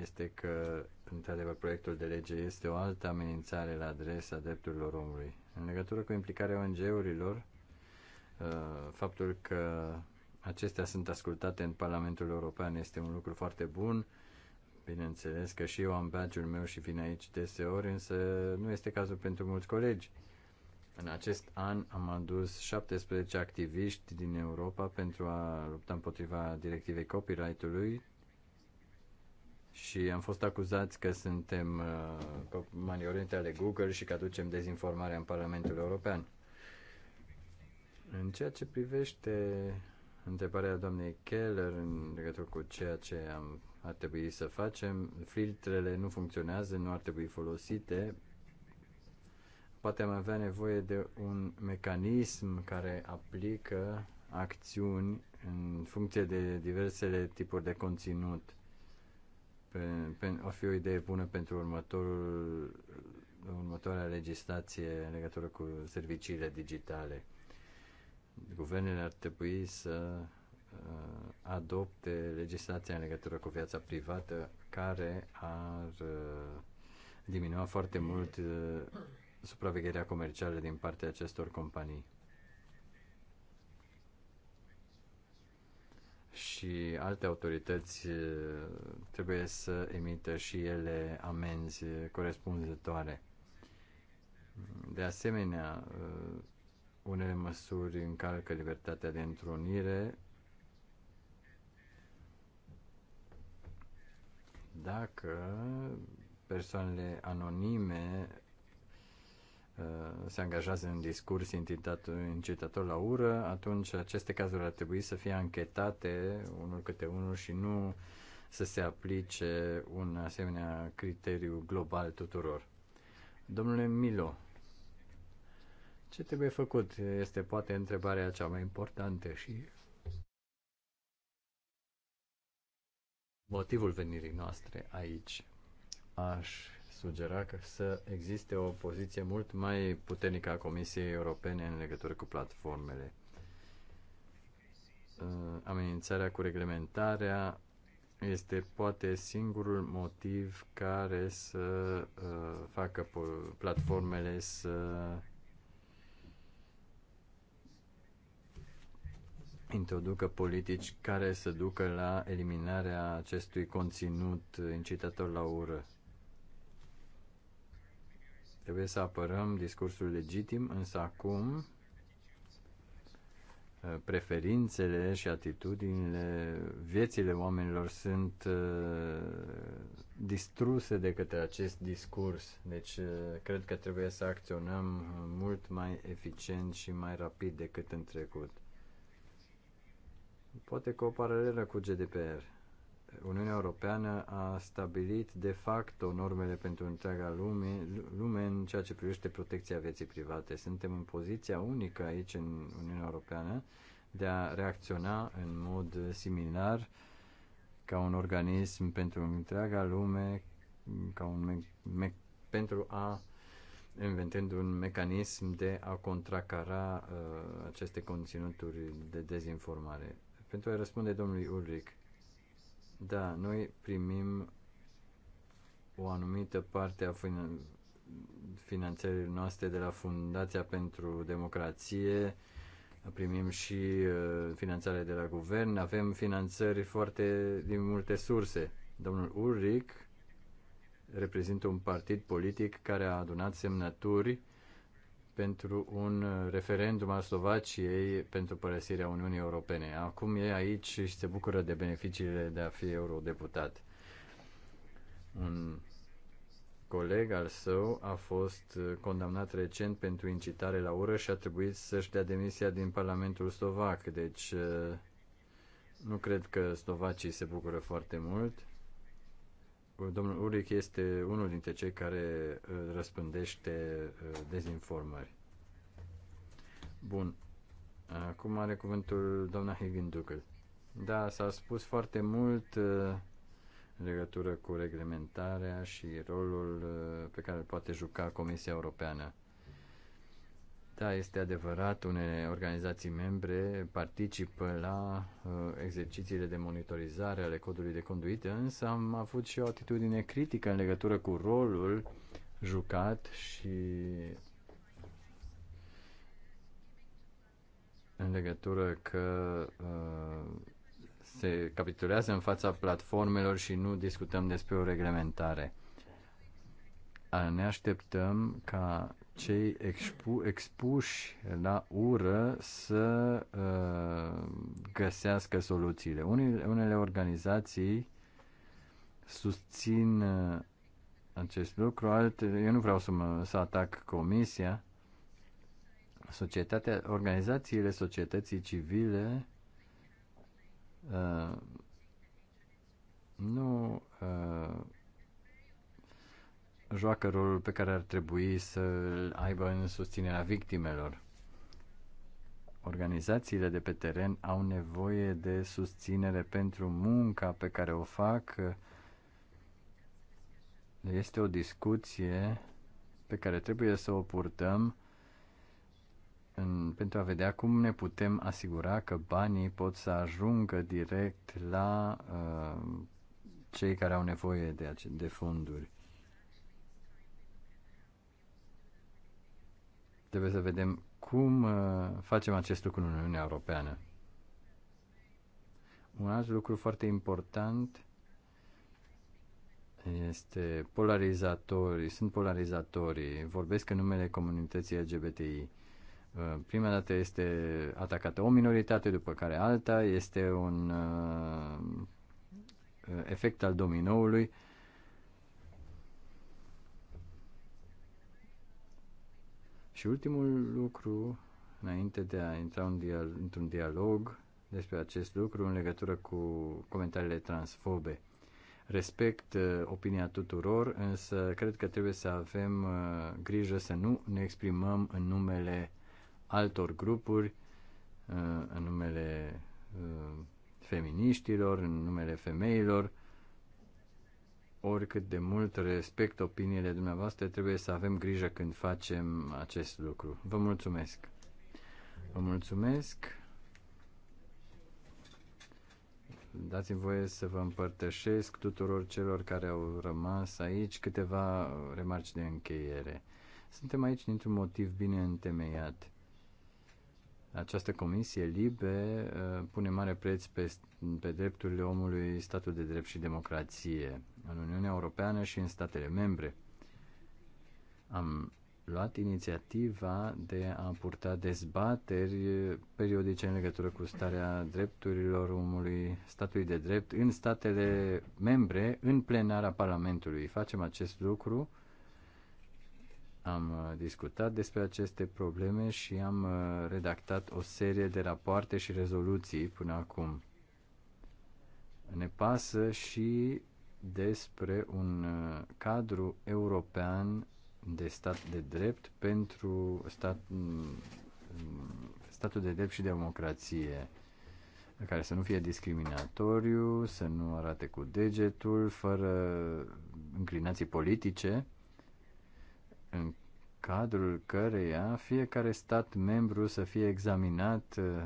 este că, într-adevăr, proiectul de lege este o altă amenințare la adresa drepturilor omului. În legătură cu implicarea ONG-urilor, uh, faptul că acestea sunt ascultate în Parlamentul European este un lucru foarte bun. Bineînțeles că și eu am badge meu și vin aici deseori, însă nu este cazul pentru mulți colegi. În acest an am adus 17 activiști din Europa pentru a lupta împotriva directivei copyright-ului și am fost acuzați că suntem uh, maniorente ale Google și că aducem dezinformarea în Parlamentul European. În ceea ce privește întrebarea doamnei Keller în legătură cu ceea ce am, ar trebui să facem, filtrele nu funcționează, nu ar trebui folosite Poate am avea nevoie de un mecanism care aplică acțiuni în funcție de diversele tipuri de conținut. Pe, pe, o fi o idee bună pentru următorul, următoarea legislație în legătură cu serviciile digitale. Guvernele ar trebui să uh, adopte legislația în legătură cu viața privată care ar uh, diminua foarte mult uh, supravegherea comercială din partea acestor companii. și alte autorități eh, trebuie să emită și ele amenzi corespunzătoare. De asemenea, eh, unele măsuri încalcă libertatea de întrunire dacă persoanele anonime Uh, se angajează în discurs incitator la ură, atunci aceste cazuri ar trebui să fie anchetate unul câte unul și nu să se aplice un asemenea criteriu global tuturor. Domnule Milo, ce trebuie făcut? Este poate întrebarea cea mai importantă și motivul venirii noastre aici. Aș sugera că să existe o poziție mult mai puternică a Comisiei Europene în legătură cu platformele. Uh, amenințarea cu reglementarea este poate singurul motiv care să uh, facă platformele să introducă politici care să ducă la eliminarea acestui conținut incitator la ură. Trebuie să apărăm discursul legitim, însă acum uh, preferințele și atitudinile, viețile oamenilor sunt uh, distruse de către acest discurs. Deci uh, cred că trebuie să acționăm mult mai eficient și mai rapid decât în trecut. Poate că o paralelă cu GDPR. Uniunea Europeană a stabilit de facto normele pentru întreaga lume, lume în ceea ce privește protecția vieții private. Suntem în poziția unică aici în Uniunea Europeană de a reacționa în mod similar ca un organism pentru întreaga lume, ca un me- pentru a inventând un mecanism de a contracara uh, aceste conținuturi de dezinformare. Pentru a răspunde domnului Ulrich, da, noi primim o anumită parte a finanțării noastre de la Fundația pentru Democrație, primim și uh, finanțare de la guvern, avem finanțări foarte din multe surse. Domnul Ulrich reprezintă un partid politic care a adunat semnături pentru un uh, referendum al Slovaciei pentru părăsirea Uniunii Europene. Acum e aici și se bucură de beneficiile de a fi eurodeputat. Un coleg al său a fost uh, condamnat recent pentru incitare la ură și a trebuit să-și dea demisia din Parlamentul Slovac. Deci uh, nu cred că slovacii se bucură foarte mult domnul Uric este unul dintre cei care uh, răspândește uh, dezinformări. Bun. Acum are cuvântul doamna Higinducăl. Da, s-a spus foarte mult uh, în legătură cu reglementarea și rolul pe care îl poate juca Comisia Europeană. Da, este adevărat, unele organizații membre participă la uh, exercițiile de monitorizare ale codului de conduită, însă am avut și o atitudine critică în legătură cu rolul jucat și în legătură că uh, se capitulează în fața platformelor și nu discutăm despre o reglementare. Ne așteptăm ca cei expu, expuși la ură să uh, găsească soluțiile. Unele, unele organizații susțin uh, acest lucru, alte, eu nu vreau să, mă, să atac comisia, societatea, organizațiile societății civile uh, nu uh, joacă rolul pe care ar trebui să-l aibă în susținerea victimelor. Organizațiile de pe teren au nevoie de susținere pentru munca pe care o fac. Este o discuție pe care trebuie să o purtăm în, pentru a vedea cum ne putem asigura că banii pot să ajungă direct la uh, cei care au nevoie de, de fonduri. Trebuie să vedem cum uh, facem acest lucru în Uniunea Europeană. Un alt lucru foarte important este polarizatori, sunt polarizatori, vorbesc în numele comunității LGBTI. Uh, prima dată este atacată o minoritate, după care alta, este un uh, efect al dominoului Și ultimul lucru, înainte de a intra un într-un dialog despre acest lucru în legătură cu comentariile transfobe. Respect uh, opinia tuturor, însă cred că trebuie să avem uh, grijă să nu ne exprimăm în numele altor grupuri, uh, în numele uh, feminiștilor, în numele femeilor, oricât de mult respect opiniile dumneavoastră, trebuie să avem grijă când facem acest lucru. Vă mulțumesc! Vă mulțumesc! Dați-mi voie să vă împărtășesc tuturor celor care au rămas aici câteva remarci de încheiere. Suntem aici dintr-un motiv bine întemeiat. Această comisie libe uh, pune mare preț pe, pe drepturile omului, statul de drept și democrație în Uniunea Europeană și în statele membre. Am luat inițiativa de a purta dezbateri periodice în legătură cu starea drepturilor omului, statului de drept, în statele membre, în plenara Parlamentului. Facem acest lucru. Am uh, discutat despre aceste probleme și am uh, redactat o serie de rapoarte și rezoluții până acum. Ne pasă și despre un uh, cadru european de stat de drept pentru stat, mm, mm, statul de drept și democrație care să nu fie discriminatoriu, să nu arate cu degetul, fără înclinații politice, în cadrul căreia fiecare stat membru să fie examinat uh,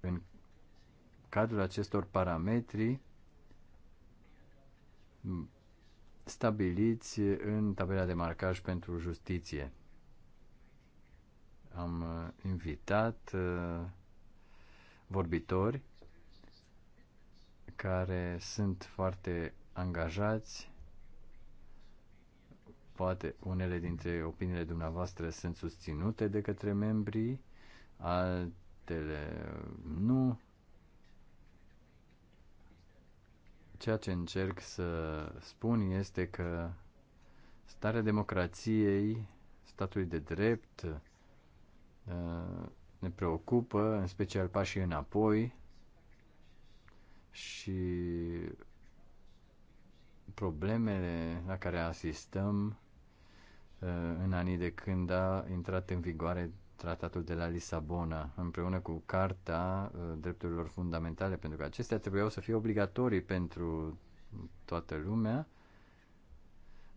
în cadrul acestor parametri stabiliți în tabela de marcaj pentru justiție. Am uh, invitat uh, vorbitori care sunt foarte angajați. Poate unele dintre opiniile dumneavoastră sunt susținute de către membrii, altele nu, Ceea ce încerc să spun este că starea democrației, statului de drept, uh, ne preocupă, în special pașii înapoi și problemele la care asistăm uh, în anii de când a intrat în vigoare tratatul de la Lisabona, împreună cu Carta uh, Drepturilor Fundamentale, pentru că acestea trebuiau să fie obligatorii pentru toată lumea.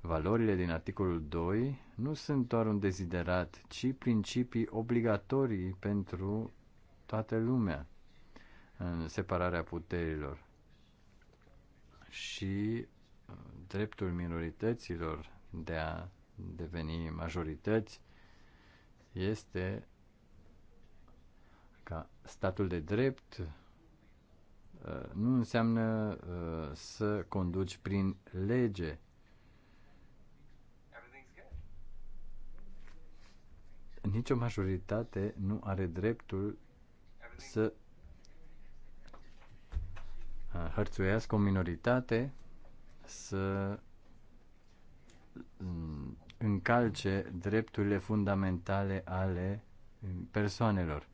Valorile din articolul 2 nu sunt doar un deziderat, ci principii obligatorii pentru toată lumea în separarea puterilor. Și uh, dreptul minorităților de a deveni majorități este ca statul de drept uh, nu înseamnă uh, să conduci prin lege. Nici o majoritate nu are dreptul să uh, hărțuiască o minoritate, să mm, încalce drepturile fundamentale ale eh, persoanelor.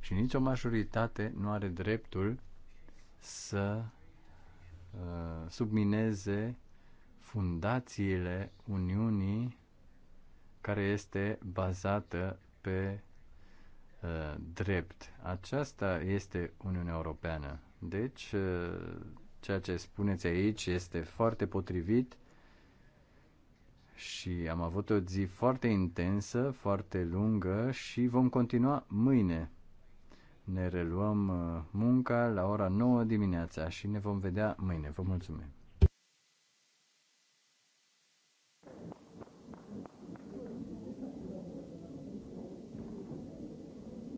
Și nicio majoritate nu are dreptul să uh, submineze fundațiile Uniunii care este bazată pe uh, drept. Aceasta este Uniunea Europeană. Deci, uh, ceea ce spuneți aici este foarte potrivit și am avut o zi foarte intensă, foarte lungă și vom continua mâine. Ne reluăm uh, munca la ora 9 dimineața și ne vom vedea mâine. Vă mulțumim!